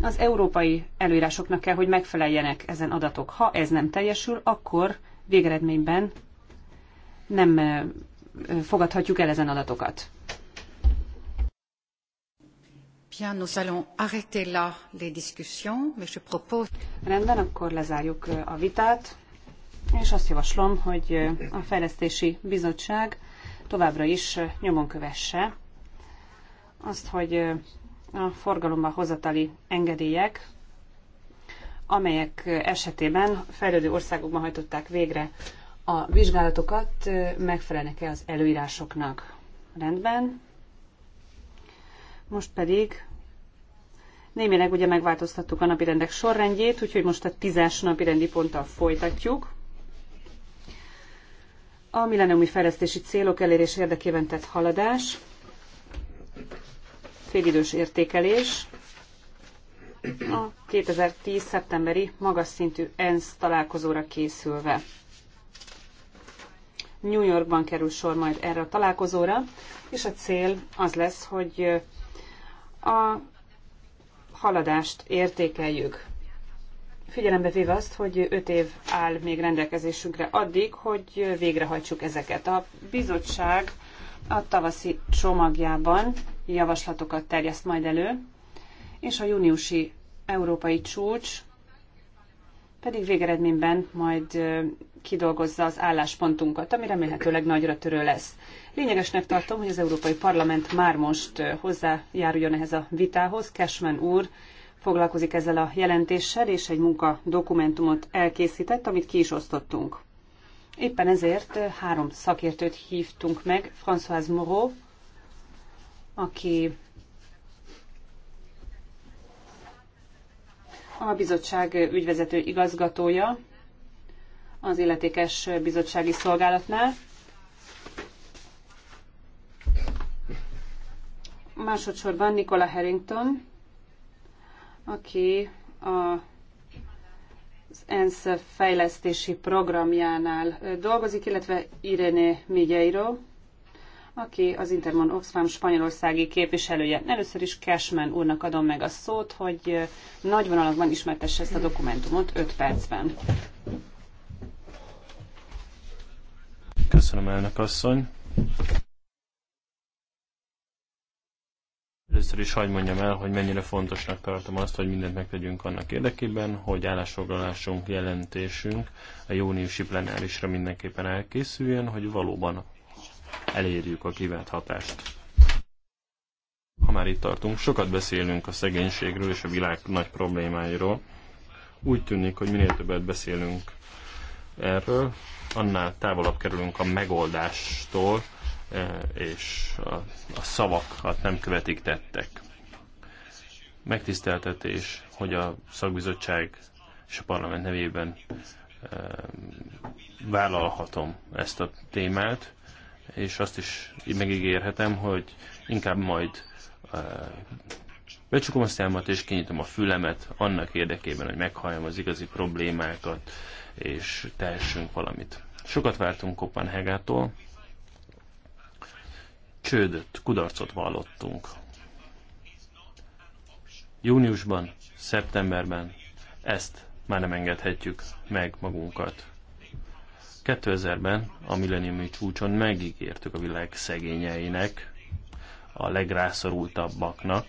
D: az európai előírásoknak kell, hogy megfeleljenek ezen adatok. Ha ez nem teljesül, akkor végeredményben nem fogadhatjuk el ezen adatokat.
C: Bien, nous allons arrêter là les discussions, mais je propose... Rendben, akkor lezárjuk a vitát, és azt javaslom, hogy a Fejlesztési
D: Bizottság továbbra is nyomon kövesse azt, hogy a forgalomba hozatali engedélyek, amelyek esetében fejlődő országokban hajtották végre a vizsgálatokat, megfelelnek-e az előírásoknak. Rendben. Most pedig némileg ugye megváltoztattuk a napirendek sorrendjét, úgyhogy most a tízes napirendi ponttal folytatjuk. A millenniumi fejlesztési célok elérés érdekében tett haladás félidős értékelés a 2010. szeptemberi magas szintű ENSZ találkozóra készülve. New Yorkban kerül sor majd erre a találkozóra, és a cél az lesz, hogy a haladást értékeljük. Figyelembe véve azt, hogy öt év áll még rendelkezésünkre addig, hogy végrehajtsuk ezeket. A bizottság a tavaszi csomagjában javaslatokat terjeszt majd elő, és a júniusi európai csúcs pedig végeredményben majd kidolgozza az álláspontunkat, ami remélhetőleg nagyra törő lesz. Lényegesnek tartom, hogy az Európai Parlament már most hozzájáruljon ehhez a vitához. Cashman úr foglalkozik ezzel a jelentéssel, és egy munka dokumentumot elkészített, amit ki is osztottunk. Éppen ezért három szakértőt hívtunk meg, François Moreau, aki a bizottság ügyvezető igazgatója az illetékes bizottsági szolgálatnál. Másodszorban Nicola Harrington, aki a az ENSZ fejlesztési programjánál dolgozik, illetve Irene Migyeiro, aki az Intermon Oxfam spanyolországi képviselője. Először is Cashman úrnak adom meg a szót, hogy nagy vonalakban ismertesse ezt a dokumentumot 5
C: percben.
A: Köszönöm, elnök asszony. Először is hagyd mondjam el, hogy mennyire fontosnak tartom azt, hogy mindent megtegyünk annak érdekében, hogy állásfoglalásunk, jelentésünk a júniusi plenárisra mindenképpen elkészüljön, hogy valóban elérjük a kívánt hatást. Ha már itt tartunk, sokat beszélünk a szegénységről és a világ nagy problémáiról. Úgy tűnik, hogy minél többet beszélünk erről, annál távolabb kerülünk a megoldástól, e, és a, a szavakat nem követik tettek. Megtiszteltetés, hogy a szakbizottság és a parlament nevében e, vállalhatom ezt a témát és azt is megígérhetem, hogy inkább majd becsukom a számat és kinyitom a fülemet annak érdekében, hogy meghalljam az igazi problémákat, és tehessünk valamit. Sokat vártunk Kopenhágától, csődöt, kudarcot vallottunk. Júniusban, szeptemberben ezt már nem engedhetjük meg magunkat. 2000-ben a milleniumi csúcson megígértük a világ szegényeinek, a legrászorultabbaknak,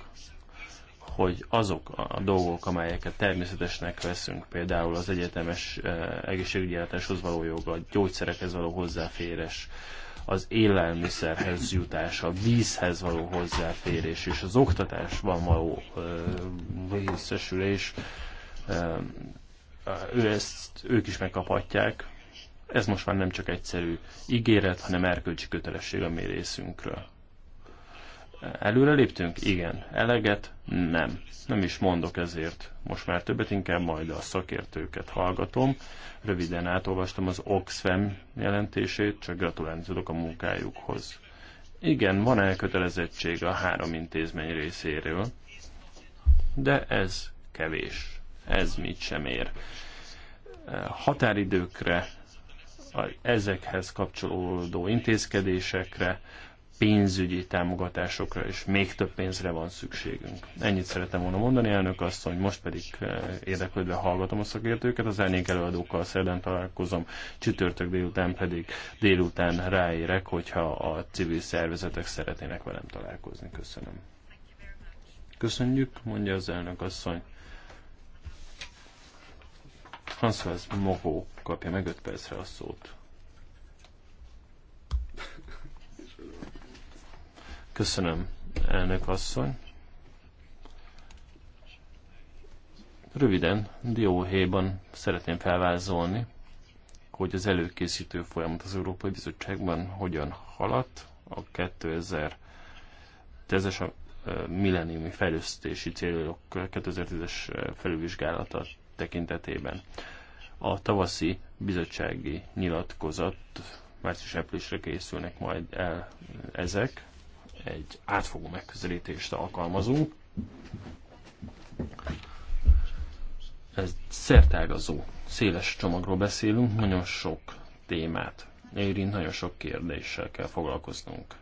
A: hogy azok a dolgok, amelyeket természetesnek veszünk, például az egyetemes eh, egészségügyi ellátáshoz való joga, a gyógyszerekhez való hozzáférés, az élelmiszerhez jutás, a vízhez való hozzáférés és az oktatásban való eh, részesülés, eh, ő ezt ők is megkaphatják, ez most már nem csak egyszerű ígéret, hanem erkölcsi kötelesség a mi részünkről. Előre léptünk? Igen. Eleget? Nem. Nem is mondok ezért. Most már többet inkább majd a szakértőket hallgatom. Röviden átolvastam az Oxfam jelentését, csak gratulálni tudok a munkájukhoz. Igen, van elkötelezettség a három intézmény részéről, de ez kevés. Ez mit sem ér. Határidőkre ezekhez kapcsolódó intézkedésekre, pénzügyi támogatásokra és még több pénzre van szükségünk. Ennyit szeretem volna mondani, elnök azt, hogy most pedig eh, érdeklődve hallgatom a szakértőket, az elnék előadókkal szerdán találkozom, csütörtök délután pedig délután ráérek, hogyha a civil szervezetek szeretnének velem találkozni. Köszönöm. Köszönjük, mondja az elnök asszony. François Mogó kapja meg 5 percre a szót. Köszönöm, elnök asszony. Röviden, dióhéjban szeretném felvázolni, hogy az előkészítő folyamat az Európai Bizottságban hogyan haladt a 2010-es a milleniumi fejlesztési célok 2010-es felülvizsgálata tekintetében. A tavaszi bizottsági nyilatkozat március-áprilisra készülnek majd el ezek. Egy átfogó megközelítést alkalmazunk. Ez szertágazó, széles csomagról beszélünk, nagyon sok témát érint, nagyon sok kérdéssel kell foglalkoznunk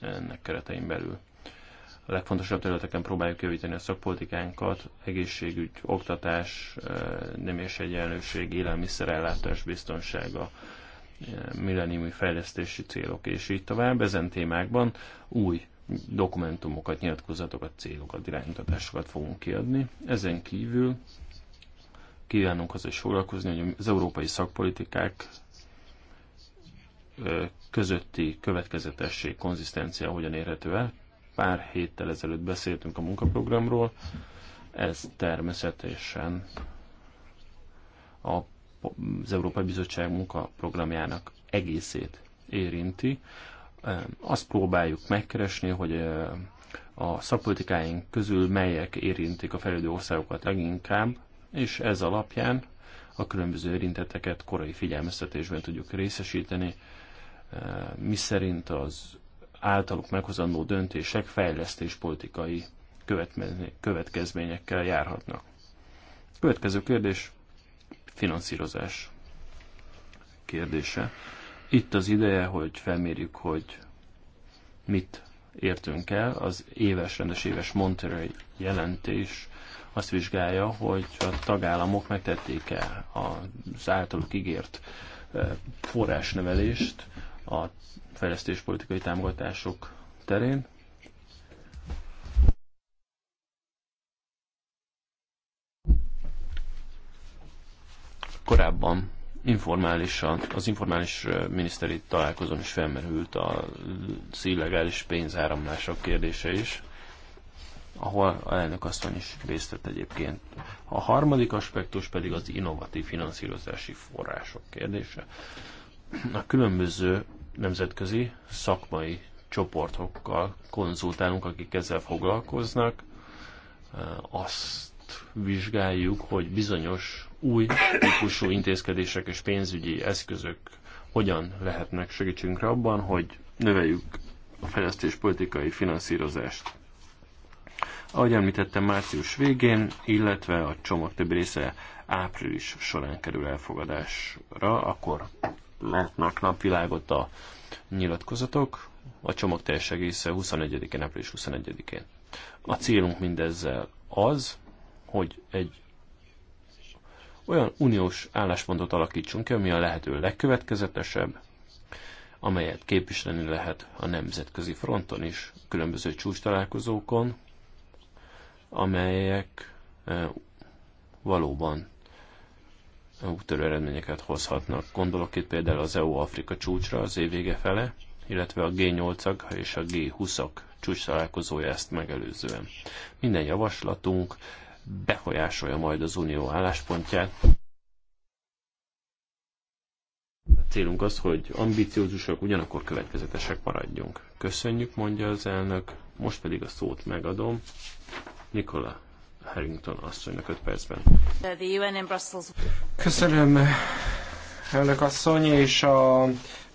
A: ennek keretein belül a legfontosabb területeken próbáljuk javítani a szakpolitikánkat, egészségügy, oktatás, nem és egyenlőség, élelmiszerellátás biztonsága, milleniumi fejlesztési célok, és így tovább. Ezen témákban új dokumentumokat, nyilatkozatokat, célokat, iránymutatásokat fogunk kiadni. Ezen kívül kívánunk az is foglalkozni, hogy az európai szakpolitikák közötti következetesség, konzisztencia hogyan érhető el. Pár héttel ezelőtt beszéltünk a munkaprogramról, ez természetesen a, az Európai Bizottság munkaprogramjának egészét érinti. Azt próbáljuk megkeresni, hogy a szakpolitikáink közül melyek érintik a fejlődő országokat leginkább, és ez alapján a különböző érintetteket korai figyelmeztetésben tudjuk részesíteni, mi szerint az általuk meghozandó döntések fejlesztéspolitikai következményekkel járhatnak. Következő kérdés, finanszírozás kérdése. Itt az ideje, hogy felmérjük, hogy mit értünk el. Az éves, rendes éves Monterey jelentés azt vizsgálja, hogy a tagállamok megtették-e az általuk ígért eh, forrásnevelést, a fejlesztéspolitikai támogatások terén. Korábban informálisan, az informális miniszteri találkozón is felmerült a illegális pénzáramlások kérdése is, ahol a elnök asszony is részt vett egyébként. A harmadik aspektus pedig az innovatív finanszírozási források kérdése. A különböző nemzetközi szakmai csoportokkal konzultálunk, akik ezzel foglalkoznak. Azt vizsgáljuk, hogy bizonyos új típusú intézkedések és pénzügyi eszközök hogyan lehetnek segítségünkre abban, hogy növeljük a fejlesztés politikai finanszírozást. Ahogy említettem, március végén, illetve a csomag többi része április során kerül elfogadásra, akkor látnak napvilágot a nyilatkozatok, a csomag teljes egésze 21-én, április 21-én. A célunk mindezzel az, hogy egy olyan uniós álláspontot alakítsunk ki, ami a lehető legkövetkezetesebb, amelyet képviselni lehet a nemzetközi fronton is, különböző csúcs találkozókon, amelyek eh, valóban úttörő eredményeket hozhatnak. Gondolok itt például az EU-Afrika csúcsra az év vége fele, illetve a G8-ak és a G20-ak csúcs találkozója ezt megelőzően. Minden javaslatunk befolyásolja majd az unió álláspontját. A célunk az, hogy ambiciózusak, ugyanakkor következetesek maradjunk. Köszönjük, mondja az elnök, most pedig a szót megadom Nikola Harrington asszonynak 5 percben.
B: Köszönöm, elnök asszony, és a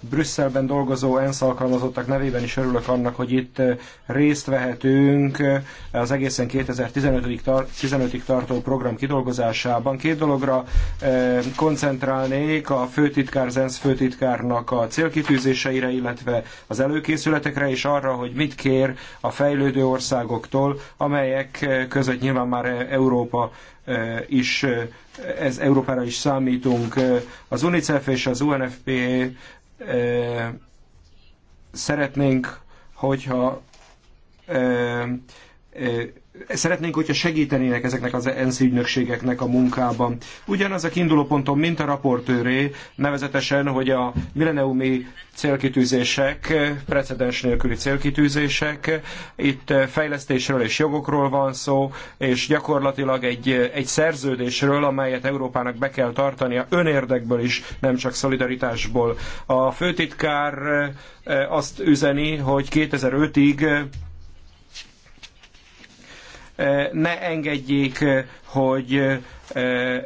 B: Brüsszelben dolgozó ENSZ alkalmazottak nevében is örülök annak, hogy itt eh, részt vehetünk eh, az egészen 2015-ig tar 15 tartó program kidolgozásában. Két dologra eh, koncentrálnék a főtitkár, az ENSZ főtitkárnak a célkitűzéseire, illetve az előkészületekre, és arra, hogy mit kér a fejlődő országoktól, amelyek között nyilván már Európa is, ez Európára is számítunk. Az UNICEF és az UNFP Szeretnénk, hogyha szeretnénk, hogyha segítenének ezeknek az ENSZ ügynökségeknek a munkában. Ugyanaz a kiinduló pontom, mint a raportőré, nevezetesen, hogy a milleniumi célkitűzések, precedens nélküli célkitűzések, itt fejlesztésről és jogokról van szó, és gyakorlatilag egy, egy szerződésről, amelyet Európának be kell tartania önérdekből is, nem csak szolidaritásból. A főtitkár eh, azt üzeni, hogy 2005-ig Eh, ne engedjék, eh, hogy eh,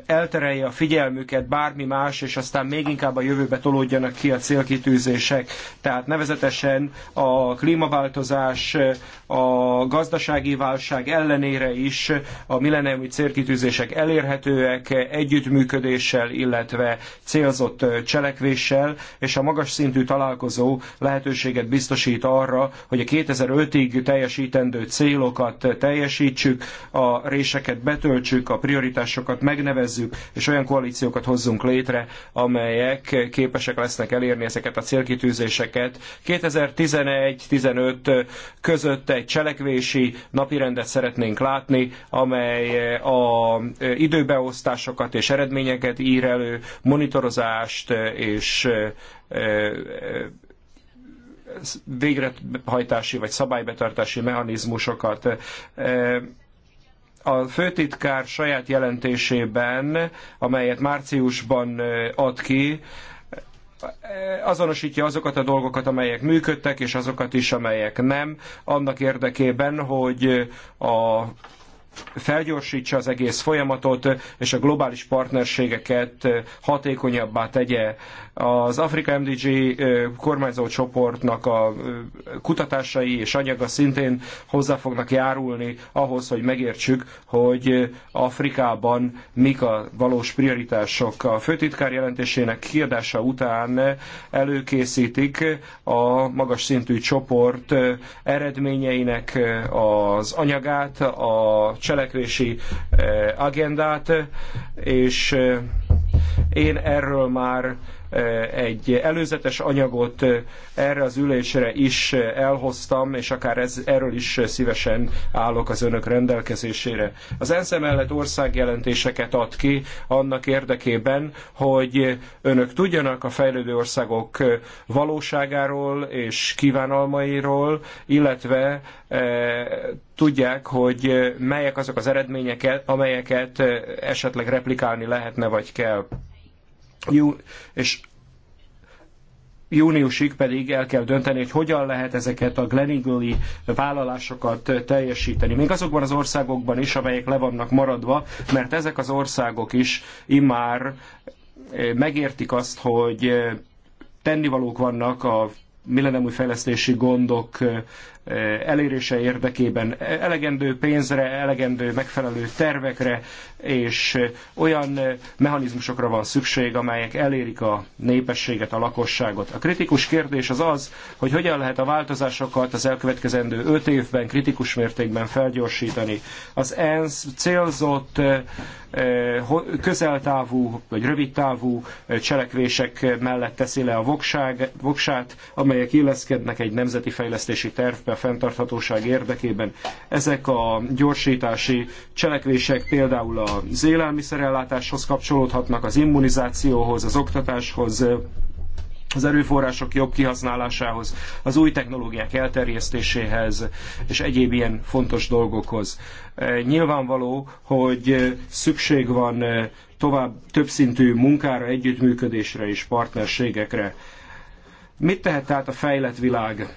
B: elterelje a figyelmüket bármi más, és aztán még inkább a jövőbe tolódjanak ki a célkitűzések. Tehát nevezetesen a klímaváltozás, a gazdasági válság ellenére is a milleniumi célkitűzések elérhetőek együttműködéssel, illetve célzott cselekvéssel, és a magas szintű találkozó lehetőséget biztosít arra, hogy a 2005-ig teljesítendő célokat teljesítsük, a réseket betöltsük, a prioritásokat feladatokat megnevezzük, és olyan koalíciókat hozzunk létre, amelyek képesek lesznek elérni ezeket a célkitűzéseket. 2011-15 között egy cselekvési napirendet szeretnénk látni, amely a időbeosztásokat és eredményeket ír elő, monitorozást és végrehajtási vagy szabálybetartási mechanizmusokat. A főtitkár saját jelentésében, amelyet márciusban ad ki, azonosítja azokat a dolgokat, amelyek működtek, és azokat is, amelyek nem, annak érdekében, hogy a felgyorsítsa az egész folyamatot, és a globális partnerségeket hatékonyabbá tegye. Az Afrika MDG kormányzó csoportnak a kutatásai és anyaga szintén hozzá fognak járulni ahhoz, hogy megértsük, hogy Afrikában mik a valós prioritások. A főtitkár jelentésének kiadása után előkészítik a magas szintű csoport eredményeinek az anyagát, a cselekvési eh, agendát, és eh, én erről már egy előzetes anyagot erre az ülésre is elhoztam, és akár ez, erről is szívesen állok az önök rendelkezésére. Az ENSZ mellett országjelentéseket ad ki annak érdekében, hogy önök tudjanak a fejlődő országok valóságáról és kívánalmairól, illetve tudják, hogy melyek azok az eredmények, amelyeket esetleg replikálni lehetne vagy kell. Jú, és júniusig pedig el kell dönteni, hogy hogyan lehet ezeket a Gleniguli vállalásokat teljesíteni. Még azokban az országokban is, amelyek le vannak maradva, mert ezek az országok is immár eh, megértik azt, hogy eh, tennivalók vannak a millenniumi fejlesztési gondok eh, elérése érdekében elegendő pénzre, elegendő megfelelő tervekre és olyan mechanizmusokra van szükség, amelyek elérik a népességet, a lakosságot. A kritikus kérdés az az, hogy hogyan lehet a változásokat az elkövetkezendő öt évben kritikus mértékben felgyorsítani. Az ENSZ célzott közeltávú vagy rövidtávú cselekvések mellett teszi le a vokság, voksát, amelyek illeszkednek egy nemzeti fejlesztési tervbe, fenntarthatóság érdekében. Ezek a gyorsítási cselekvések például az élelmiszerellátáshoz kapcsolódhatnak, az immunizációhoz, az oktatáshoz, az erőforrások jobb kihasználásához, az új technológiák elterjesztéséhez és egyéb ilyen fontos dolgokhoz. Nyilvánvaló, hogy szükség van tovább többszintű munkára, együttműködésre és partnerségekre. Mit tehet tehát a fejlett világ?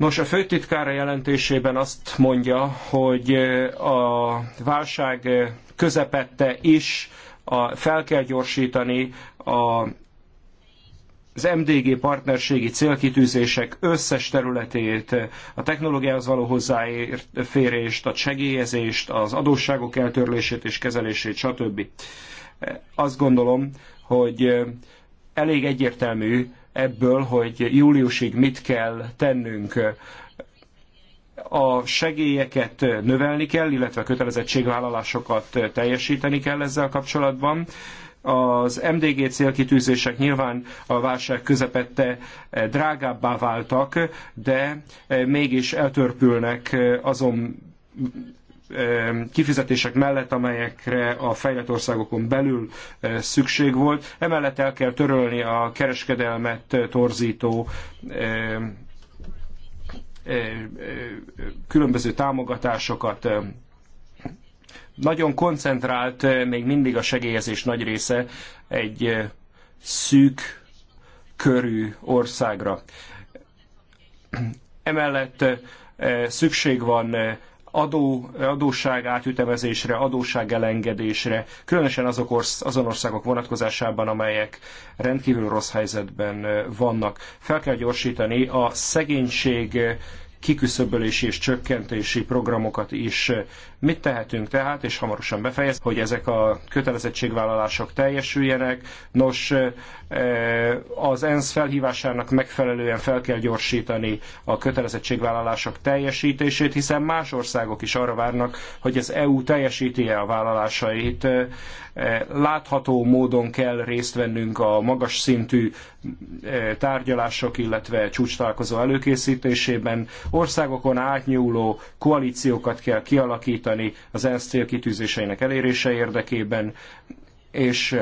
B: Nos, a főtitkára jelentésében azt mondja, hogy a válság közepette is a, fel kell gyorsítani a az MDG partnerségi célkitűzések összes területét, a technológiához való hozzáférést, a segélyezést, az adósságok eltörlését és kezelését, stb. Azt gondolom, hogy elég egyértelmű ebből, hogy júliusig mit kell tennünk. A segélyeket növelni kell, illetve kötelezettségvállalásokat teljesíteni kell ezzel kapcsolatban az MDG célkitűzések nyilván a válság közepette drágábbá váltak, de mégis eltörpülnek azon kifizetések mellett, amelyekre a fejlett országokon belül szükség volt. Emellett el kell törölni a kereskedelmet torzító különböző támogatásokat. Nagyon koncentrált még mindig a segélyezés nagy része egy szűk körű országra. Emellett szükség van adó, adósság átütemezésre, adósság elengedésre, különösen azok orsz, azon országok vonatkozásában, amelyek rendkívül rossz helyzetben vannak. Fel kell gyorsítani a szegénység kiküszöbölési és csökkentési programokat is. Mit tehetünk tehát, és hamarosan befejez, hogy ezek a kötelezettségvállalások teljesüljenek. Nos, az ENSZ felhívásának megfelelően fel kell gyorsítani a kötelezettségvállalások teljesítését, hiszen más országok is arra várnak, hogy az EU teljesíti-e a vállalásait. Látható módon kell részt vennünk a magas szintű tárgyalások, illetve csúcstalálkozó előkészítésében. Országokon átnyúló koalíciókat kell kialakítani, biztosítani az ENSZ célkitűzéseinek elérése érdekében, és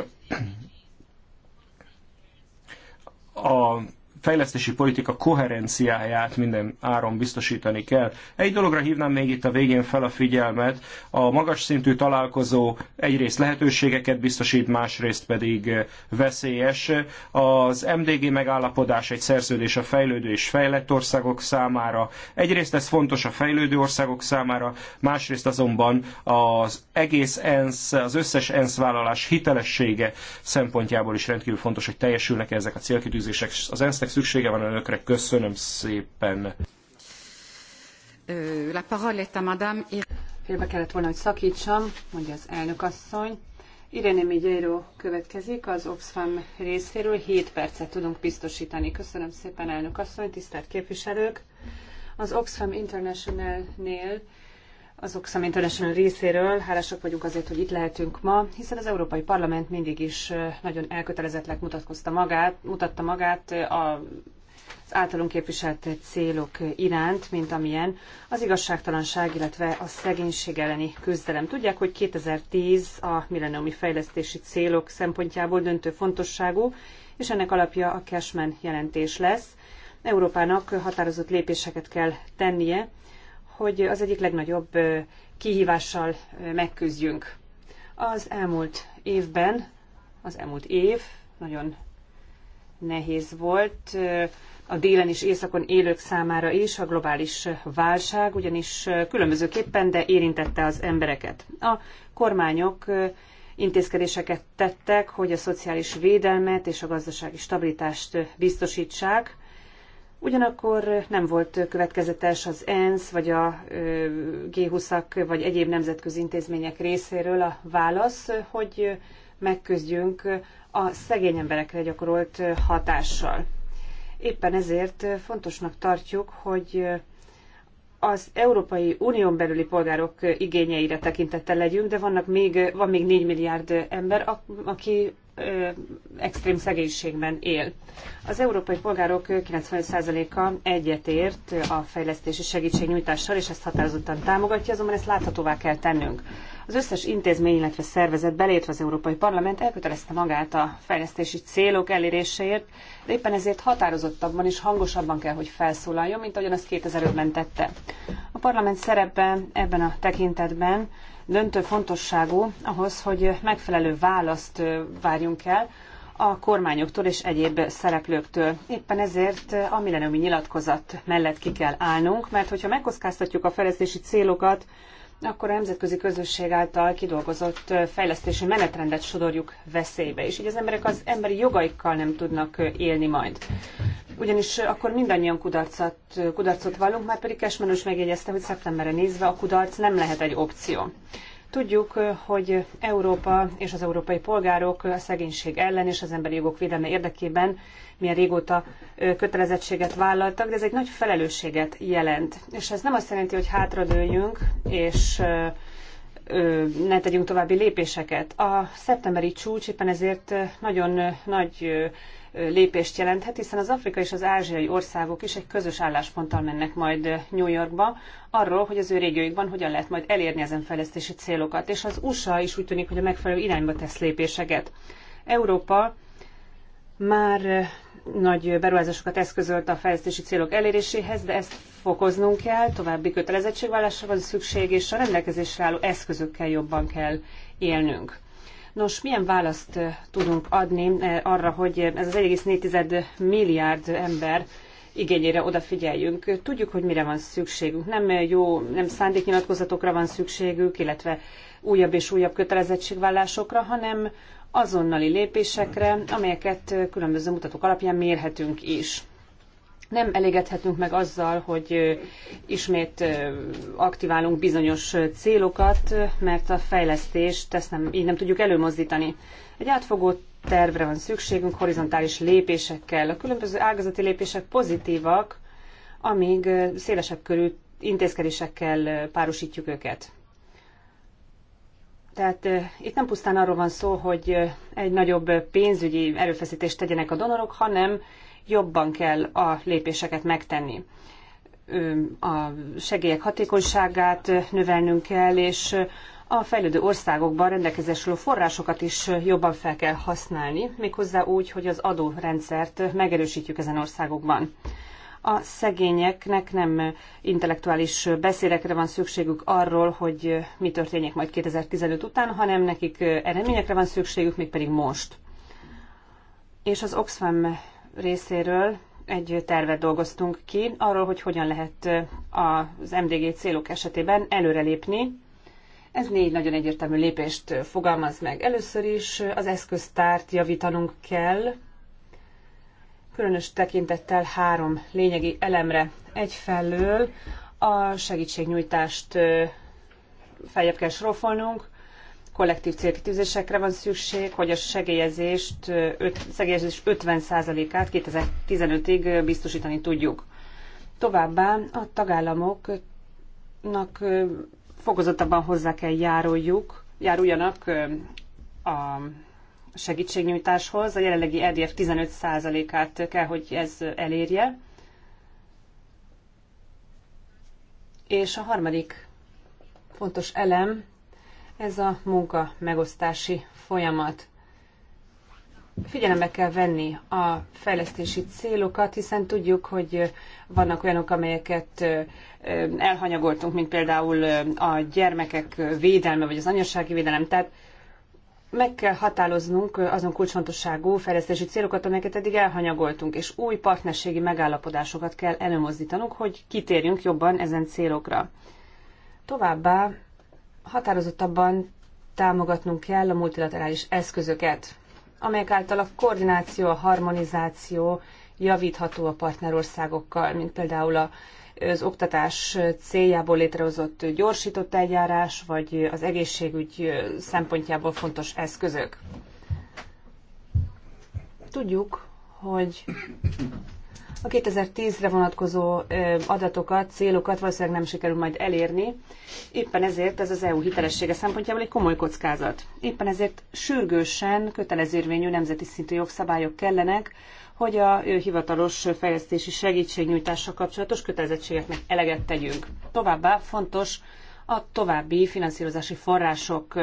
B: a fejlesztési politika koherenciáját minden áron biztosítani kell. Egy dologra hívnám még itt a végén fel a figyelmet. A magas szintű találkozó egyrészt lehetőségeket biztosít, másrészt pedig eh, veszélyes. Az MDG megállapodás egy szerződés a fejlődő és fejlett országok számára. Egyrészt ez fontos a fejlődő országok számára, másrészt azonban az egész ENSZ, az összes ENSZ vállalás hitelessége szempontjából is rendkívül fontos, hogy teljesülnek -e ezek a célkitűzések az ENSZ embereknek szüksége van önökre. Köszönöm szépen.
C: La parole est à madame. Félbe kellett volna, hogy szakítsam, mondja az elnök asszony. Irene
D: Migyeiro következik az Oxfam részéről. 7 percet tudunk biztosítani. Köszönöm szépen, elnök asszony, tisztelt képviselők! Az Oxfam International-nél azok Oxfam International részéről hálásak vagyunk azért, hogy itt lehetünk ma, hiszen az Európai Parlament mindig is nagyon elkötelezettnek mutatkozta magát, mutatta magát a az általunk képviselt célok iránt, mint amilyen az igazságtalanság, illetve a szegénység elleni küzdelem. Tudják, hogy 2010 a milleniumi fejlesztési célok szempontjából döntő fontosságú, és ennek alapja a Cashman jelentés lesz. Európának határozott lépéseket kell tennie, hogy az egyik legnagyobb kihívással megküzdjünk. Az elmúlt évben, az elmúlt év nagyon nehéz volt a délen és északon élők számára is a globális válság, ugyanis különbözőképpen, de érintette az embereket. A kormányok intézkedéseket tettek, hogy a szociális védelmet és a gazdasági stabilitást biztosítsák, Ugyanakkor nem volt következetes az ENSZ, vagy a G20-ak, vagy egyéb nemzetközi intézmények részéről a válasz, hogy megküzdjünk a szegény emberekre gyakorolt hatással. Éppen ezért fontosnak tartjuk, hogy az Európai Unión belüli polgárok igényeire tekintettel legyünk, de vannak még, van még 4 milliárd ember, aki extrém szegénységben él. Az európai polgárok 95%-a egyetért a fejlesztési segítségnyújtással, és ezt határozottan támogatja, azonban ezt láthatóvá kell tennünk. Az összes intézmény, illetve szervezet, belétve az Európai Parlament elkötelezte magát a fejlesztési célok eléréséért, de éppen ezért határozottabban és hangosabban kell, hogy felszólaljon, mint ahogyan azt 2005-ben tette. A parlament szerepe ebben a tekintetben döntő fontosságú ahhoz, hogy megfelelő választ várjunk el a kormányoktól és egyéb szereplőktől. Éppen ezért a millenniumi nyilatkozat mellett ki kell állnunk, mert hogyha megkockáztatjuk a fejlesztési célokat, akkor a nemzetközi közösség által kidolgozott fejlesztési menetrendet sodorjuk veszélybe, és így az emberek az emberi jogaikkal nem tudnak élni majd. Ugyanis akkor mindannyian kudarcot, kudarcot vallunk, már pedig Kesmen is megjegyezte, hogy szeptemberre nézve a kudarc nem lehet egy opció. Tudjuk, hogy Európa és az európai polgárok a szegénység ellen és az emberi jogok védelme érdekében milyen régóta kötelezettséget vállaltak, de ez egy nagy felelősséget jelent. És ez nem azt jelenti, hogy hátradőljünk, és ne tegyünk további lépéseket. A szeptemberi csúcs éppen ezért nagyon nagy lépést jelenthet, hiszen az Afrika és az ázsiai országok is egy közös állásponttal mennek majd New Yorkba arról, hogy az ő régióikban hogyan lehet majd elérni ezen fejlesztési célokat. És az USA is úgy tűnik, hogy a megfelelő irányba tesz lépéseket. Európa már nagy beruházásokat eszközölt a fejlesztési célok eléréséhez, de ezt fokoznunk kell, további kötelezettségvállásra van szükség, és a rendelkezésre álló eszközökkel jobban kell élnünk. Nos, milyen választ eh, tudunk adni eh, arra, hogy ez az 1,4 milliárd ember igényére odafigyeljünk. Tudjuk, hogy mire van szükségünk. Nem jó, nem szándéknyilatkozatokra van szükségük, illetve újabb és újabb kötelezettségvállásokra, hanem azonnali lépésekre, amelyeket különböző mutatók alapján mérhetünk is. Nem elégedhetünk meg azzal, hogy ismét aktiválunk bizonyos célokat, mert a fejlesztést ezt nem, így nem tudjuk előmozdítani. Egy átfogó tervre van szükségünk, horizontális lépésekkel. A különböző ágazati lépések pozitívak, amíg szélesebb körű intézkedésekkel párosítjuk őket. Tehát itt nem pusztán arról van szó, hogy egy nagyobb pénzügyi erőfeszítést tegyenek a donorok, hanem jobban kell a lépéseket megtenni. A segélyek hatékonyságát növelnünk kell, és a fejlődő országokban rendelkezésről forrásokat is jobban fel kell használni, méghozzá úgy, hogy az adórendszert megerősítjük ezen országokban. A szegényeknek nem intellektuális beszédekre van szükségük arról, hogy mi történik majd 2015 után, hanem nekik eredményekre van szükségük, még pedig most. És az Oxfam részéről egy tervet dolgoztunk ki arról, hogy hogyan lehet az MDG célok esetében előrelépni. Ez négy nagyon egyértelmű lépést fogalmaz meg. Először is az eszköztárt javítanunk kell, különös tekintettel három lényegi elemre. Egyfelől a segítségnyújtást feljebb kell srofolnunk, kollektív célkitűzésekre van szükség, hogy a segélyezést, öt, segélyezés 50%-át 2015-ig biztosítani tudjuk. Továbbá a tagállamoknak fokozottabban hozzá kell járuljuk, járuljanak a segítségnyújtáshoz. A jelenlegi EDF 15%-át kell, hogy ez elérje. És a harmadik fontos elem, ez a munka megosztási folyamat. Figyelembe kell venni a fejlesztési célokat, hiszen tudjuk, hogy vannak olyanok, amelyeket elhanyagoltunk, mint például a gyermekek védelme, vagy az anyasági védelem. Tehát meg kell határoznunk azon kulcsfontosságú fejlesztési célokat, amelyeket eddig elhanyagoltunk, és új partnerségi megállapodásokat kell előmozdítanunk, hogy kitérjünk jobban ezen célokra. Továbbá határozottabban támogatnunk kell a multilaterális eszközöket, amelyek által a koordináció, a harmonizáció javítható a partnerországokkal, mint például a az oktatás céljából létrehozott gyorsított eljárás, vagy az egészségügy szempontjából fontos eszközök. Tudjuk, hogy a 2010-re vonatkozó adatokat, célokat valószínűleg nem sikerül majd elérni. Éppen ezért ez az EU hitelessége szempontjából egy komoly kockázat. Éppen ezért sürgősen kötelezérvényű nemzeti szintű jogszabályok kellenek, hogy a hivatalos fejlesztési segítségnyújtással kapcsolatos kötelezettségeknek eleget tegyünk. Továbbá fontos a további finanszírozási források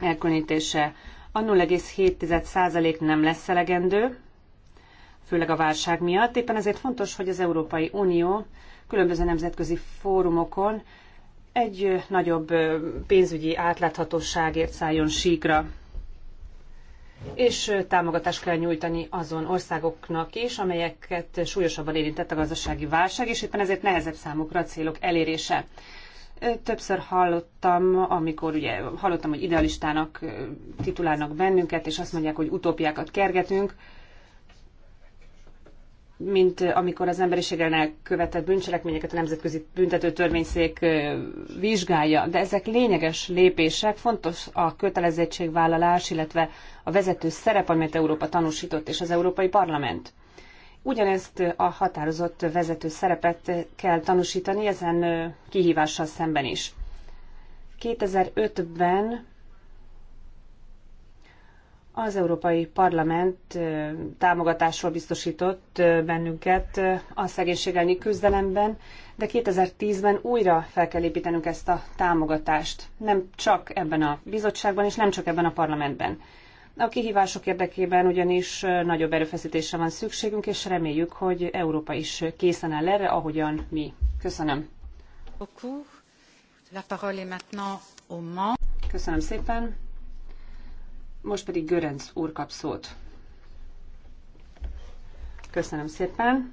D: elkülönítése. A 0,7% nem lesz elegendő, főleg a válság miatt. Éppen ezért fontos, hogy az Európai Unió különböző nemzetközi fórumokon egy nagyobb pénzügyi átláthatóságért szálljon síkra. És támogatást kell nyújtani azon országoknak is, amelyeket súlyosabban érintett a gazdasági válság, és éppen ezért nehezebb számukra a célok elérése. Többször hallottam, amikor ugye hallottam, hogy idealistának titulálnak bennünket, és azt mondják, hogy utópiákat kergetünk, mint amikor az emberiség ellen elkövetett bűncselekményeket a Nemzetközi Büntető Törvényszék vizsgálja, de ezek lényeges lépések, fontos a kötelezettségvállalás, illetve a vezető szerep, amit Európa tanúsított, és az Európai Parlament. Ugyanezt a határozott vezető szerepet kell tanúsítani ezen kihívással szemben is. 2005-ben az Európai Parlament támogatásról biztosított bennünket a szegénység elleni küzdelemben, de 2010-ben újra fel kell építenünk ezt a támogatást. Nem csak ebben a bizottságban, és nem csak ebben a parlamentben. A kihívások érdekében ugyanis nagyobb erőfeszítésre van szükségünk, és reméljük, hogy Európa is készen áll erre, ahogyan mi. Köszönöm. Köszönöm szépen. Most pedig Görenc úr kap szót. Köszönöm szépen.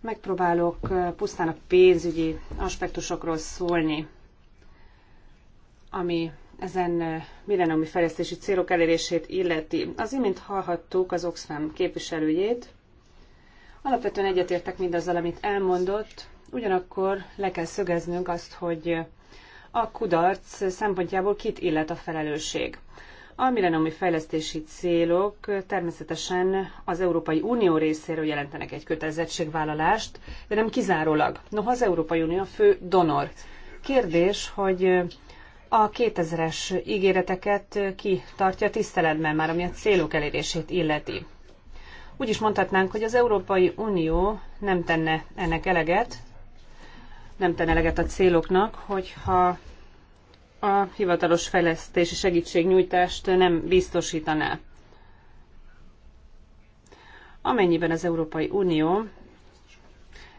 D: Megpróbálok pusztán a pénzügyi aspektusokról szólni, ami ezen millenniumi fejlesztési célok elérését illeti. Az imént hallhattuk az Oxfam képviselőjét. Alapvetően egyetértek mindazzal, amit elmondott, ugyanakkor le kell szögeznünk azt, hogy a kudarc szempontjából kit illet a felelősség. A millenniumi fejlesztési célok természetesen az Európai Unió részéről jelentenek egy kötelezettségvállalást, de nem kizárólag. Noha az Európai Unió a fő donor. Kérdés, hogy a 2000-es ígéreteket ki tartja tiszteletben már, ami a célok elérését illeti. Úgy is mondhatnánk, hogy az Európai Unió nem tenne ennek eleget, nem tenne eleget a céloknak, hogyha a hivatalos fejlesztési segítségnyújtást nem biztosítaná. Amennyiben az Európai Unió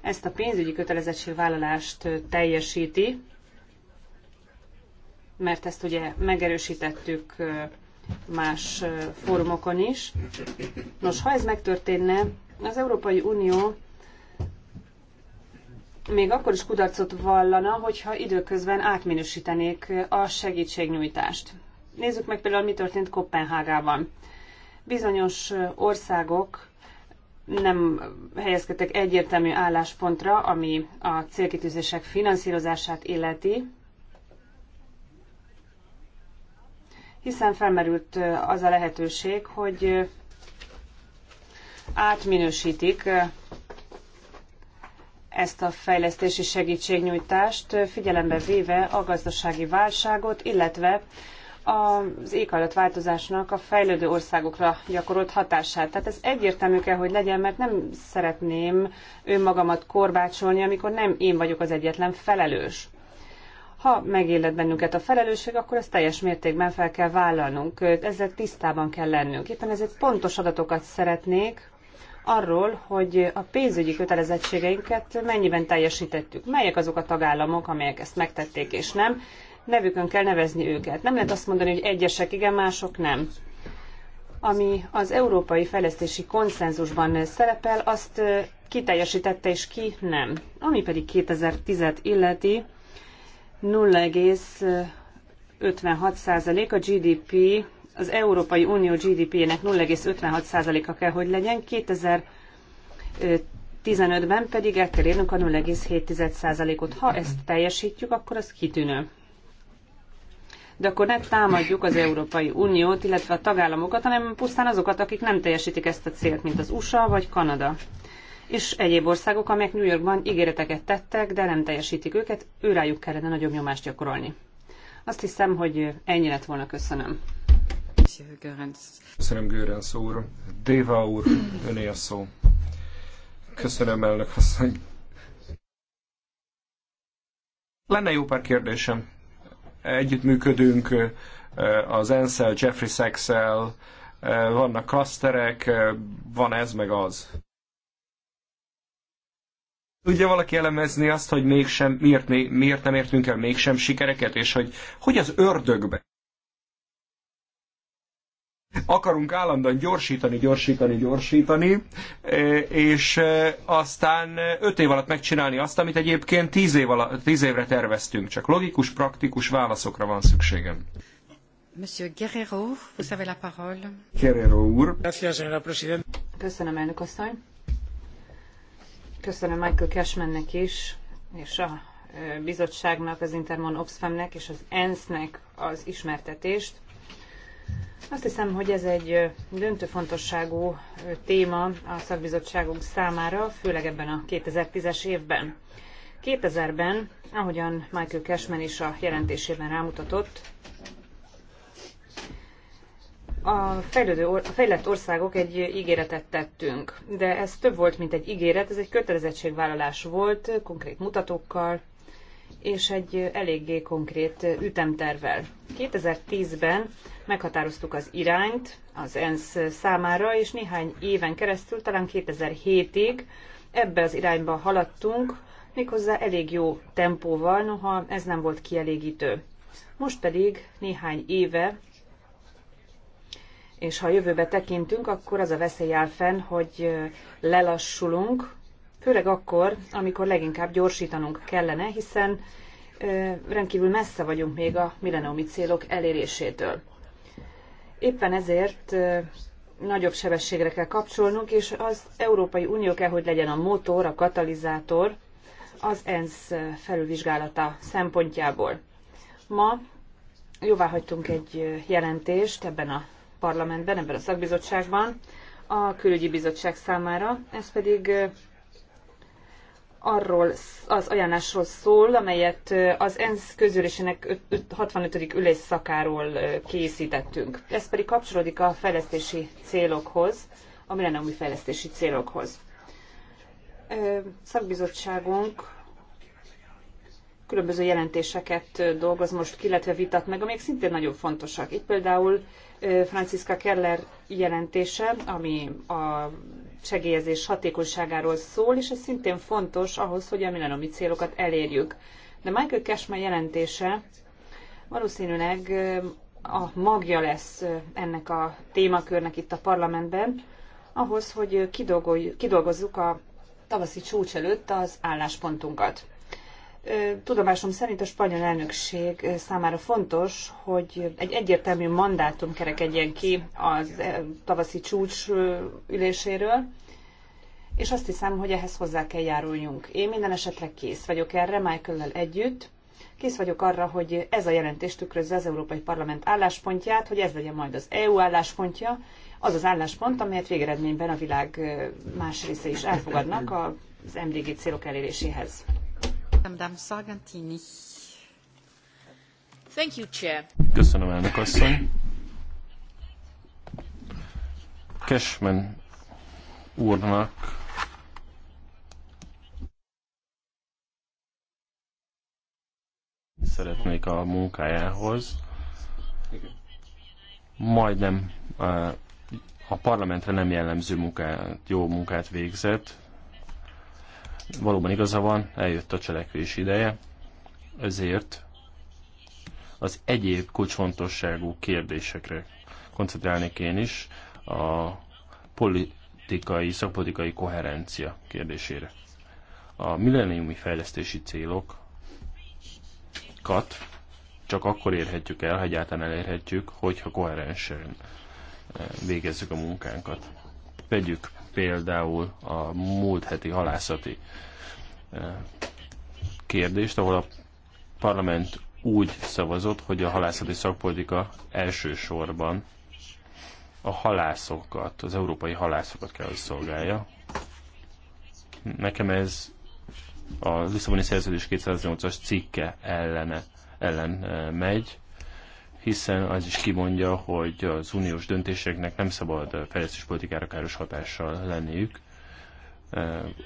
D: ezt a pénzügyi kötelezettségvállalást teljesíti, mert ezt ugye megerősítettük más fórumokon is. Nos, ha ez megtörténne, az Európai Unió még akkor is kudarcot vallana, hogyha időközben átminősítenék a segítségnyújtást. Nézzük meg például, mi történt Kopenhágában. Bizonyos országok nem helyezkedtek egyértelmű álláspontra, ami a célkitűzések finanszírozását illeti, hiszen felmerült az a lehetőség, hogy átminősítik ezt a fejlesztési segítségnyújtást figyelembe véve a gazdasági válságot, illetve az éghajlatváltozásnak a fejlődő országokra gyakorolt hatását. Tehát ez egyértelmű kell, hogy legyen, mert nem szeretném önmagamat korbácsolni, amikor nem én vagyok az egyetlen felelős. Ha megélet bennünket a felelősség, akkor ezt teljes mértékben fel kell vállalnunk. Ezzel tisztában kell lennünk. Éppen ezért pontos adatokat szeretnék, arról, hogy a pénzügyi kötelezettségeinket mennyiben teljesítettük. Melyek azok a tagállamok, amelyek ezt megtették és nem. Nevükön kell nevezni őket. Nem lehet azt mondani, hogy egyesek igen, mások nem. Ami az európai fejlesztési konszenzusban szerepel, azt ki teljesítette és ki nem. Ami pedig 2010-et illeti, 0,56% a GDP az Európai Unió GDP-nek 0,56%-a kell, hogy legyen, 2015-ben pedig el kell érnünk a 0,7%-ot. Ha ezt teljesítjük, akkor az kitűnő. De akkor ne támadjuk az Európai Uniót, illetve a tagállamokat, hanem pusztán azokat, akik nem teljesítik ezt a célt, mint az USA vagy Kanada és egyéb országok, amelyek New Yorkban ígéreteket tettek, de nem teljesítik őket, őrájuk kellene nagyobb nyomást gyakorolni. Azt hiszem, hogy ennyi lett volna, köszönöm.
B: Köszönöm, Görenc úr. Déva úr, öné a szó. Köszönöm, elnök asszony. Lenne jó pár kérdésem. Együttműködünk eh, az ensz Jeffrey sachs eh, vannak klaszterek, eh, van ez meg az. Tudja valaki elemezni azt, hogy mégsem, miért, miért nem értünk el mégsem sikereket, és hogy, hogy az ördögbe akarunk állandóan gyorsítani, gyorsítani, gyorsítani, e, és e, aztán öt év alatt megcsinálni azt, amit egyébként tíz, év alatt, tíz évre terveztünk. Csak logikus, praktikus válaszokra van szükségem.
C: Monsieur Guerrero, vous avez la parole.
B: Guerrero úr.
C: Köszönöm, elnök asszony.
D: Köszönöm Michael Cashmannek is, és a e, bizottságnak, az Intermon Oxfamnek és az ENSZ-nek az ismertetést azt hiszem, hogy ez egy döntő fontosságú téma a szakbizottságunk számára, főleg ebben a 2010-es évben. 2000-ben, ahogyan Michael Cashman is a jelentésében rámutatott, a, fejlődő, a fejlett országok egy ígéretet tettünk, de ez több volt, mint egy ígéret, ez egy kötelezettségvállalás volt, konkrét mutatókkal, és egy eléggé konkrét ütemtervel. 2010-ben meghatároztuk az irányt az ENSZ számára, és néhány éven keresztül, talán 2007-ig ebbe az irányba haladtunk, méghozzá elég jó tempóval, noha ez nem volt kielégítő. Most pedig néhány éve, és ha a jövőbe tekintünk, akkor az a veszély áll fenn, hogy lelassulunk, főleg akkor, amikor leginkább gyorsítanunk kellene, hiszen rendkívül messze vagyunk még a milleniumi célok elérésétől. Éppen ezért nagyobb sebességre kell kapcsolnunk, és az Európai Unió kell, hogy legyen a motor, a katalizátor az ENSZ felülvizsgálata szempontjából. Ma jóváhagytunk egy jelentést ebben a parlamentben, ebben a szakbizottságban, a külügyi bizottság számára. Ez pedig arról az ajánlásról szól, amelyet az ENSZ közülésének 65. ülésszakáról készítettünk. Ez pedig kapcsolódik a fejlesztési célokhoz, a millenniumi fejlesztési célokhoz. Szakbizottságunk különböző jelentéseket dolgoz most ki, illetve vitat meg, amelyek szintén nagyon fontosak. Itt például Franciska Keller jelentése, ami a segélyezés hatékonyságáról szól, és ez szintén fontos ahhoz, hogy a millenomi célokat elérjük. De Michael Cashman jelentése valószínűleg a magja lesz ennek a témakörnek itt a parlamentben, ahhoz, hogy kidolgozzuk a tavaszi csúcs előtt az álláspontunkat tudomásom szerint a spanyol elnökség számára fontos, hogy egy egyértelmű mandátum kerekedjen ki az tavaszi csúcs üléséről, és azt hiszem, hogy ehhez hozzá kell járuljunk. Én minden esetre kész vagyok erre, Michael-lel együtt. Kész vagyok arra, hogy ez a jelentés tükrözze az Európai Parlament álláspontját, hogy ez legyen majd az EU álláspontja, az az álláspont, amelyet végeredményben a világ más része is elfogadnak az MDG célok eléréséhez.
C: Sargentini.
B: Thank you, Chair.
A: Köszönöm, elnök asszony. Cashman úrnak szeretnék a munkájához. Majdnem eh, a parlamentre nem jellemző munkát, jó munkát végzett valóban igaza van, eljött a cselekvés ideje, ezért az egyéb kulcsfontosságú kérdésekre koncentrálnék én is, a politikai, szakpolitikai koherencia kérdésére. A milleniumi fejlesztési célokat csak akkor érhetjük el, ha egyáltalán elérhetjük, hogyha koherensen eh, végezzük a munkánkat. Vegyük például a múlt heti halászati eh, kérdést, ahol a parlament úgy szavazott, hogy a halászati szakpolitika elsősorban a halászokat, az európai halászokat kell, hogy szolgálja. Nekem ez a Lisszaboni Szerződés 208-as cikke ellene, ellen eh, megy hiszen az is kimondja, hogy az uniós döntéseknek nem szabad politikára káros hatással lenniük.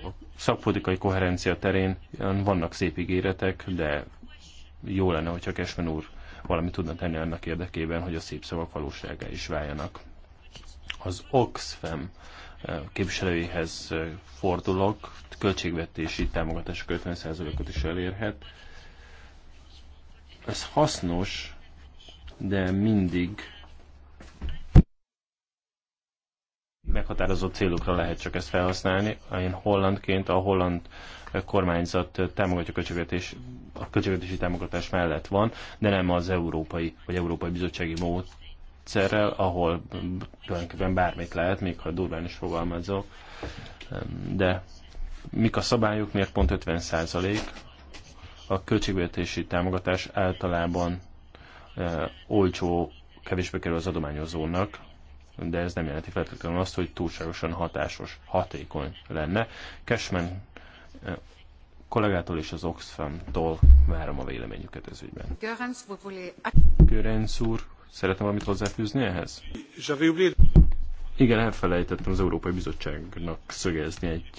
A: A szakpolitikai koherencia terén vannak szép ígéretek, de jó lenne, hogyha Kesmen úr valami tudna tenni annak érdekében, hogy a szép szavak valóságá is váljanak. Az Oxfam képviselőihez fordulok, költségvetési támogatások 50%-ot is elérhet. Ez hasznos, de mindig meghatározott célokra lehet csak ezt felhasználni. Én hollandként a holland kormányzat támogatja a költségvetés, a költségvetési támogatás mellett van, de nem az európai vagy európai bizottsági módszerrel, ahol tulajdonképpen bármit lehet, még ha durván is fogalmazok. De mik a szabályok, miért pont 50 százalék? A költségvetési támogatás általában Eh, olcsó, kevésbe kerül az adományozónak, de ez nem jelenti feltétlenül azt, hogy túlságosan hatásos, hatékony lenne. Cashman eh, kollégától és az Oxfam-tól várom a véleményüket ez ügyben. Görenc úr, szeretne valamit hozzáfűzni ehhez? Igen, elfelejtettem az Európai Bizottságnak szögezni egy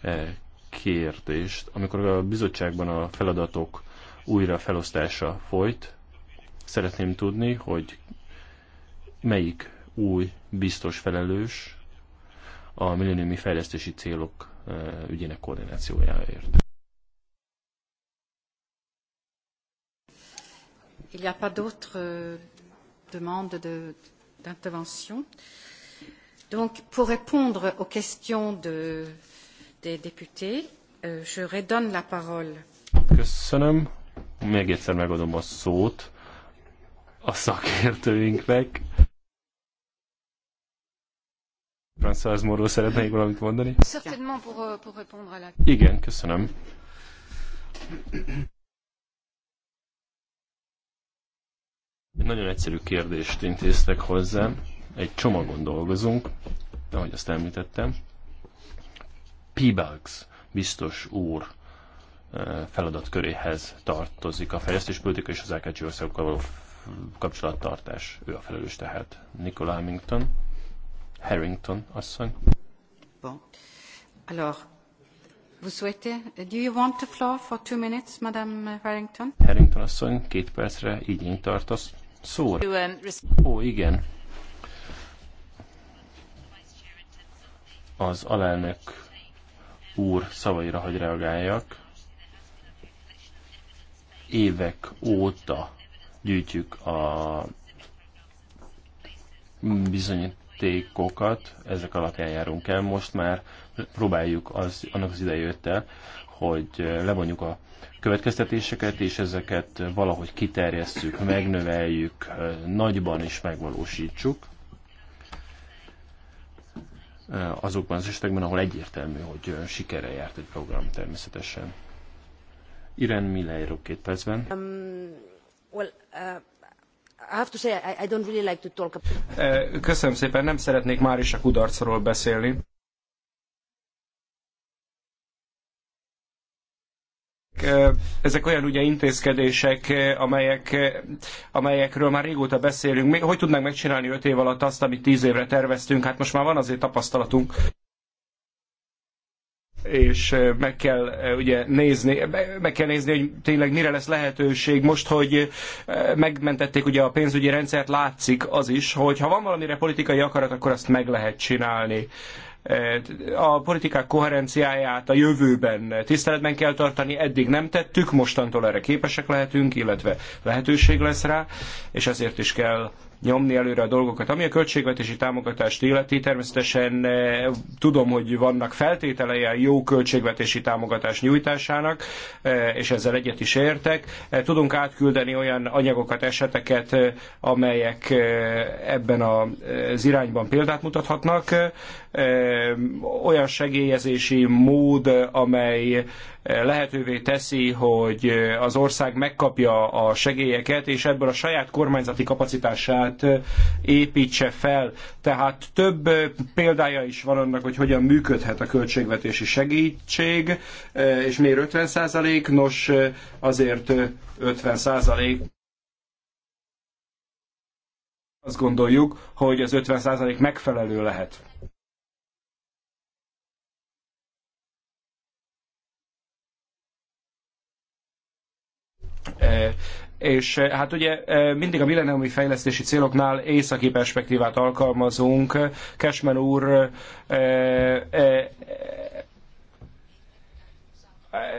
A: eh, kérdést. Amikor a bizottságban a feladatok újra felosztása folyt, Szeretném tudni, hogy melyik új biztos felelős a milleniumi fejlesztési célok eh, ügyének koordinációjáért.
C: Il n'y a pas d'autres euh, demandes d'intervention. De, Donc, pour répondre aux questions de, des députés, euh, je redonne la parole.
A: Köszönöm. Még egyszer megadom a szót a szakértőinknek. François Moró szeretne még valamit mondani?
C: Euh, Igen,
A: köszönöm. Egy nagyon egyszerű kérdést intéztek hozzá. Egy csomagon dolgozunk, ahogy azt említettem. P-Bugs biztos úr eh, feladatköréhez tartozik a fejlesztéspolitika és az AKC országokkal való kapcsolattartás, ő a felelős tehát. Nicola Hamilton, Harrington asszony.
C: Bon. Alors, vous souhaitez, do you want the floor for two minutes, Madame Harrington?
A: Harrington asszony, két percre igény tartasz. Szóra. Um, Ó, igen. Az alelnök úr szavaira, hogy reagáljak évek óta gyűjtjük a bizonyítékokat, ezek alapján járunk el. Most már próbáljuk az, annak az idejött el, hogy levonjuk a következtetéseket, és ezeket valahogy kiterjesszük, megnöveljük, nagyban is megvalósítsuk azokban az esetekben, ahol egyértelmű, hogy sikere járt egy program természetesen. Irene Miller, két percben.
C: Um...
B: Köszönöm szépen, nem szeretnék már is a kudarcról beszélni. Eh, ezek olyan ugye intézkedések, eh, amelyek, eh, amelyekről már régóta beszélünk. Hogy tudnánk megcsinálni öt év alatt azt, amit tíz évre terveztünk? Hát most már van azért tapasztalatunk és meg kell ugye nézni, meg kell nézni, hogy tényleg mire lesz lehetőség. Most, hogy megmentették ugye a pénzügyi rendszert, látszik az is, hogy ha van valamire politikai akarat, akkor azt meg lehet csinálni a politikák koherenciáját a jövőben tiszteletben kell tartani, eddig nem tettük, mostantól erre képesek lehetünk, illetve lehetőség lesz rá, és ezért is kell nyomni előre a dolgokat. Ami a költségvetési támogatást illeti, természetesen eh, tudom, hogy vannak feltételei a jó költségvetési támogatás nyújtásának, eh, és ezzel egyet is értek. Eh, tudunk átküldeni olyan anyagokat, eseteket, amelyek ebben az irányban példát mutathatnak. Olyan segélyezési mód, amely lehetővé teszi, hogy az ország megkapja a segélyeket, és ebből a saját kormányzati kapacitását építse fel. Tehát több példája is van annak, hogy hogyan működhet a költségvetési segítség, és miért 50 százalék, nos azért 50 százalék azt gondoljuk, hogy az 50% megfelelő lehet. és eh, hát ugye eh, mindig a millenniumi fejlesztési céloknál északi perspektívát alkalmazunk. Cashman úr eh,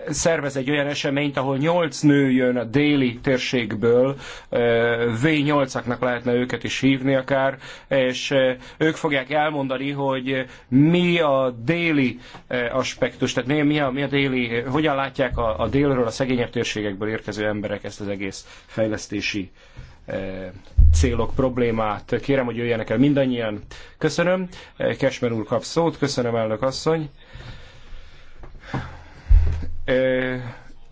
B: szervez egy olyan eseményt, ahol nyolc nő jön a déli térségből, V8-aknak lehetne őket is hívni akár, és ők fogják elmondani, hogy mi a déli aspektus, tehát mi, mi, a, mi a déli, hogyan látják a, a délről, a szegényebb térségekből érkező emberek ezt az egész fejlesztési célok, problémát. Kérem, hogy jöjjenek el mindannyian. Köszönöm. Kesmer úr kap szót. Köszönöm, elnök asszony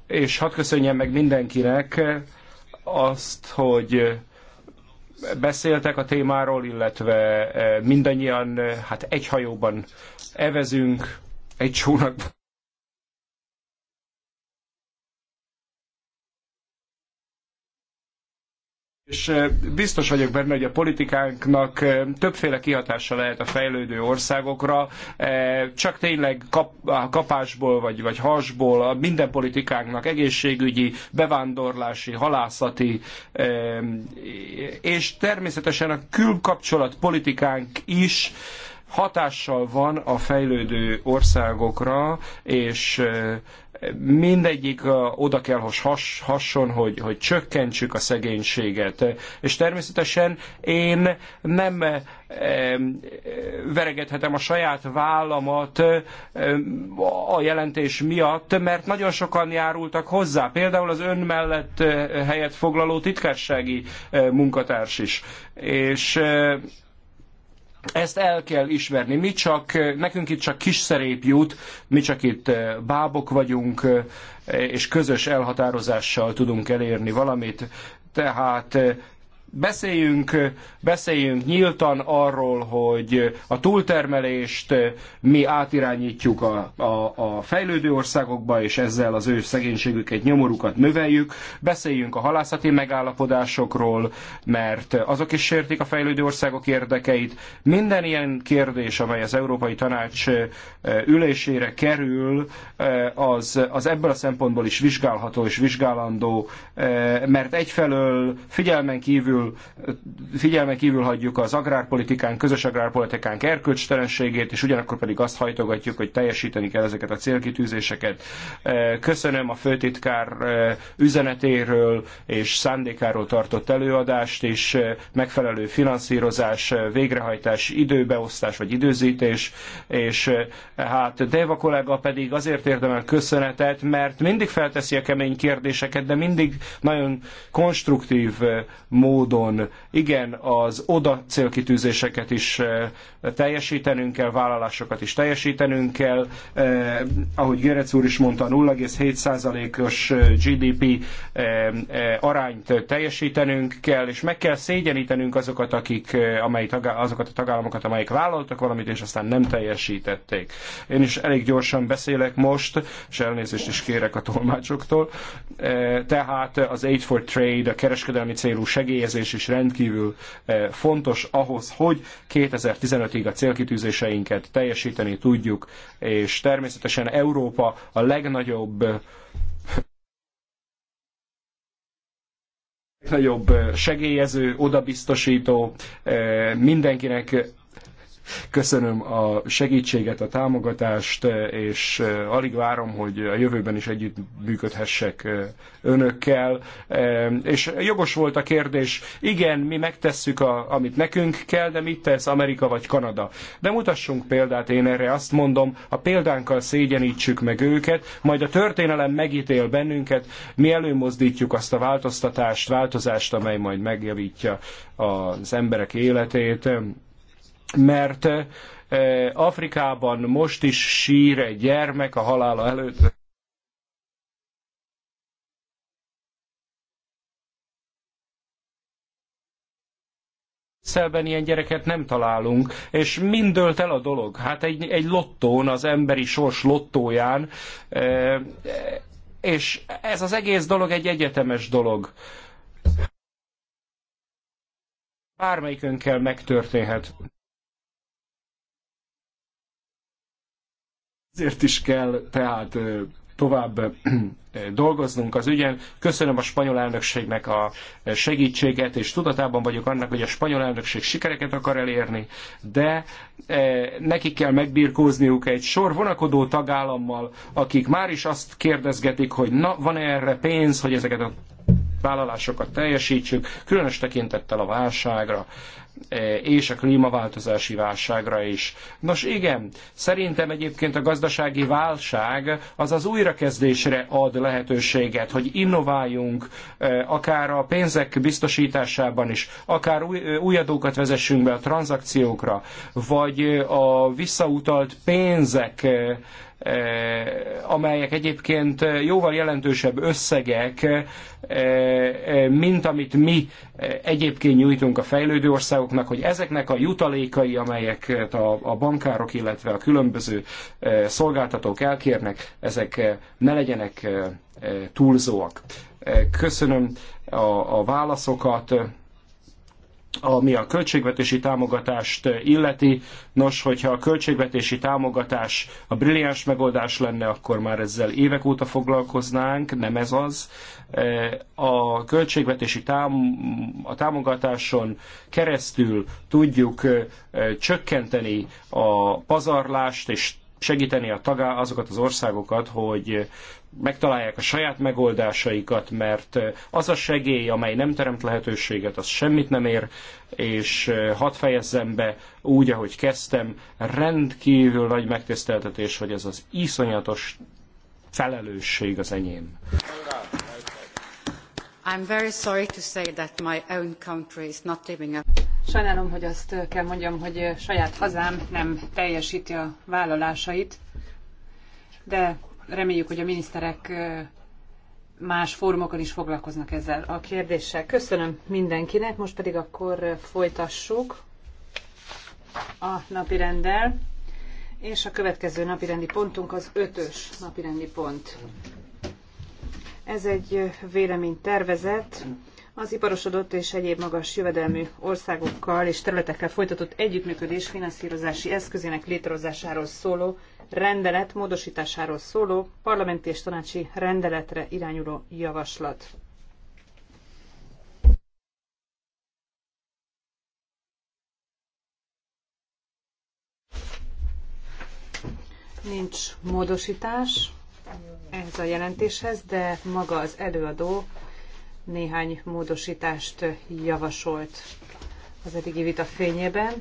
B: és hadd köszönjem meg mindenkinek azt, hogy beszéltek a témáról, illetve mindannyian hát egy hajóban evezünk, egy csónakban. és eh, biztos vagyok benne, hogy a politikánknak eh, többféle kihatása lehet a fejlődő országokra, eh, csak tényleg kapásból vagy, vagy hasból a minden politikánknak egészségügyi, bevándorlási, halászati, és természetesen a külkapcsolat politikánk is hatással van a fejlődő országokra, és mindegyik oda kell, hogy has, hasson, hogy, hogy csökkentsük a szegénységet. És természetesen én nem veregethetem a saját vállamat a jelentés miatt, mert nagyon sokan járultak hozzá. Például az ön mellett helyet foglaló titkársági munkatárs is. És ezt el kell ismerni. Mi csak, nekünk itt csak kis szerép jut, mi csak itt eh, bábok vagyunk, eh, és közös elhatározással tudunk elérni valamit. Tehát eh, Beszéljünk, beszéljünk nyíltan arról, hogy a túltermelést mi átirányítjuk a, a, a fejlődő országokba, és ezzel az ő szegénységüket, nyomorukat növeljük. Beszéljünk a halászati megállapodásokról, mert azok is sértik a fejlődő országok érdekeit. Minden ilyen kérdés, amely az Európai Tanács ülésére kerül, az, az ebből a szempontból is vizsgálható és vizsgálandó, mert egyfelől figyelmen kívül kívül, figyelme kívül hagyjuk az agrárpolitikánk, közös agrárpolitikánk erkölcstelenségét, és ugyanakkor pedig azt hajtogatjuk, hogy teljesíteni kell ezeket a célkitűzéseket. Eh, köszönöm a főtitkár eh, üzenetéről és szándékáról tartott előadást, és eh, megfelelő finanszírozás, végrehajtás, időbeosztás vagy időzítés, és hát Deva kollega pedig azért érdemel köszönetet, mert mindig felteszi a kemény kérdéseket, de mindig nagyon konstruktív módon módon igen, az oda célkitűzéseket is eh, teljesítenünk kell, vállalásokat is teljesítenünk kell. Eh, ahogy Gerec úr is mondta, 0,7%-os eh, GDP arányt teljesítenünk kell, és meg kell szégyenítenünk azokat, akik, amely tagá- azokat a tagállamokat, amelyek vállaltak valamit, és aztán nem teljesítették. Én is elég gyorsan beszélek most, és elnézést is kérek a tolmácsoktól. Tehát az Aid for Trade, a kereskedelmi célú segélyezés, célkitűzés is rendkívül eh, fontos ahhoz, hogy 2015-ig a célkitűzéseinket teljesíteni tudjuk, és természetesen Európa a legnagyobb eh, legnagyobb eh, segélyező, odabiztosító, mindenkinek Köszönöm a segítséget, a támogatást, és alig várom, hogy a jövőben is együtt működhessek önökkel. És jogos volt a kérdés, igen, mi megtesszük, a, amit nekünk kell, de mit tesz Amerika vagy Kanada? De mutassunk példát, én erre azt mondom, a példánkkal szégyenítsük meg őket, majd a történelem megítél bennünket, mi előmozdítjuk azt a változtatást, változást, amely majd megjavítja az emberek életét mert eh, Afrikában most is sír egy gyermek a halála előtt. Szelben ilyen gyereket nem találunk, és mind dölt el a dolog. Hát egy, egy lottón, az emberi sors lottóján, eh, és ez az egész dolog egy egyetemes dolog. kell megtörténhet. Ezért is kell tehát tovább dolgoznunk az ügyen. Köszönöm a spanyol elnökségnek a segítséget, és tudatában vagyok annak, hogy a spanyol elnökség sikereket akar elérni, de nekik kell megbirkózniuk egy sor vonakodó tagállammal, akik már is azt kérdezgetik, hogy na, van -e erre pénz, hogy ezeket a vállalásokat teljesítsük, különös tekintettel a válságra. Eh, és a klímaváltozási válságra is. Nos igen, szerintem egyébként a gazdasági válság az az újrakezdésre ad lehetőséget, hogy innováljunk eh, akár a pénzek biztosításában is, akár új, eh, új adókat vezessünk be a tranzakciókra, vagy a visszautalt pénzek Eh, amelyek egyébként jóval jelentősebb összegek, eh, eh, mint amit mi egyébként nyújtunk a fejlődő országoknak, hogy ezeknek a jutalékai, amelyeket a bankárok, illetve a különböző szolgáltatók elkérnek, ezek ne legyenek túlzóak. Köszönöm a, a válaszokat ami a költségvetési támogatást illeti. Nos, hogyha a költségvetési támogatás a brilliáns megoldás lenne, akkor már ezzel évek óta foglalkoznánk, nem ez az. E, a költségvetési tám a támogatáson keresztül tudjuk e, csökkenteni a pazarlást és segíteni a tagá azokat az országokat, hogy megtalálják a saját megoldásaikat, mert az a segély, amely nem teremt lehetőséget, az semmit nem ér, és hadd fejezzem be úgy, ahogy kezdtem, rendkívül nagy megtiszteltetés, hogy ez az iszonyatos felelősség az enyém.
C: I'm very sorry to say that my own country is not living up. Sajnálom, hogy azt kell mondjam, hogy saját hazám nem teljesíti a vállalásait,
D: de reméljük, hogy a miniszterek más fórumokon is foglalkoznak ezzel a kérdéssel. Köszönöm mindenkinek, most pedig akkor folytassuk a napirenddel, és a következő napirendi pontunk az ötös napirendi pont. Ez egy véleménytervezet az iparosodott és egyéb magas jövedelmű országokkal és területekkel folytatott együttműködés finanszírozási eszközének létrehozásáról szóló rendelet módosításáról szóló parlamenti és tanácsi rendeletre irányuló javaslat. Nincs módosítás ehhez a jelentéshez, de maga az előadó néhány módosítást javasolt az eddigi vita fényében.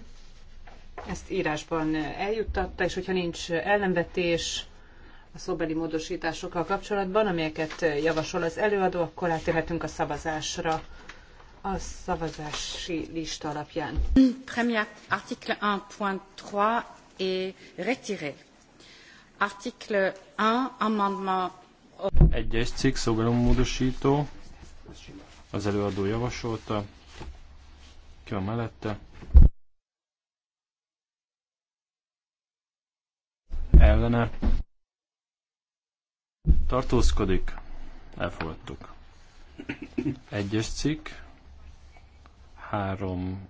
D: Ezt írásban eljuttatta, és hogyha nincs ellenvetés a szóbeli módosításokkal kapcsolatban, amelyeket javasol az előadó, akkor átérhetünk
C: a szavazásra a
D: szavazási lista alapján. Premier
C: article 1.3 est retiré. Article 1, amendement...
A: Egyes cikk, szóbeli módosító az előadó javasolta. Ki van mellette? Ellene. Tartózkodik. Elfogadtuk. Egyes cikk. 3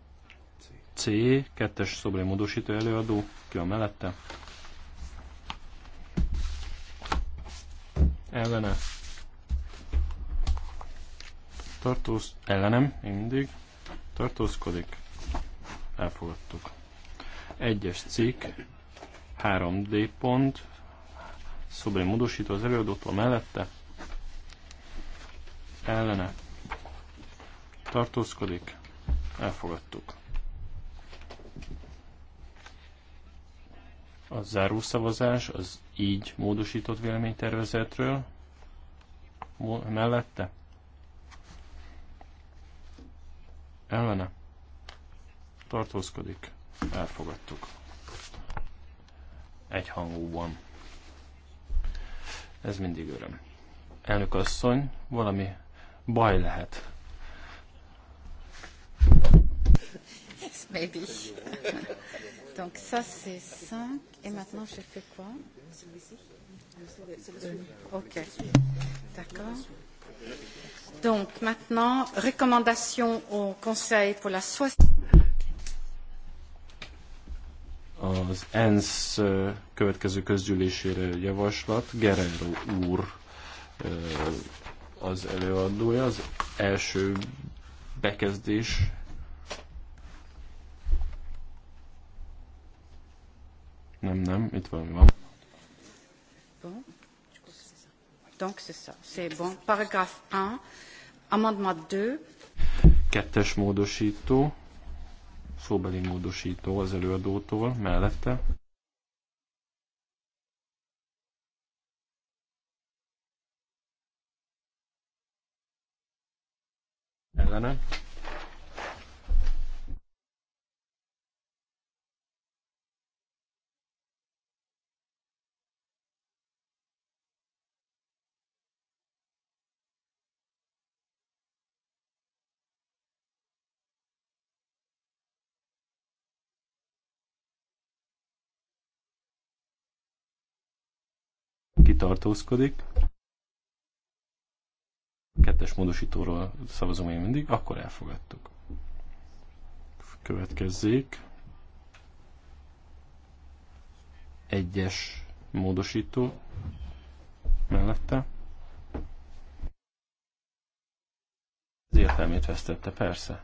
A: C, kettes szobrai módosító előadó, ki van mellette. Ellene tartóz, ellenem, én mindig, tartózkodik, elfogadtuk. Egyes cikk, 3D pont, szobrai módosító az előadótól mellette, ellene, tartózkodik, elfogadtuk. A zárószavazás az így módosított véleménytervezetről mellette ellene tartózkodik, elfogadtuk. Egyhangúban. Ez mindig öröm. Elnök asszony, valami baj lehet. Yes, maybe.
C: Donc ça c'est 5 et maintenant je fais quoi euh, Ok. D'accord. Donc maintenant, au Conseil pour la
A: Az ENSZ következő közgyűlésére javaslat, Guerrero úr az előadója, az első bekezdés Nem, nem, itt valami van.
C: Bon. Donc c'est ça, c'est bon. 1, amendement 2.
A: Kettes módosító, szóbeli módosító az előadótól, mellette. Ellene. tartózkodik. Kettes módosítóról szavazom én mindig, akkor elfogadtuk. Következzék. Egyes módosító mellette. Az értelmét vesztette, persze.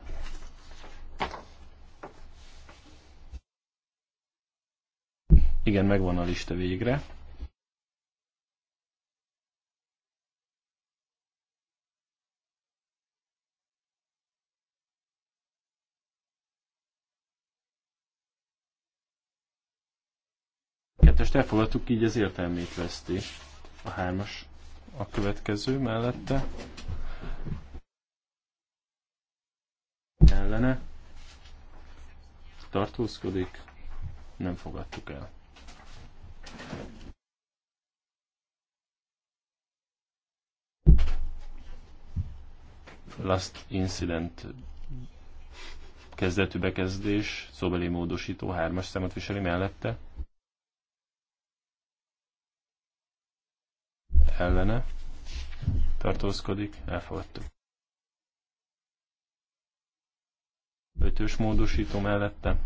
A: Igen, megvan a lista végre. most elfogadtuk, így az értelmét veszti. A hármas a következő mellette. Ellene. Tartózkodik. Nem fogadtuk el. Last Incident kezdetű bekezdés, szóbeli módosító, hármas számot viseli mellette ellene tartózkodik, elfogadtuk. Ötös módosító mellette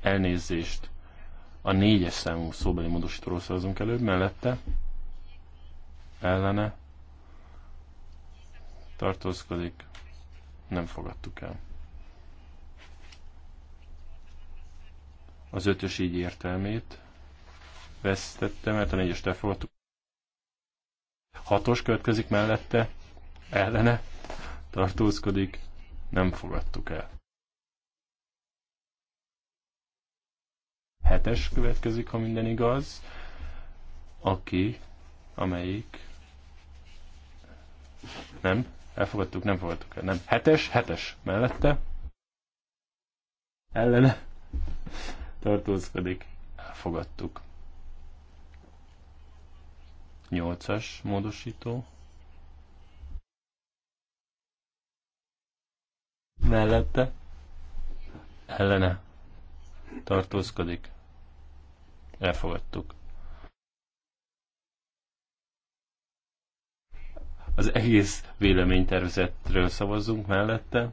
A: elnézést a négyes számú szóbeli módosítóról szavazunk előbb, mellette ellene tartózkodik, nem fogadtuk el. az ötös így értelmét vesztette, mert a négyest elfogadtuk. Hatos következik mellette, ellene, tartózkodik, nem fogadtuk el. Hetes következik, ha minden igaz, aki, amelyik, nem, elfogadtuk, nem fogadtuk el, nem, hetes, hetes mellette, ellene, tartózkodik, elfogadtuk. 8-as módosító. Mellette ellene tartózkodik, elfogadtuk. Az egész véleménytervezetről szavazzunk mellette,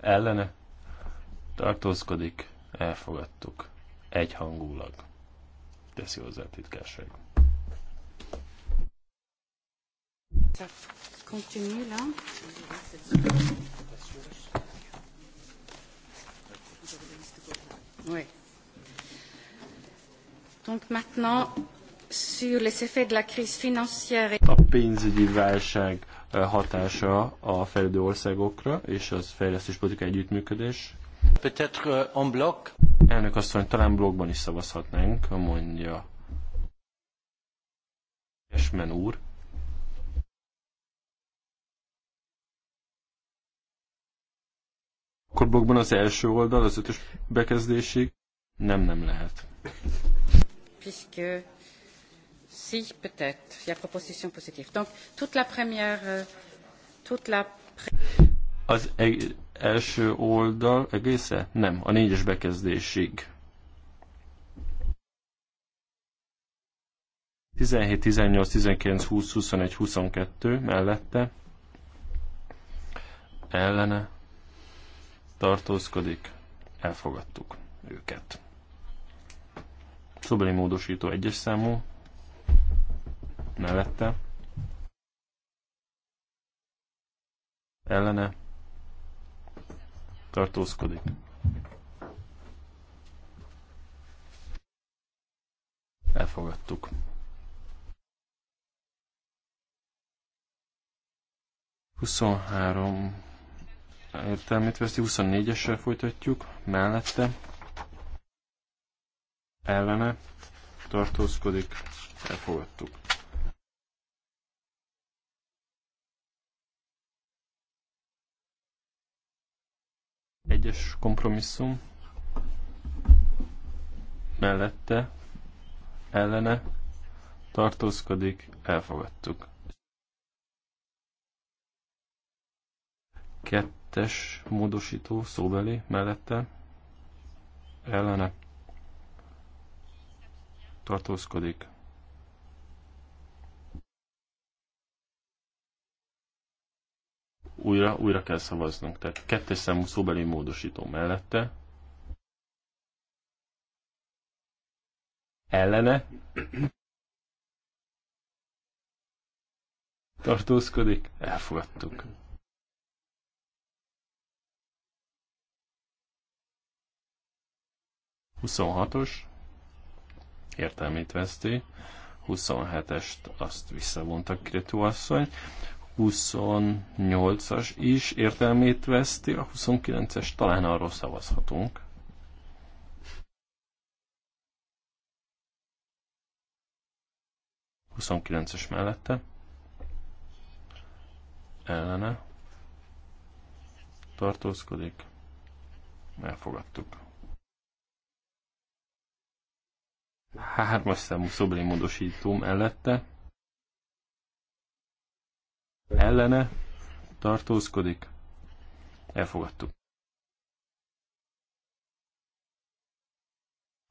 A: ellene tartózkodik, Elfogadtuk. Egyhangulag. Teszi hozzá a titkárság.
C: Oui. Donc maintenant, sur les effets de la crise financière. et A
A: pénzügyi válság eh, hatása a fejlődő országokra és az fejlesztéspolitikai együttműködés
C: Euh,
A: Elnök asszony, talán blokkban is szavazhatnánk, mondja Esmen úr. Akkor blokkban az első oldal, az ötös bekezdésig? Nem, nem lehet.
C: Puisque si, peut-être, il y a proposition positive. Donc, toute la première, euh, toute la
A: az eg- első oldal egésze? Nem, a négyes bekezdésig. 17, 18, 19, 20, 21, 22 mellette ellene tartózkodik, elfogadtuk őket. Szobeli módosító egyes számú mellette ellene tartózkodik. Elfogadtuk. Huszonhárom értelmét veszi, 24-essel folytatjuk, mellette, ellene, tartózkodik, elfogadtuk. Egyes kompromisszum mellette ellene tartózkodik, elfogadtuk. Kettes módosító szóbeli mellette ellene tartózkodik, újra, újra kell szavaznunk. Tehát kettes számú szóbeli módosító mellette. Ellene. Tartózkodik. Elfogadtuk. Huszonhatos. Értelmét veszti. 27-est azt visszavonta Kretó asszony. 28-as is értelmét veszti, a 29-es talán arról szavazhatunk. A 29-es mellette. Ellene. Tartózkodik. Elfogadtuk. Hármas számú szobrémódosító mellette ellene tartózkodik, elfogadtuk.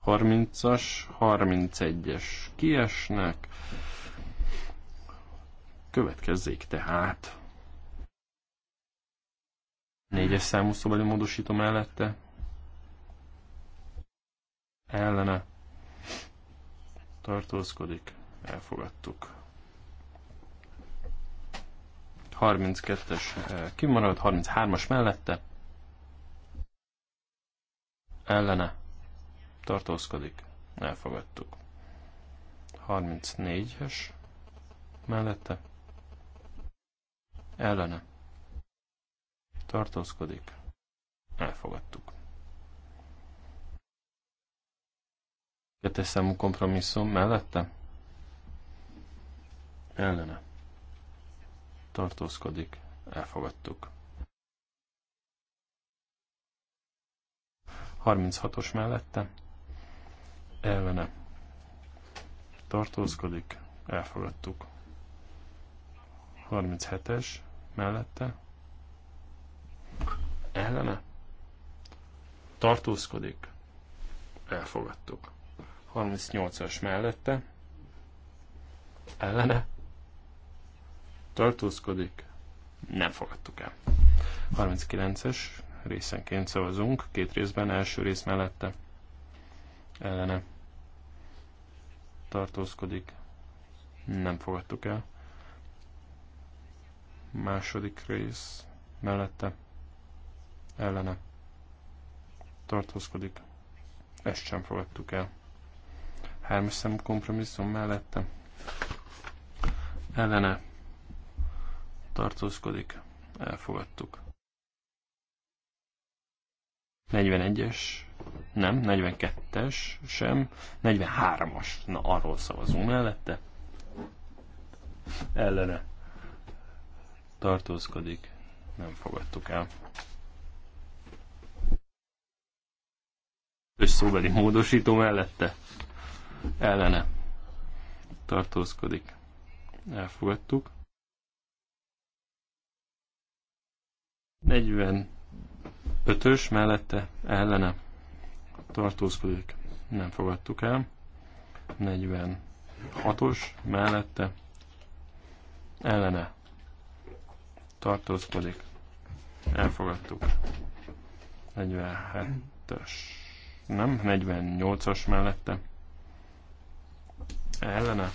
A: 30-as, 31-es kiesnek. Következzék tehát. 4-es számú szobeli módosító mellette. Ellene. Tartózkodik. Elfogadtuk. 32-es eh, kimarad, 33-as mellette ellene tartózkodik, elfogadtuk. 34-es mellette ellene tartózkodik, elfogadtuk. Kettes számú kompromisszum mellette ellene tartózkodik, elfogadtuk. 36-os mellette, ellene tartózkodik, elfogadtuk. 37-es mellette, ellene tartózkodik, elfogadtuk. 38-as mellette, ellene tartózkodik, nem fogadtuk el. 39-es részenként szavazunk, két részben, első rész mellette, ellene tartózkodik, nem fogadtuk el. Második rész mellette, ellene tartózkodik, ezt sem fogadtuk el. Hármas szem kompromisszum mellette, ellene tartózkodik, elfogadtuk. 41-es, nem, 42-es sem, 43-as, na arról szavazunk mellette. Ellene tartózkodik, nem fogadtuk el. És szóbeli módosító mellette ellene tartózkodik. Elfogadtuk. 45-ös mellette ellene tartózkodik, nem fogadtuk el. 46-os mellette ellene tartózkodik, elfogadtuk. 47 ös nem, 48-as mellette ellene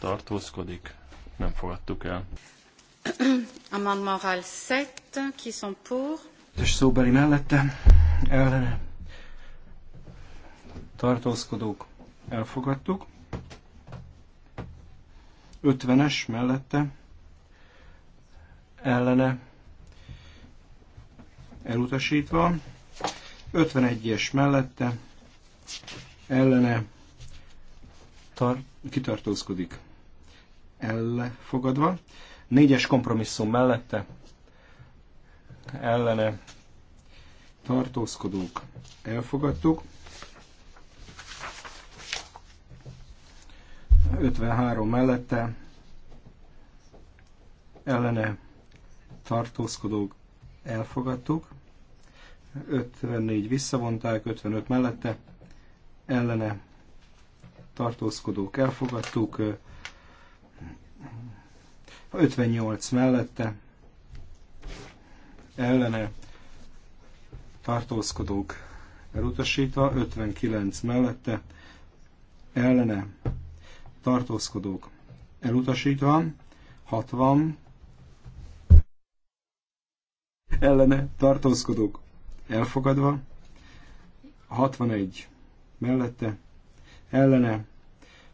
A: tartózkodik, nem fogadtuk el.
C: Amendement 7, qui sont pour?
A: Ötös
B: szóbeli mellette, ellene tartózkodók elfogadtuk. 50-es mellette ellene elutasítva, 51-es mellette ellene tar- kitartózkodik elfogadva, Négyes kompromisszum mellette ellene tartózkodók elfogadtuk. 53 mellette ellene tartózkodók elfogadtuk. 54 visszavonták, 55 mellette ellene tartózkodók elfogadtuk, 58 mellette ellene tartózkodók elutasítva, 59 mellette ellene tartózkodók elutasítva, 60 ellene tartózkodók elfogadva, 61 mellette ellene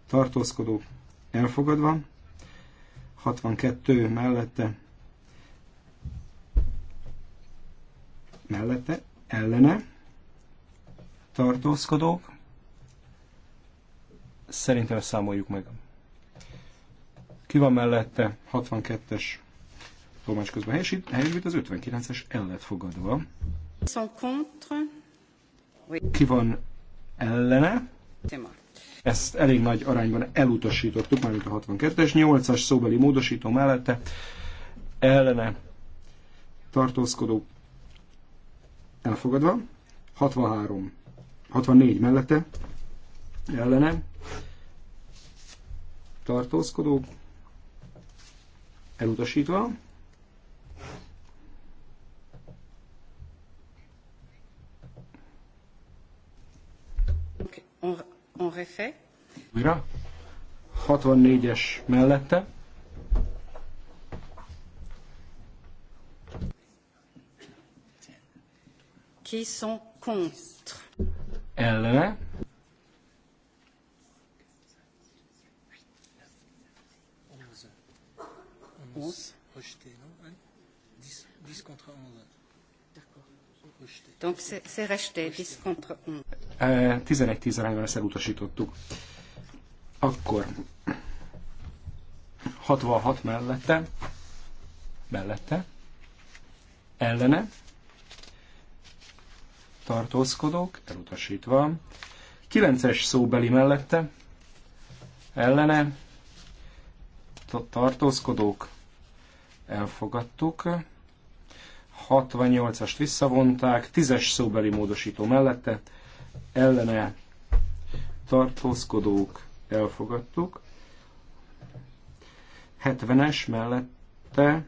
B: tartózkodók elfogadva, 62 mellette mellette ellene tartózkodók. Szerintem ezt számoljuk meg. Ki van mellette? 62-es tolmács közben helyesít, helyesít az 59-es el lett fogadva. Ki van ellene? C'est ezt elég nagy arányban elutasítottuk, mármint a 62-es, 8-as szóbeli módosító mellette ellene tartózkodó elfogadva, 63, 64 mellette ellene tartózkodó elutasítva, refait. Újra. 64-es mellette.
C: Qui sont contre? Ellene. Rejeté, non 10 contre 11. Donc c'est rejeté, 10 contre 11.
B: 11-10 arányban ezt elutasítottuk. Akkor 66 mellette, mellette, ellene, tartózkodók, elutasítva, 9-es szóbeli mellette, ellene, tartózkodók, elfogadtuk, 68-ast visszavonták, 10-es szóbeli módosító mellette, ellene tartózkodók elfogadtuk, 70-es mellette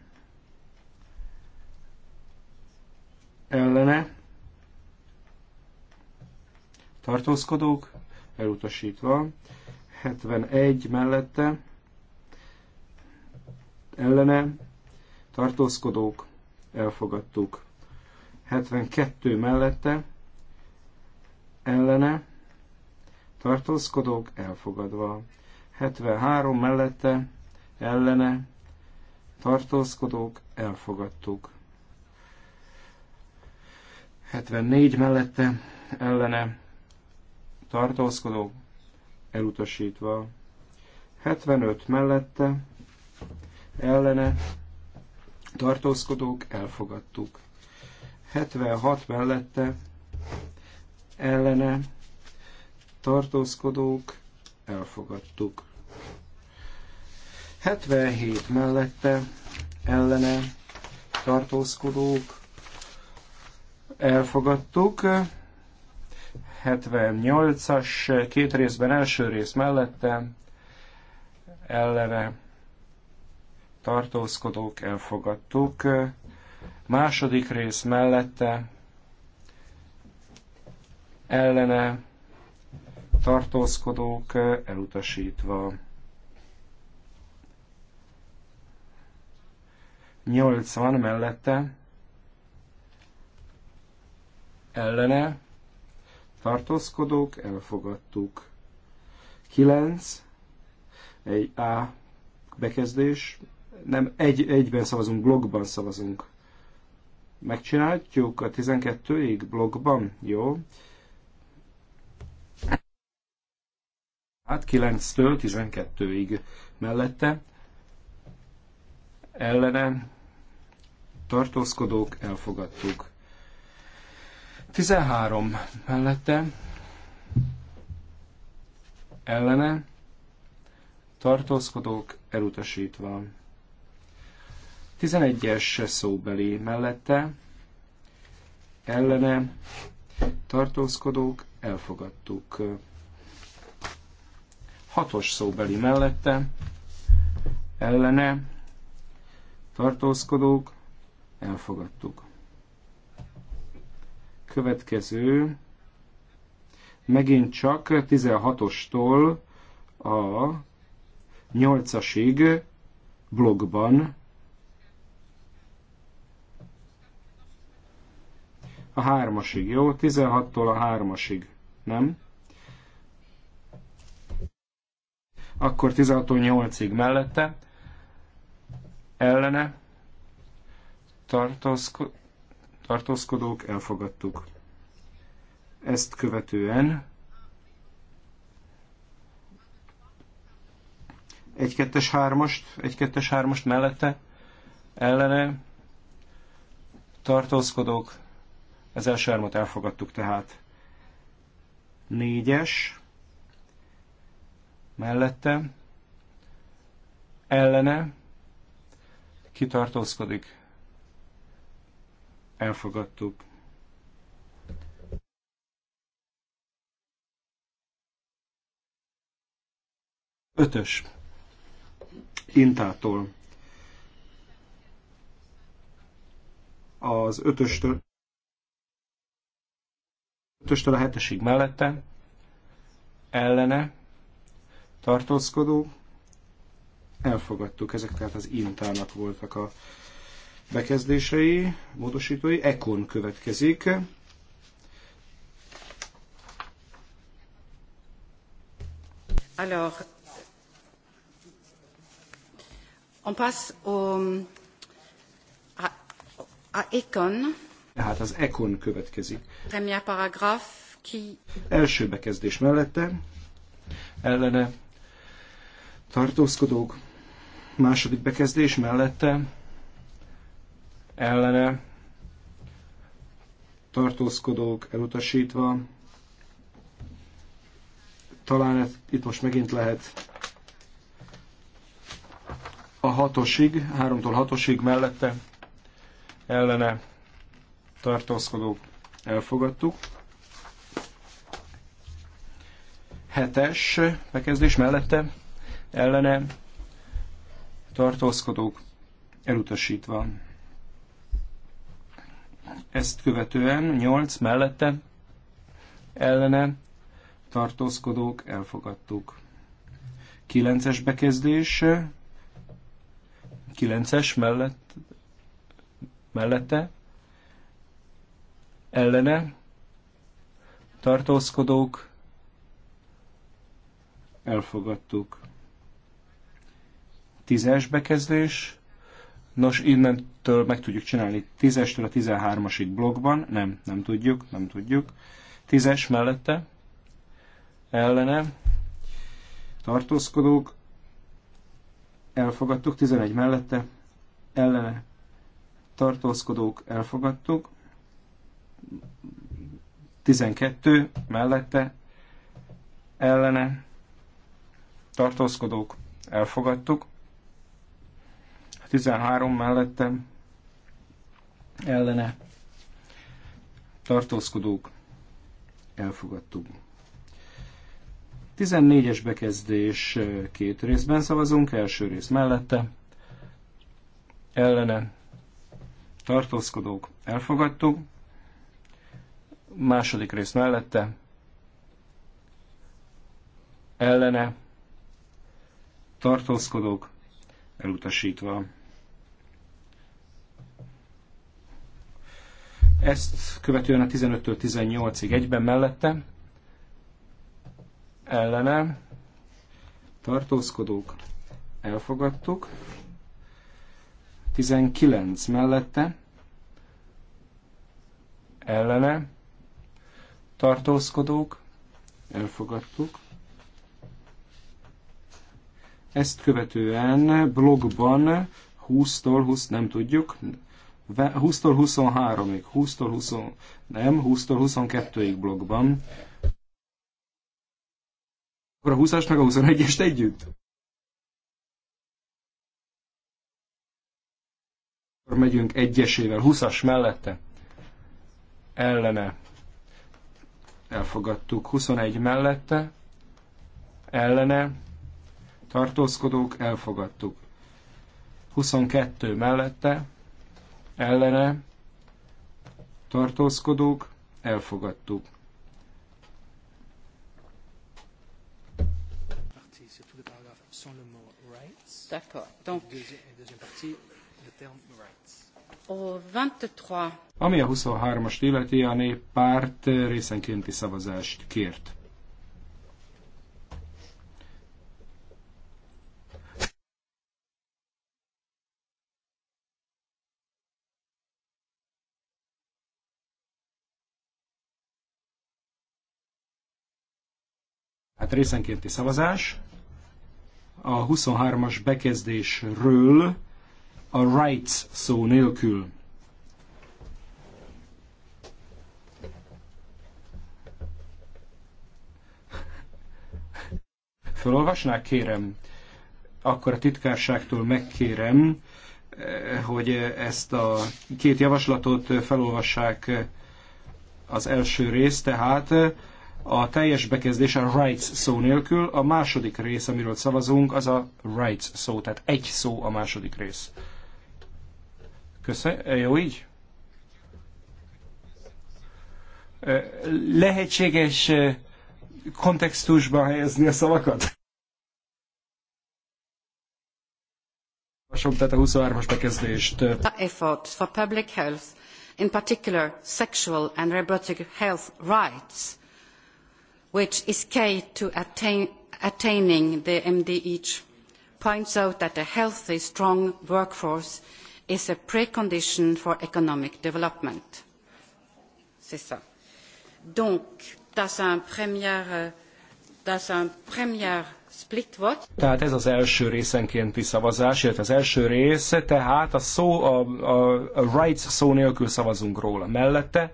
B: ellene tartózkodók elutasítva, 71 mellette ellene tartózkodók elfogadtuk. 72 mellette, ellene, tartózkodók elfogadva. 73 mellette, ellene, tartózkodók elfogadtuk. 74 mellette, ellene, tartózkodók elutasítva. 75 mellette, ellene, tartózkodók, elfogadtuk. 76 mellette ellene tartózkodók, elfogadtuk. 77 mellette ellene tartózkodók, elfogadtuk. 78-as két részben első rész mellette ellene tartózkodók elfogadtuk. Második rész mellette ellene tartózkodók elutasítva. 80 mellette ellene tartózkodók elfogadtuk. 9 egy A bekezdés nem egy, egyben szavazunk, blogban szavazunk. Megcsináljuk a 12-ig blogban? Jó. Hát 9-től 12-ig mellette Ellenen tartózkodók elfogadtuk. 13 mellette ellene tartózkodók elutasítva. 11-es szóbeli mellette ellene tartózkodók elfogadtuk. 6-os szóbeli mellette ellene tartózkodók elfogadtuk. Következő megint csak 16-ostól a 8-asig blogban A hármasig, jó? 16-tól a hármasig, nem? Akkor 16-tól 8-ig mellette. Ellene. Tartózko tartózkodók, elfogadtuk. Ezt követően 1 2 3 ast 1 2 hármast mellette, ellene tartózkodók, az első hármat elfogadtuk tehát. Négyes mellette ellene kitartózkodik. Elfogadtuk. Ötös. Intától. Az ötöstől 5-től a 7 mellette, ellene, tartózkodó, elfogadtuk. Ezek tehát az intának voltak a bekezdései, módosítói. Ekon következik.
C: Alors, on passe au, à, à Econ.
B: Tehát az ekon következik.
C: Premier paragraf, ki...
B: Első bekezdés mellette, ellene tartózkodók, második bekezdés mellette, ellene tartózkodók elutasítva, talán itt most megint lehet a hatosig, háromtól hatosig mellette ellene tartózkodók elfogadtuk. Hetes bekezdés mellette ellene tartózkodók elutasítva. Ezt követően 8 mellette ellene tartózkodók elfogadtuk. 9-es bekezdés 9-es mellett, mellette ellene tartózkodók elfogadtuk. Tízes bekezdés. Nos, innentől meg tudjuk csinálni tízestől a tizenhármasig blokkban. Nem, nem tudjuk, nem tudjuk. Tízes mellette ellene tartózkodók elfogadtuk, Tizenegy mellette ellene tartózkodók elfogadtuk, 12 mellette ellene tartózkodók elfogadtuk. 13 mellette ellene tartózkodók elfogadtuk. 14-es bekezdés két részben szavazunk, első rész mellette, ellene tartózkodók elfogadtuk, Második rész mellette. Ellene. Tartózkodók. Elutasítva. Ezt követően a 15-től 18-ig egyben mellette. Ellene. Tartózkodók. Elfogadtuk. 19 mellette ellene tartózkodók, elfogadtuk. Ezt követően blogban 20-tól 20 nem tudjuk, 20-tól 23-ig, 20-tól 20, nem, 20-tól 22-ig blogban. Akkor a 20-as meg a 21-est együtt. Akkor megyünk egyesével, 20-as mellette. Ellene elfogadtuk. 21 mellette, ellene, tartózkodók, elfogadtuk. 22 mellette, ellene, tartózkodók, elfogadtuk.
C: D'accord. Donc, deuxième partie, le terme right. Ami
B: a 23-ast illeti, a néppárt részenkénti szavazást kért. Hát részenkénti szavazás. A 23-as bekezdésről a
A: rights szó nélkül.
B: Fölolvasnák, kérem? Akkor a titkárságtól megkérem, eh, hogy ezt a két javaslatot felolvassák az első rész, tehát a teljes bekezdés a rights szó nélkül, a második rész, amiről szavazunk, az a rights szó, tehát egy szó a második rész. Köszönöm. Jó így? Lehetséges kontextusba helyezni a szavakat? tehát a 23-as bekezdést.
C: Efforts for public health, in particular sexual and reproductive health rights, which is key to attain, attaining the MDH, points out that a healthy, strong workforce is a precondition for economic development. C'est ça. Donc, dans un premier, dans uh, un premier split vote.
B: Tehát ez az első részenkénti szavazás, illetve az első rész, tehát a szó, a, a, a rights szó nélkül szavazunk róla. Mellette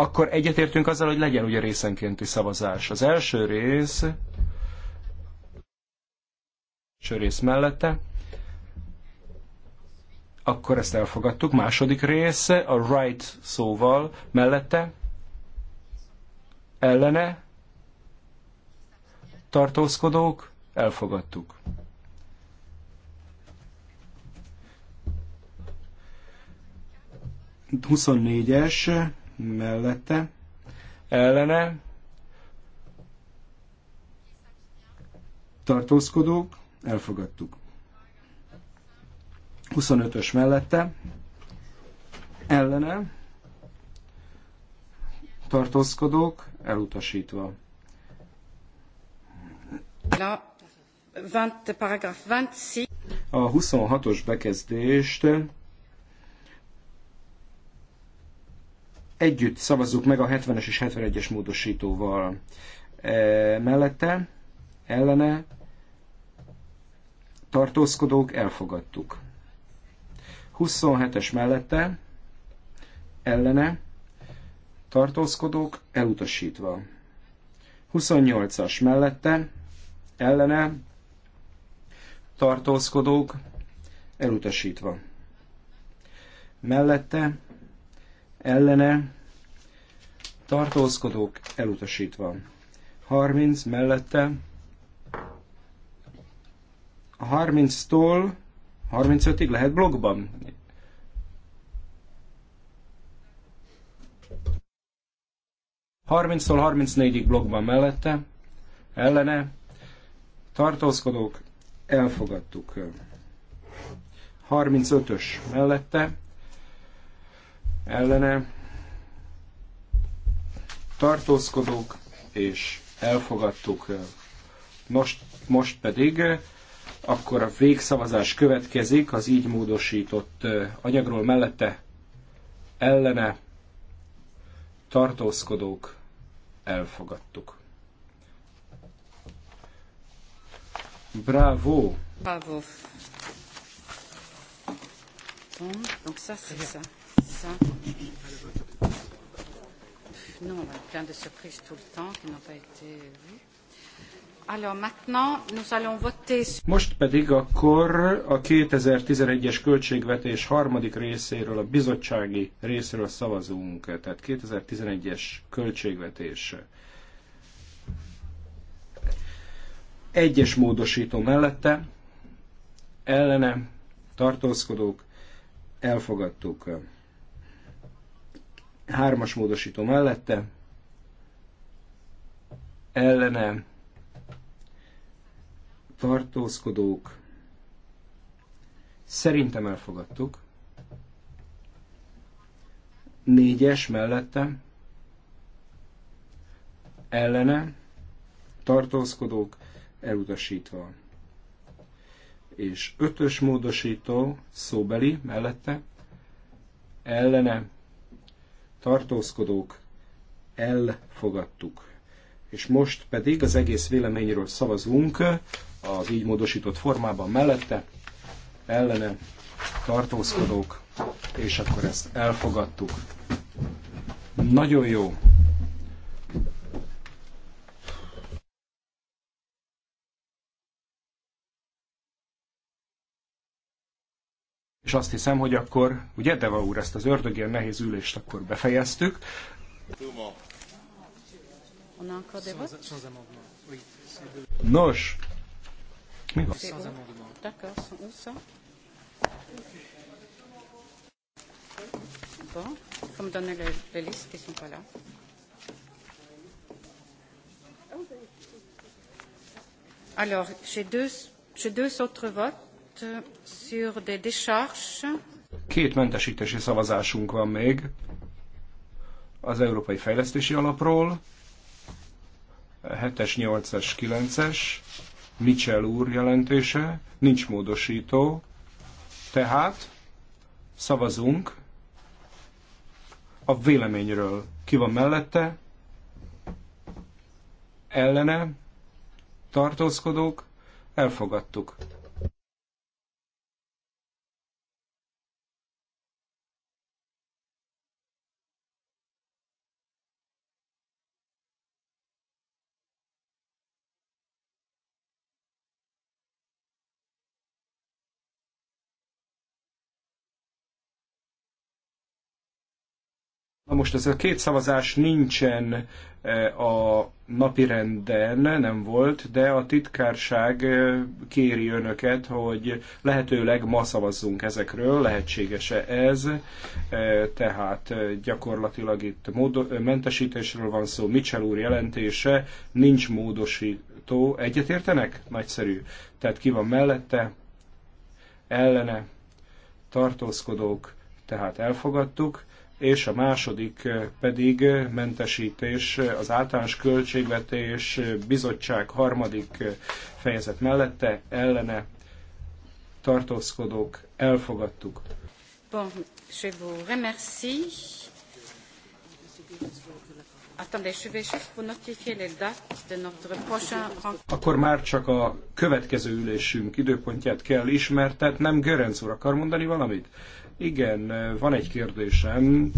B: akkor egyetértünk azzal, hogy legyen ugye részenkénti szavazás. Az első rész, első rész mellette, akkor ezt elfogadtuk. Második része a right szóval mellette, ellene, tartózkodók, elfogadtuk. Huszonnégyes mellette, ellene, tartózkodók, elfogadtuk. 25-ös mellette, ellene, tartózkodók, elutasítva.
C: La 20, paragraf 26.
B: A 26-os bekezdést Együtt szavazzuk meg a 70-es és 71-es módosítóval e, mellette, ellene tartózkodók elfogadtuk. 27-es mellette, ellene tartózkodók elutasítva. 28-as mellette, ellene tartózkodók elutasítva. Mellette ellene tartózkodók elutasítva. 30 mellette a 30-tól 35-ig lehet blogban. Harminctól 34-ig blogban mellette, ellene, tartózkodók, elfogadtuk. 35-ös mellette, ellene tartózkodók, és elfogadtuk. Most, most pedig akkor a végszavazás következik az így módosított anyagról mellette ellene tartózkodók elfogadtuk. Bravo!
C: Bravo! donc ça c'est ça on a plein de surprises tout le temps qui n'ont pas été vues.
B: Most pedig akkor a 2011-es költségvetés harmadik részéről, a bizottsági részéről szavazunk, tehát 2011-es költségvetés. Egyes módosító mellette, ellene tartózkodók, elfogadtuk. Hármas módosító mellette, ellene tartózkodók szerintem elfogadtuk. Négyes mellette ellene tartózkodók elutasítva. És ötös módosító szóbeli mellette ellene tartózkodók, elfogadtuk. És most pedig az egész véleményről szavazunk az így módosított formában mellette, ellene tartózkodók, és akkor ezt elfogadtuk. Nagyon jó! és azt hiszem, hogy akkor, ugye Deva úr, ezt az ördög ilyen nehéz ülést akkor befejeztük. Nos,
C: mi van? Alors, j'ai deux, deux autres votes.
B: Két mentesítési szavazásunk van még az Európai Fejlesztési Alapról, 7-es, 8-es, 9-es, Mitchell úr jelentése, nincs módosító, tehát szavazunk a véleményről. Ki van mellette? Ellene? Tartózkodók? Elfogadtuk. most ez a két szavazás nincsen e, a napirenden, nem volt, de a titkárság e, kéri önöket, hogy lehetőleg ma szavazzunk ezekről, lehetséges-e ez, e, tehát gyakorlatilag itt mentesítésről van szó, Mitchell úr jelentése, nincs módosító, egyetértenek? Nagyszerű. Tehát ki van mellette, ellene, tartózkodók, tehát elfogadtuk, és a második eh, pedig eh, mentesítés eh, az általános költségvetés bizottság harmadik fejezet mellette ellene tartózkodók elfogadtuk.
C: Bon, je vous remercie.
B: Akkor már csak a következő ülésünk időpontját kell ismertetnem. Görenc úr akar mondani valamit? Igen, van egy kérdésem.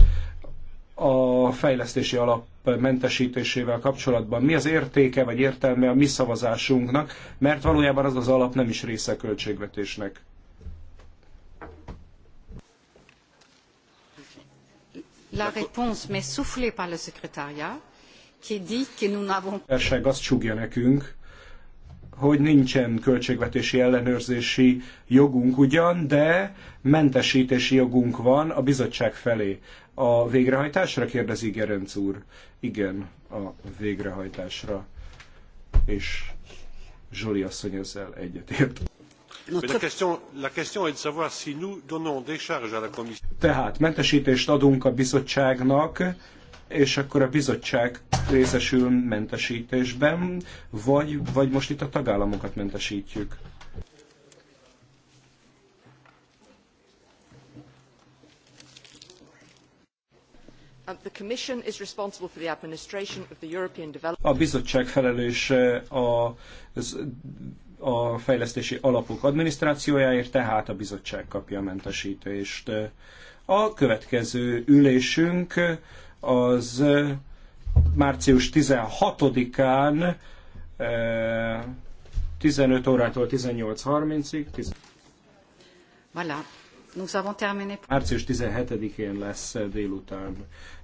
B: A fejlesztési alap mentesítésével kapcsolatban mi az értéke vagy értelme a mi szavazásunknak, mert valójában az az alap nem is része a költségvetésnek.
C: La réponse m'est soufflée par le secrétariat, qui dit que nous n'avons.
B: Erság azt csúgja nekünk, hogy nincsen költségvetési ellenőrzési jogunk ugyan, de mentesítési jogunk van a bizottság felé. A végrehajtásra kérdezi Gerenc úr. Igen, a végrehajtásra. És Zsoli asszony ezzel egyetért. Tehát mentesítést adunk a bizottságnak, és akkor a bizottság részesül mentesítésben, vagy, vagy most itt a tagállamokat mentesítjük? A bizottság felelős a, a fejlesztési alapok adminisztrációjáért, tehát a bizottság kapja a mentesítést. A következő ülésünk az március 16-án 15 órától 18.30-ig.
C: Voilà. Nous avons terminé.
B: Március 17-én lesz délután,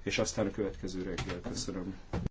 B: és aztán a következő reggel.
C: Köszönöm.